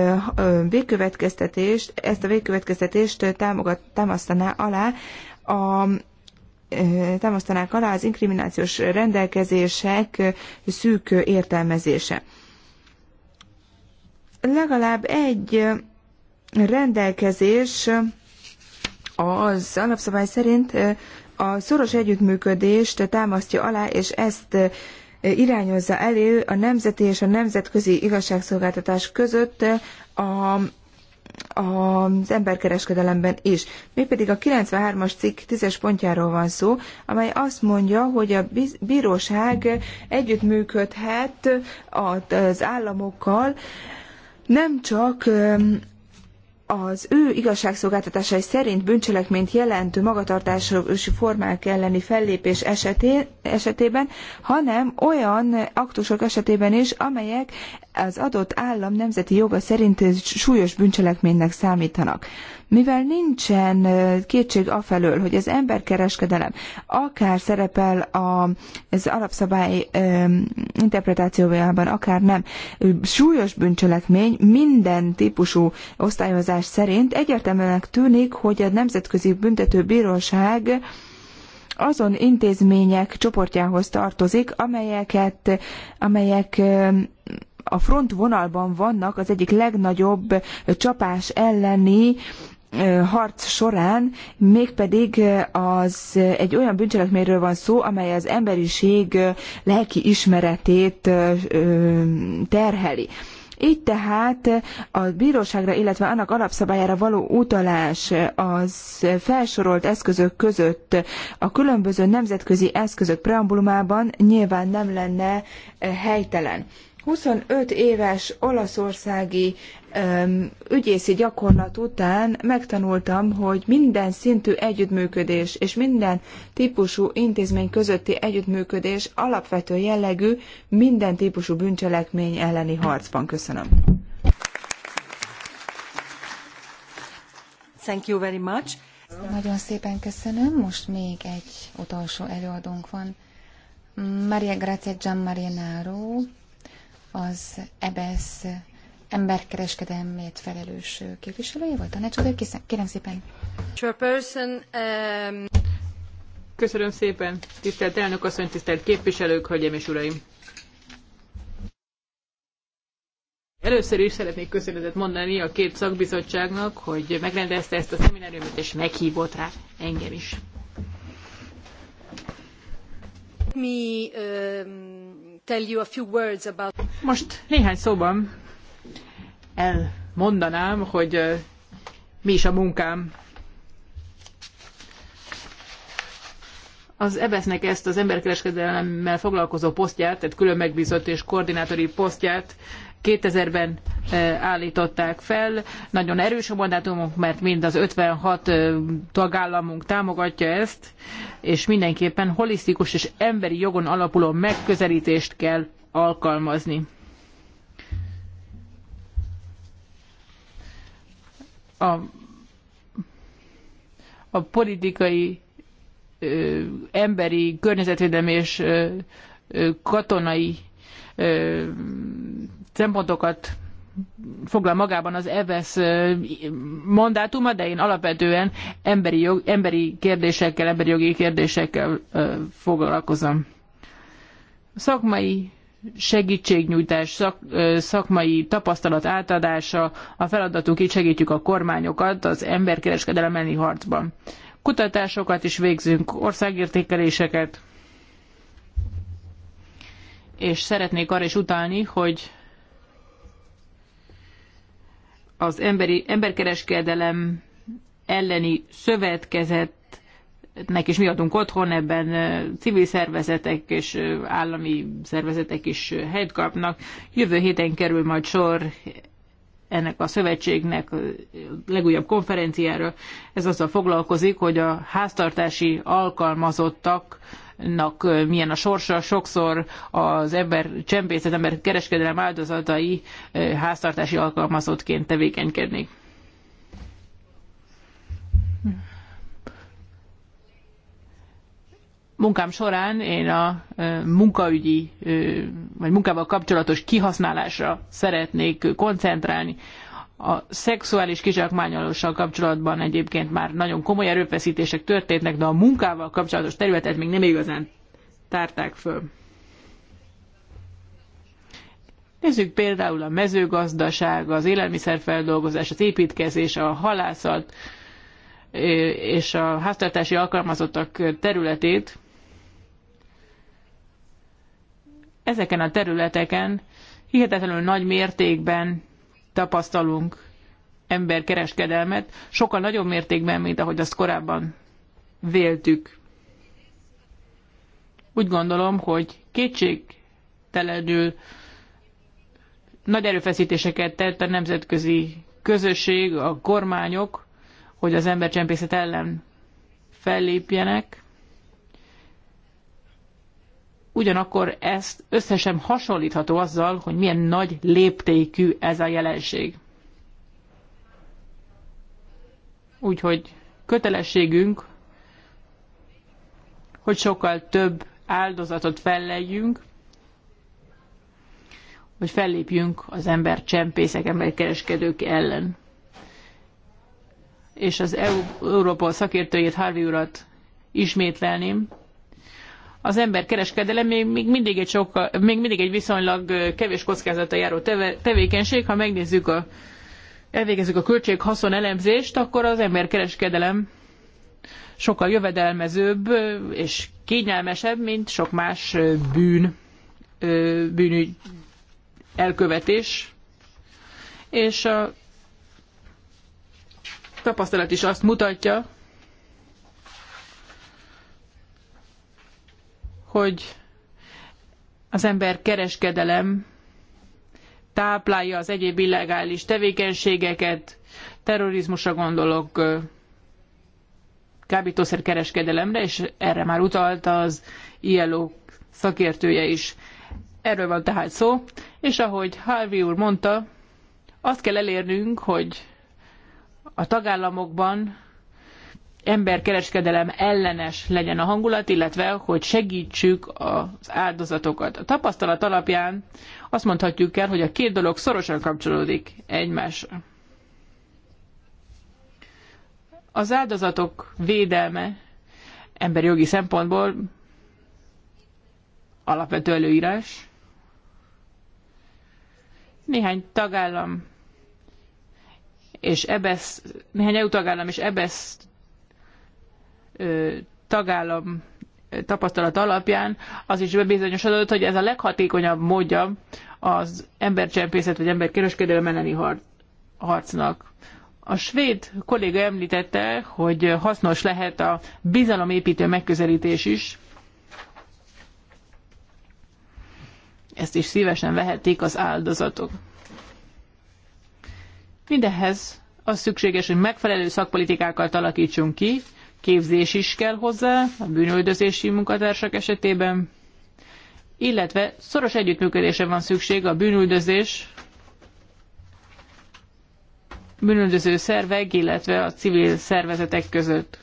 végkövetkeztetést, ezt a végkövetkeztetést támogat, támasztaná alá a támasztanák alá az inkriminációs rendelkezések szűk értelmezése. Legalább egy rendelkezés az alapszabály szerint a szoros együttműködést támasztja alá, és ezt irányozza elő a nemzeti és a nemzetközi igazságszolgáltatás között a az emberkereskedelemben is. Mi pedig a 93-as cikk 10-es pontjáról van szó, amely azt mondja, hogy a bíróság együttműködhet az államokkal, nem csak az ő igazságszolgáltatásai szerint bűncselekményt jelentő magatartási formák elleni fellépés esetén, esetében, hanem olyan aktusok esetében is, amelyek az adott állam nemzeti joga szerint súlyos bűncselekménynek számítanak mivel nincsen kétség afelől, hogy az emberkereskedelem akár szerepel az alapszabály interpretációjában, akár nem, súlyos bűncselekmény minden típusú osztályozás szerint egyértelműnek tűnik, hogy a Nemzetközi bíróság azon intézmények csoportjához tartozik, amelyeket, amelyek a front vonalban vannak az egyik legnagyobb csapás elleni harc során, mégpedig az egy olyan bűncselekményről van szó, amely az emberiség lelki ismeretét terheli. Így tehát a bíróságra, illetve annak alapszabályára való utalás az felsorolt eszközök között a különböző nemzetközi eszközök preambulumában nyilván nem lenne helytelen. 25 éves olaszországi ügyészi gyakorlat után megtanultam, hogy minden szintű együttműködés és minden típusú intézmény közötti együttműködés alapvető jellegű minden típusú bűncselekmény elleni harcban. Köszönöm. Thank you very much. Nagyon szépen köszönöm. Most még egy utolsó előadónk van. Maria Grazia Gianmarinaro, az EBSZ e emberkereskedelmét felelős képviselője volt tanácsadó. Kérem szépen. Um, Köszönöm szépen, tisztelt elnök asszony, tisztelt képviselők, hölgyeim és uraim! Először is szeretnék köszönetet mondani a két szakbizottságnak, hogy megrendezte ezt a szemináriumot, és meghívott rá engem is. Mi um most néhány szóban elmondanám, hogy mi is a munkám. Az EBESZ-nek ezt az emberkereskedelemmel foglalkozó posztját, tehát külön megbízott és koordinátori posztját 2000-ben eh, állították fel. Nagyon erős a mandátumunk, mert mind az 56 eh, tagállamunk támogatja ezt, és mindenképpen holisztikus és emberi jogon alapuló megközelítést kell alkalmazni. A, a politikai, ö, eh, emberi, környezetvédelmi és ö, ö, katonai szempontokat foglal magában az EVESZ mandátuma, de én alapvetően emberi, jog, emberi kérdésekkel, emberi jogi kérdésekkel foglalkozom. Szakmai segítségnyújtás, szak, szakmai tapasztalat átadása, a feladatunk így segítjük a kormányokat az emberkereskedelem elleni harcban. Kutatásokat is végzünk, országértékeléseket, és szeretnék arra is utalni, hogy az emberi, emberkereskedelem elleni szövetkezetnek is mi adunk otthon, ebben civil szervezetek és állami szervezetek is helyt kapnak. Jövő héten kerül majd sor ennek a szövetségnek a legújabb konferenciáról. Ez azzal foglalkozik, hogy a háztartási alkalmazottak nak milyen a sorsa, sokszor az ember csempészet, ember kereskedelem áldozatai háztartási alkalmazottként tevékenykednek. Munkám során én a munkaügyi, vagy munkával kapcsolatos kihasználásra szeretnék koncentrálni. A szexuális kizsákmányolással kapcsolatban egyébként már nagyon komoly erőfeszítések történtek, de a munkával kapcsolatos területet még nem igazán tárták föl. Nézzük például a mezőgazdaság, az élelmiszerfeldolgozás, az építkezés, a halászat és a háztartási alkalmazottak területét. Ezeken a területeken hihetetlenül nagy mértékben tapasztalunk emberkereskedelmet, sokkal nagyobb mértékben, mint ahogy azt korábban véltük. Úgy gondolom, hogy kétségtelenül nagy erőfeszítéseket tett a nemzetközi közösség, a kormányok, hogy az embercsempészet ellen fellépjenek ugyanakkor ezt összesen hasonlítható azzal, hogy milyen nagy léptékű ez a jelenség. Úgyhogy kötelességünk, hogy sokkal több áldozatot felleljünk, hogy fellépjünk az ember csempészek, emberkereskedők ellen. És az Európa szakértőjét, Harvey urat ismétlelném, az emberkereskedelem még, még, mindig egy sokkal, még mindig egy viszonylag kevés kockázata járó tevékenység. Ha megnézzük a, elvégezzük a költség-haszon elemzést, akkor az emberkereskedelem sokkal jövedelmezőbb és kényelmesebb, mint sok más bűn, bűnügy elkövetés. És a tapasztalat is azt mutatja, hogy az ember kereskedelem táplálja az egyéb illegális tevékenységeket, terrorizmusra gondolok, kereskedelemre és erre már utalt az ILO szakértője is. Erről van tehát szó, és ahogy Harvey úr mondta, azt kell elérnünk, hogy a tagállamokban emberkereskedelem ellenes legyen a hangulat, illetve hogy segítsük az áldozatokat. A tapasztalat alapján azt mondhatjuk el, hogy a két dolog szorosan kapcsolódik egymásra. Az áldozatok védelme emberi jogi szempontból alapvető előírás. Néhány tagállam és EBESZ, néhány EU tagállam és EBESZ tagállam tapasztalat alapján az is bebizonyosodott, hogy ez a leghatékonyabb módja az embercsempészet vagy emberkereskedelem elleni harcnak. A svéd kolléga említette, hogy hasznos lehet a bizalomépítő megközelítés is. Ezt is szívesen vehették az áldozatok. Mindehhez az szükséges, hogy megfelelő szakpolitikákat alakítsunk ki, képzés is kell hozzá, a bűnöldözési munkatársak esetében, illetve szoros együttműködése van szükség a bűnüldözés, bűnüldöző szervek, illetve a civil szervezetek között.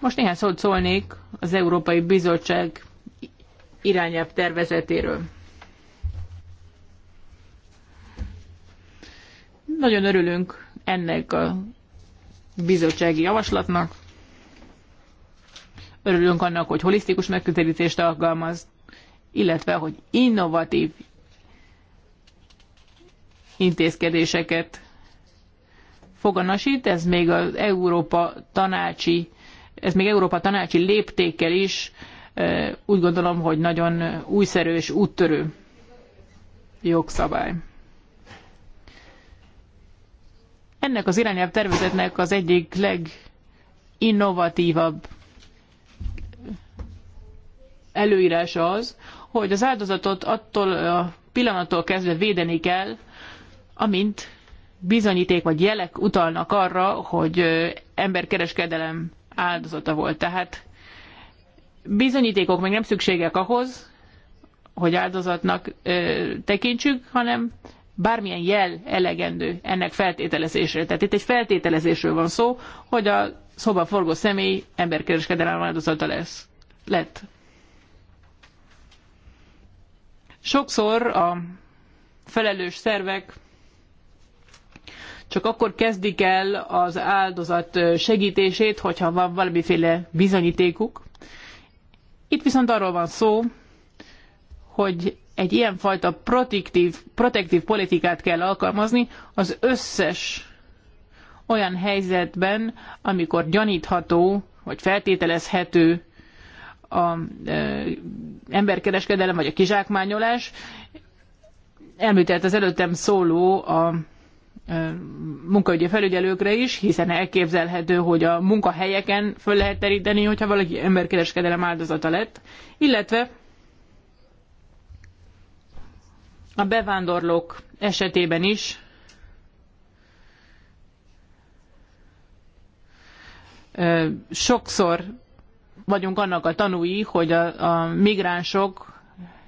Most néhány szót szólnék az Európai Bizottság irányelv tervezetéről. Nagyon örülünk ennek a bizottsági javaslatnak. Örülünk annak, hogy holisztikus megközelítést alkalmaz, illetve, hogy innovatív intézkedéseket foganasít, ez még az Európa tanácsi, ez még Európa tanácsi léptékkel is úgy gondolom, hogy nagyon újszerű és úttörő jogszabály. Ennek az irányelv tervezetnek az egyik leginnovatívabb előírása az, hogy az áldozatot attól a pillanattól kezdve védeni kell, amint bizonyíték vagy jelek utalnak arra, hogy emberkereskedelem áldozata volt. Tehát bizonyítékok még nem szükségesek ahhoz, hogy áldozatnak ö, tekintsük, hanem bármilyen jel elegendő ennek feltételezésre. Tehát itt egy feltételezésről van szó, hogy a szoba forgó személy emberkereskedelem áldozata lesz. Lett. Sokszor a felelős szervek csak akkor kezdik el az áldozat segítését, hogyha van valamiféle bizonyítékuk. Itt viszont arról van szó, hogy egy ilyenfajta protektív, protektív politikát kell alkalmazni az összes olyan helyzetben, amikor gyanítható, vagy feltételezhető a e, emberkereskedelem, vagy a kizsákmányolás. Elműtelt az előttem szóló a e, munkaügyi felügyelőkre is, hiszen elképzelhető, hogy a munkahelyeken föl lehet teríteni, hogyha valaki emberkereskedelem áldozata lett, illetve a bevándorlók esetében is sokszor vagyunk annak a tanúi, hogy a, a migránsok,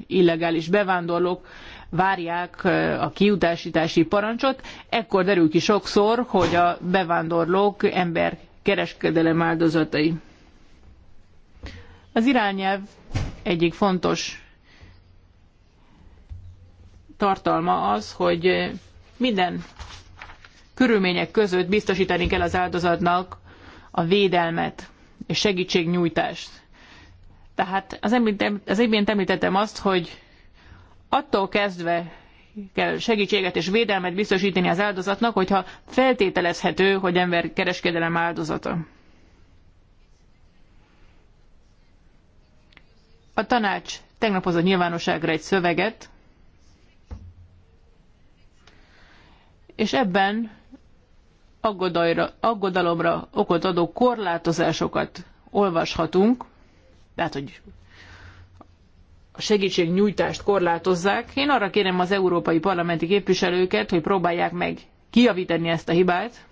illegális bevándorlók várják a kiutasítási parancsot. Ekkor derül ki sokszor, hogy a bevándorlók emberkereskedelem áldozatai. Az irányelv egyik fontos tartalma az, hogy minden körülmények között biztosítani kell az áldozatnak a védelmet és segítségnyújtást. Tehát az imént említettem azt, hogy attól kezdve kell segítséget és védelmet biztosítani az áldozatnak, hogyha feltételezhető, hogy ember kereskedelem áldozata. A tanács tegnap hozott nyilvánosságra egy szöveget, és ebben aggodalomra okot adó korlátozásokat olvashatunk, tehát, hogy a segítségnyújtást korlátozzák. Én arra kérem az európai parlamenti képviselőket, hogy próbálják meg kiavítani ezt a hibát.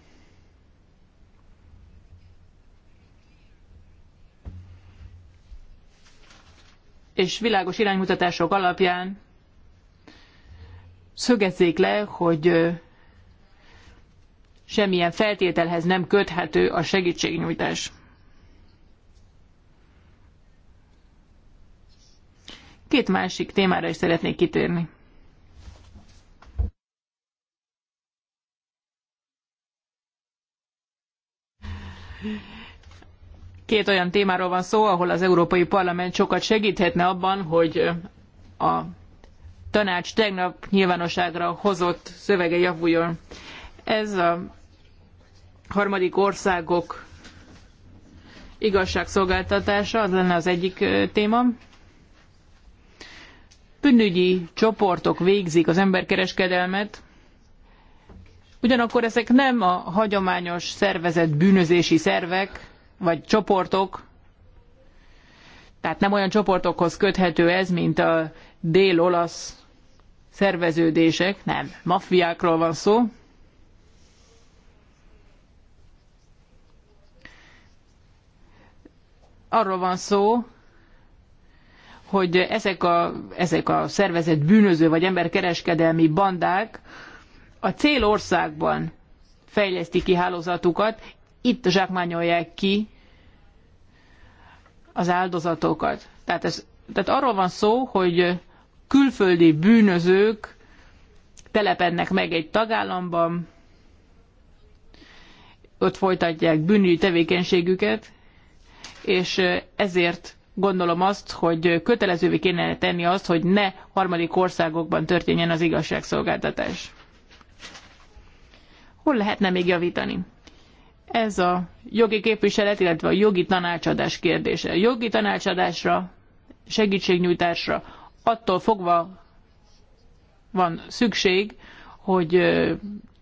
És világos iránymutatások alapján szögezzék le, hogy semmilyen feltételhez nem köthető a segítségnyújtás. Két másik témára is szeretnék kitérni. Két olyan témáról van szó, ahol az Európai Parlament sokat segíthetne abban, hogy a tanács tegnap nyilvánosságra hozott szövege javuljon. Ez a harmadik országok igazságszolgáltatása, az lenne az egyik téma. Bűnügyi csoportok végzik az emberkereskedelmet, ugyanakkor ezek nem a hagyományos szervezett bűnözési szervek, vagy csoportok, tehát nem olyan csoportokhoz köthető ez, mint a dél-olasz szerveződések, nem, maffiákról van szó, arról van szó, hogy ezek a, ezek a szervezett bűnöző vagy emberkereskedelmi bandák a célországban fejlesztik ki hálózatukat, itt zsákmányolják ki az áldozatokat. Tehát, ez, tehát arról van szó, hogy külföldi bűnözők telepednek meg egy tagállamban, ott folytatják bűnügyi tevékenységüket, és ezért gondolom azt, hogy kötelezővé kéne tenni azt, hogy ne harmadik országokban történjen az igazságszolgáltatás. Hol lehetne még javítani? Ez a jogi képviselet, illetve a jogi tanácsadás kérdése. A jogi tanácsadásra, segítségnyújtásra attól fogva van szükség, hogy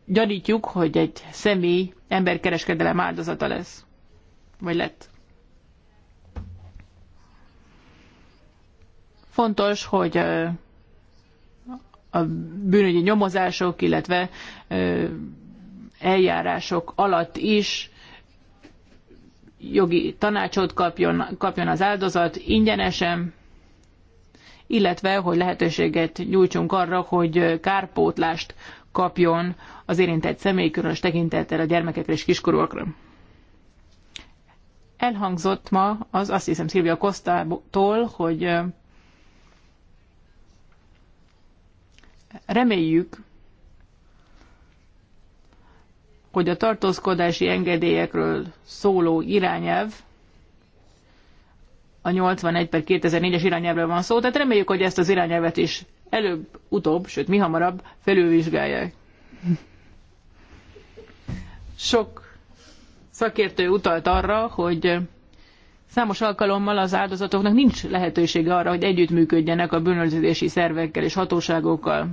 gyanítjuk, hogy egy személy emberkereskedelem áldozata lesz. Vagy lett. Fontos, hogy a bűnügyi nyomozások, illetve eljárások alatt is jogi tanácsot kapjon, kapjon az áldozat ingyenesen, illetve hogy lehetőséget nyújtsunk arra, hogy kárpótlást kapjon az érintett személy, különös tekintettel a gyermekekre és kiskorúakra. Elhangzott ma az, azt hiszem Szilvia Kosztától, hogy Reméljük, hogy a tartózkodási engedélyekről szóló irányelv, a 81 per 2004-es irányelvről van szó, tehát reméljük, hogy ezt az irányelvet is előbb-utóbb, sőt mi hamarabb felülvizsgálják. Sok szakértő utalt arra, hogy Számos alkalommal az áldozatoknak nincs lehetősége arra, hogy együttműködjenek a bűnözési szervekkel és hatóságokkal.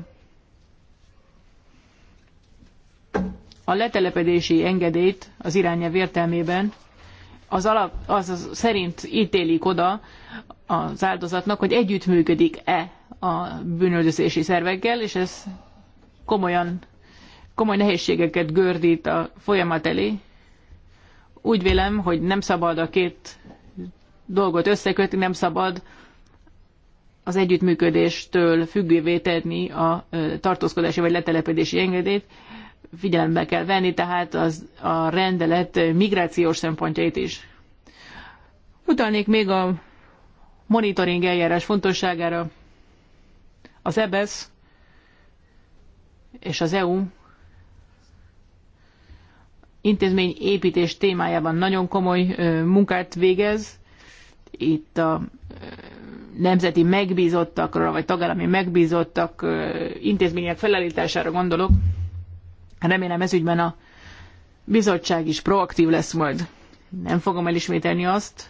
A letelepedési engedélyt az irányelv értelmében az, alap, az szerint ítélik oda az áldozatnak, hogy együttműködik-e a bűnözési szervekkel, és ez komolyan, komoly nehézségeket gördít a folyamat elé. Úgy vélem, hogy nem szabad a két dolgot összekötni, nem szabad az együttműködéstől függővé tenni a tartózkodási vagy letelepedési engedélyt. Figyelembe kell venni tehát az, a rendelet migrációs szempontjait is. Utalnék még a monitoring eljárás fontosságára. Az EBS e és az EU intézmény építés témájában nagyon komoly munkát végez, itt a nemzeti megbízottakra, vagy tagállami megbízottak intézmények felállítására gondolok. Remélem ez ügyben a bizottság is proaktív lesz majd. Nem fogom elismételni azt,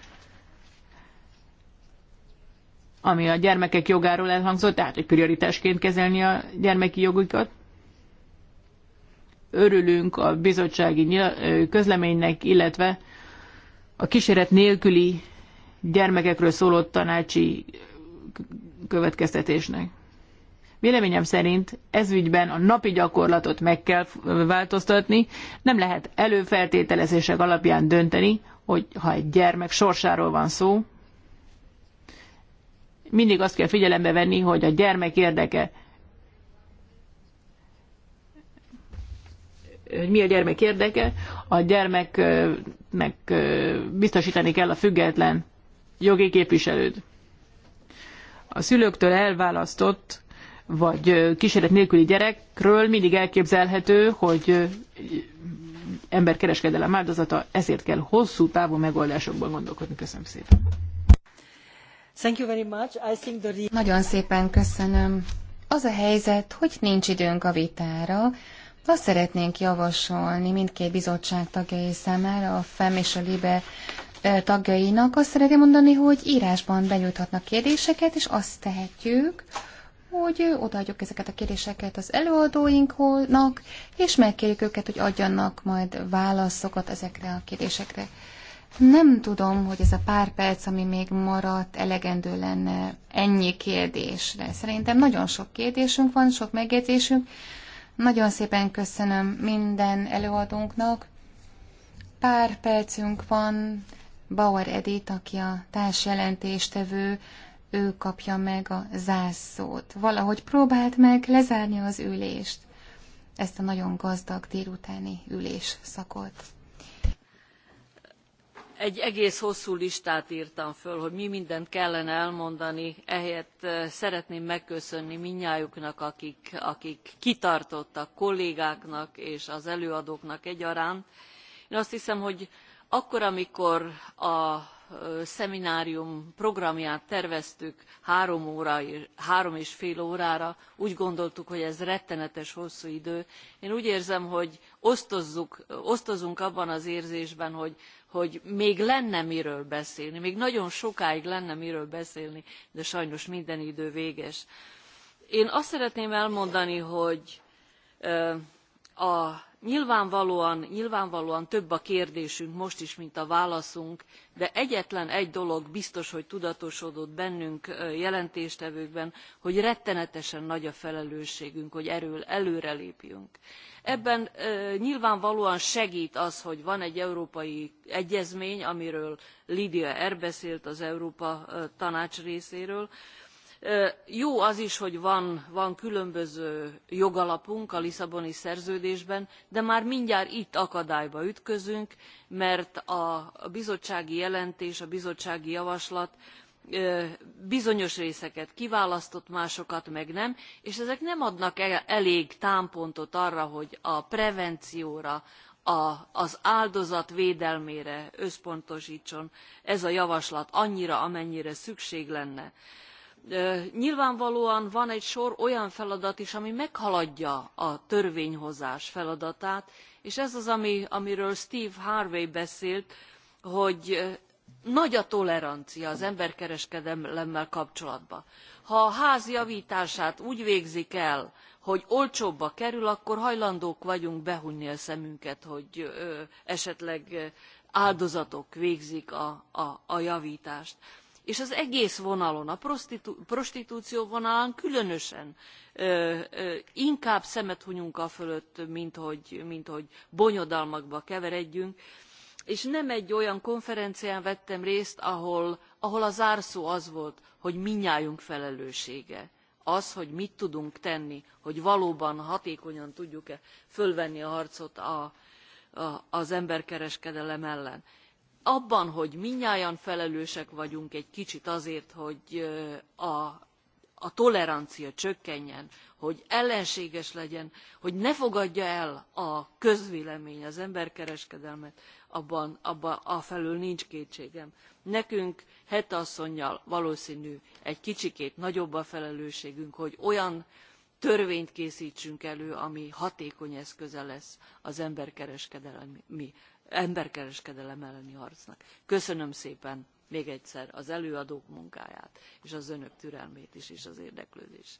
ami a gyermekek jogáról elhangzott, tehát hogy prioritásként kezelni a gyermeki jogukat. Örülünk a bizottsági közleménynek, illetve a kíséret nélküli gyermekekről szóló tanácsi következtetésnek. Véleményem szerint ez ügyben a napi gyakorlatot meg kell változtatni, nem lehet előfeltételezések alapján dönteni, hogy ha egy gyermek sorsáról van szó, mindig azt kell figyelembe venni, hogy a gyermek érdeke hogy mi a gyermek érdeke, a gyermeknek biztosítani kell a független jogi képviselőd. A szülőktől elválasztott vagy kísérlet nélküli gyerekről mindig elképzelhető, hogy emberkereskedelem áldozata, ezért kell hosszú távú megoldásokban gondolkodni. Köszönöm szépen. Thank you very much. I think the... Nagyon szépen köszönöm. Az a helyzet, hogy nincs időnk a vitára, azt szeretnénk javasolni mindkét bizottság tagjai számára, a FEM és a LIBE tagjainak azt szeretném mondani, hogy írásban benyújthatnak kérdéseket, és azt tehetjük, hogy odaadjuk ezeket a kérdéseket az előadóinknak, és megkérjük őket, hogy adjanak majd válaszokat ezekre a kérdésekre. Nem tudom, hogy ez a pár perc, ami még maradt, elegendő lenne ennyi kérdésre. Szerintem nagyon sok kérdésünk van, sok megjegyzésünk. Nagyon szépen köszönöm minden előadónknak. Pár percünk van, Bauer Edith, aki a társjelentéstevő, ő kapja meg a zárszót. Valahogy próbált meg lezárni az ülést, ezt a nagyon gazdag délutáni ülés szakot. Egy egész hosszú listát írtam föl, hogy mi mindent kellene elmondani, ehelyett eh, szeretném megköszönni minnyájuknak, akik, akik kitartottak, kollégáknak és az előadóknak egyaránt. Én azt hiszem, hogy akkor, amikor a szeminárium programját terveztük három, három és fél órára, úgy gondoltuk, hogy ez rettenetes hosszú idő. Én úgy érzem, hogy osztozunk abban az érzésben, hogy, hogy még lenne miről beszélni, még nagyon sokáig lenne miről beszélni, de sajnos minden idő véges. Én azt szeretném elmondani, hogy a nyilvánvalóan, nyilvánvalóan több a kérdésünk most is, mint a válaszunk, de egyetlen egy dolog biztos, hogy tudatosodott bennünk jelentéstevőkben, hogy rettenetesen nagy a felelősségünk, hogy erről előrelépjünk. Ebben nyilvánvalóan segít az, hogy van egy európai egyezmény, amiről Lidia Er beszélt az Európa Tanács részéről, jó az is hogy van, van különböző jogalapunk a lisszaboni szerződésben de már mindjárt itt akadályba ütközünk mert a bizottsági jelentés a bizottsági javaslat bizonyos részeket kiválasztott másokat meg nem és ezek nem adnak elég támpontot arra hogy a prevencióra az áldozat védelmére összpontostson ez a javaslat annyira amennyire szükség lenne nyilvánvalóan van egy sor olyan feladat is ami meghaladja a törvényhozás feladatát és ez az ami, amiről steve harvey beszélt hogy nagy a tolerancia az emberkereskedelemmel kapcsolatban. ha a ház javtását úgy végzik el hogy olcsóbba kerül akkor hajlandók vagyunk behunni a szemünket hogy esetleg áldozatok végzik a, a javtást és az egész vonalon, a prostitúció vonalán különösen inkább szemet hunyunk a fölött, mint hogy, mint hogy bonyodalmakba keveredjünk. És nem egy olyan konferencián vettem részt, ahol, ahol a zárszó az volt, hogy mindnyájunk felelőssége az, hogy mit tudunk tenni, hogy valóban hatékonyan tudjuk-e fölvenni a harcot a, az emberkereskedelem ellen abban, hogy minnyáján felelősek vagyunk egy kicsit azért, hogy a a tolerancia csökkenjen, hogy ellenséges legyen, hogy ne fogadja el a közvélemény az emberkereskedelmet, abban, abban afelől nincs kétségem. Nekünk Hete asszonynal valószínű egy kicsikét nagyobb a felelősségünk, hogy olyan törvényt készítsünk elő, ami hatékony eszköze lesz az emberkereskedelmi emberkereskedelem elleni harcnak. Köszönöm szépen még egyszer az előadók munkáját, és az önök türelmét is, és az érdeklődést.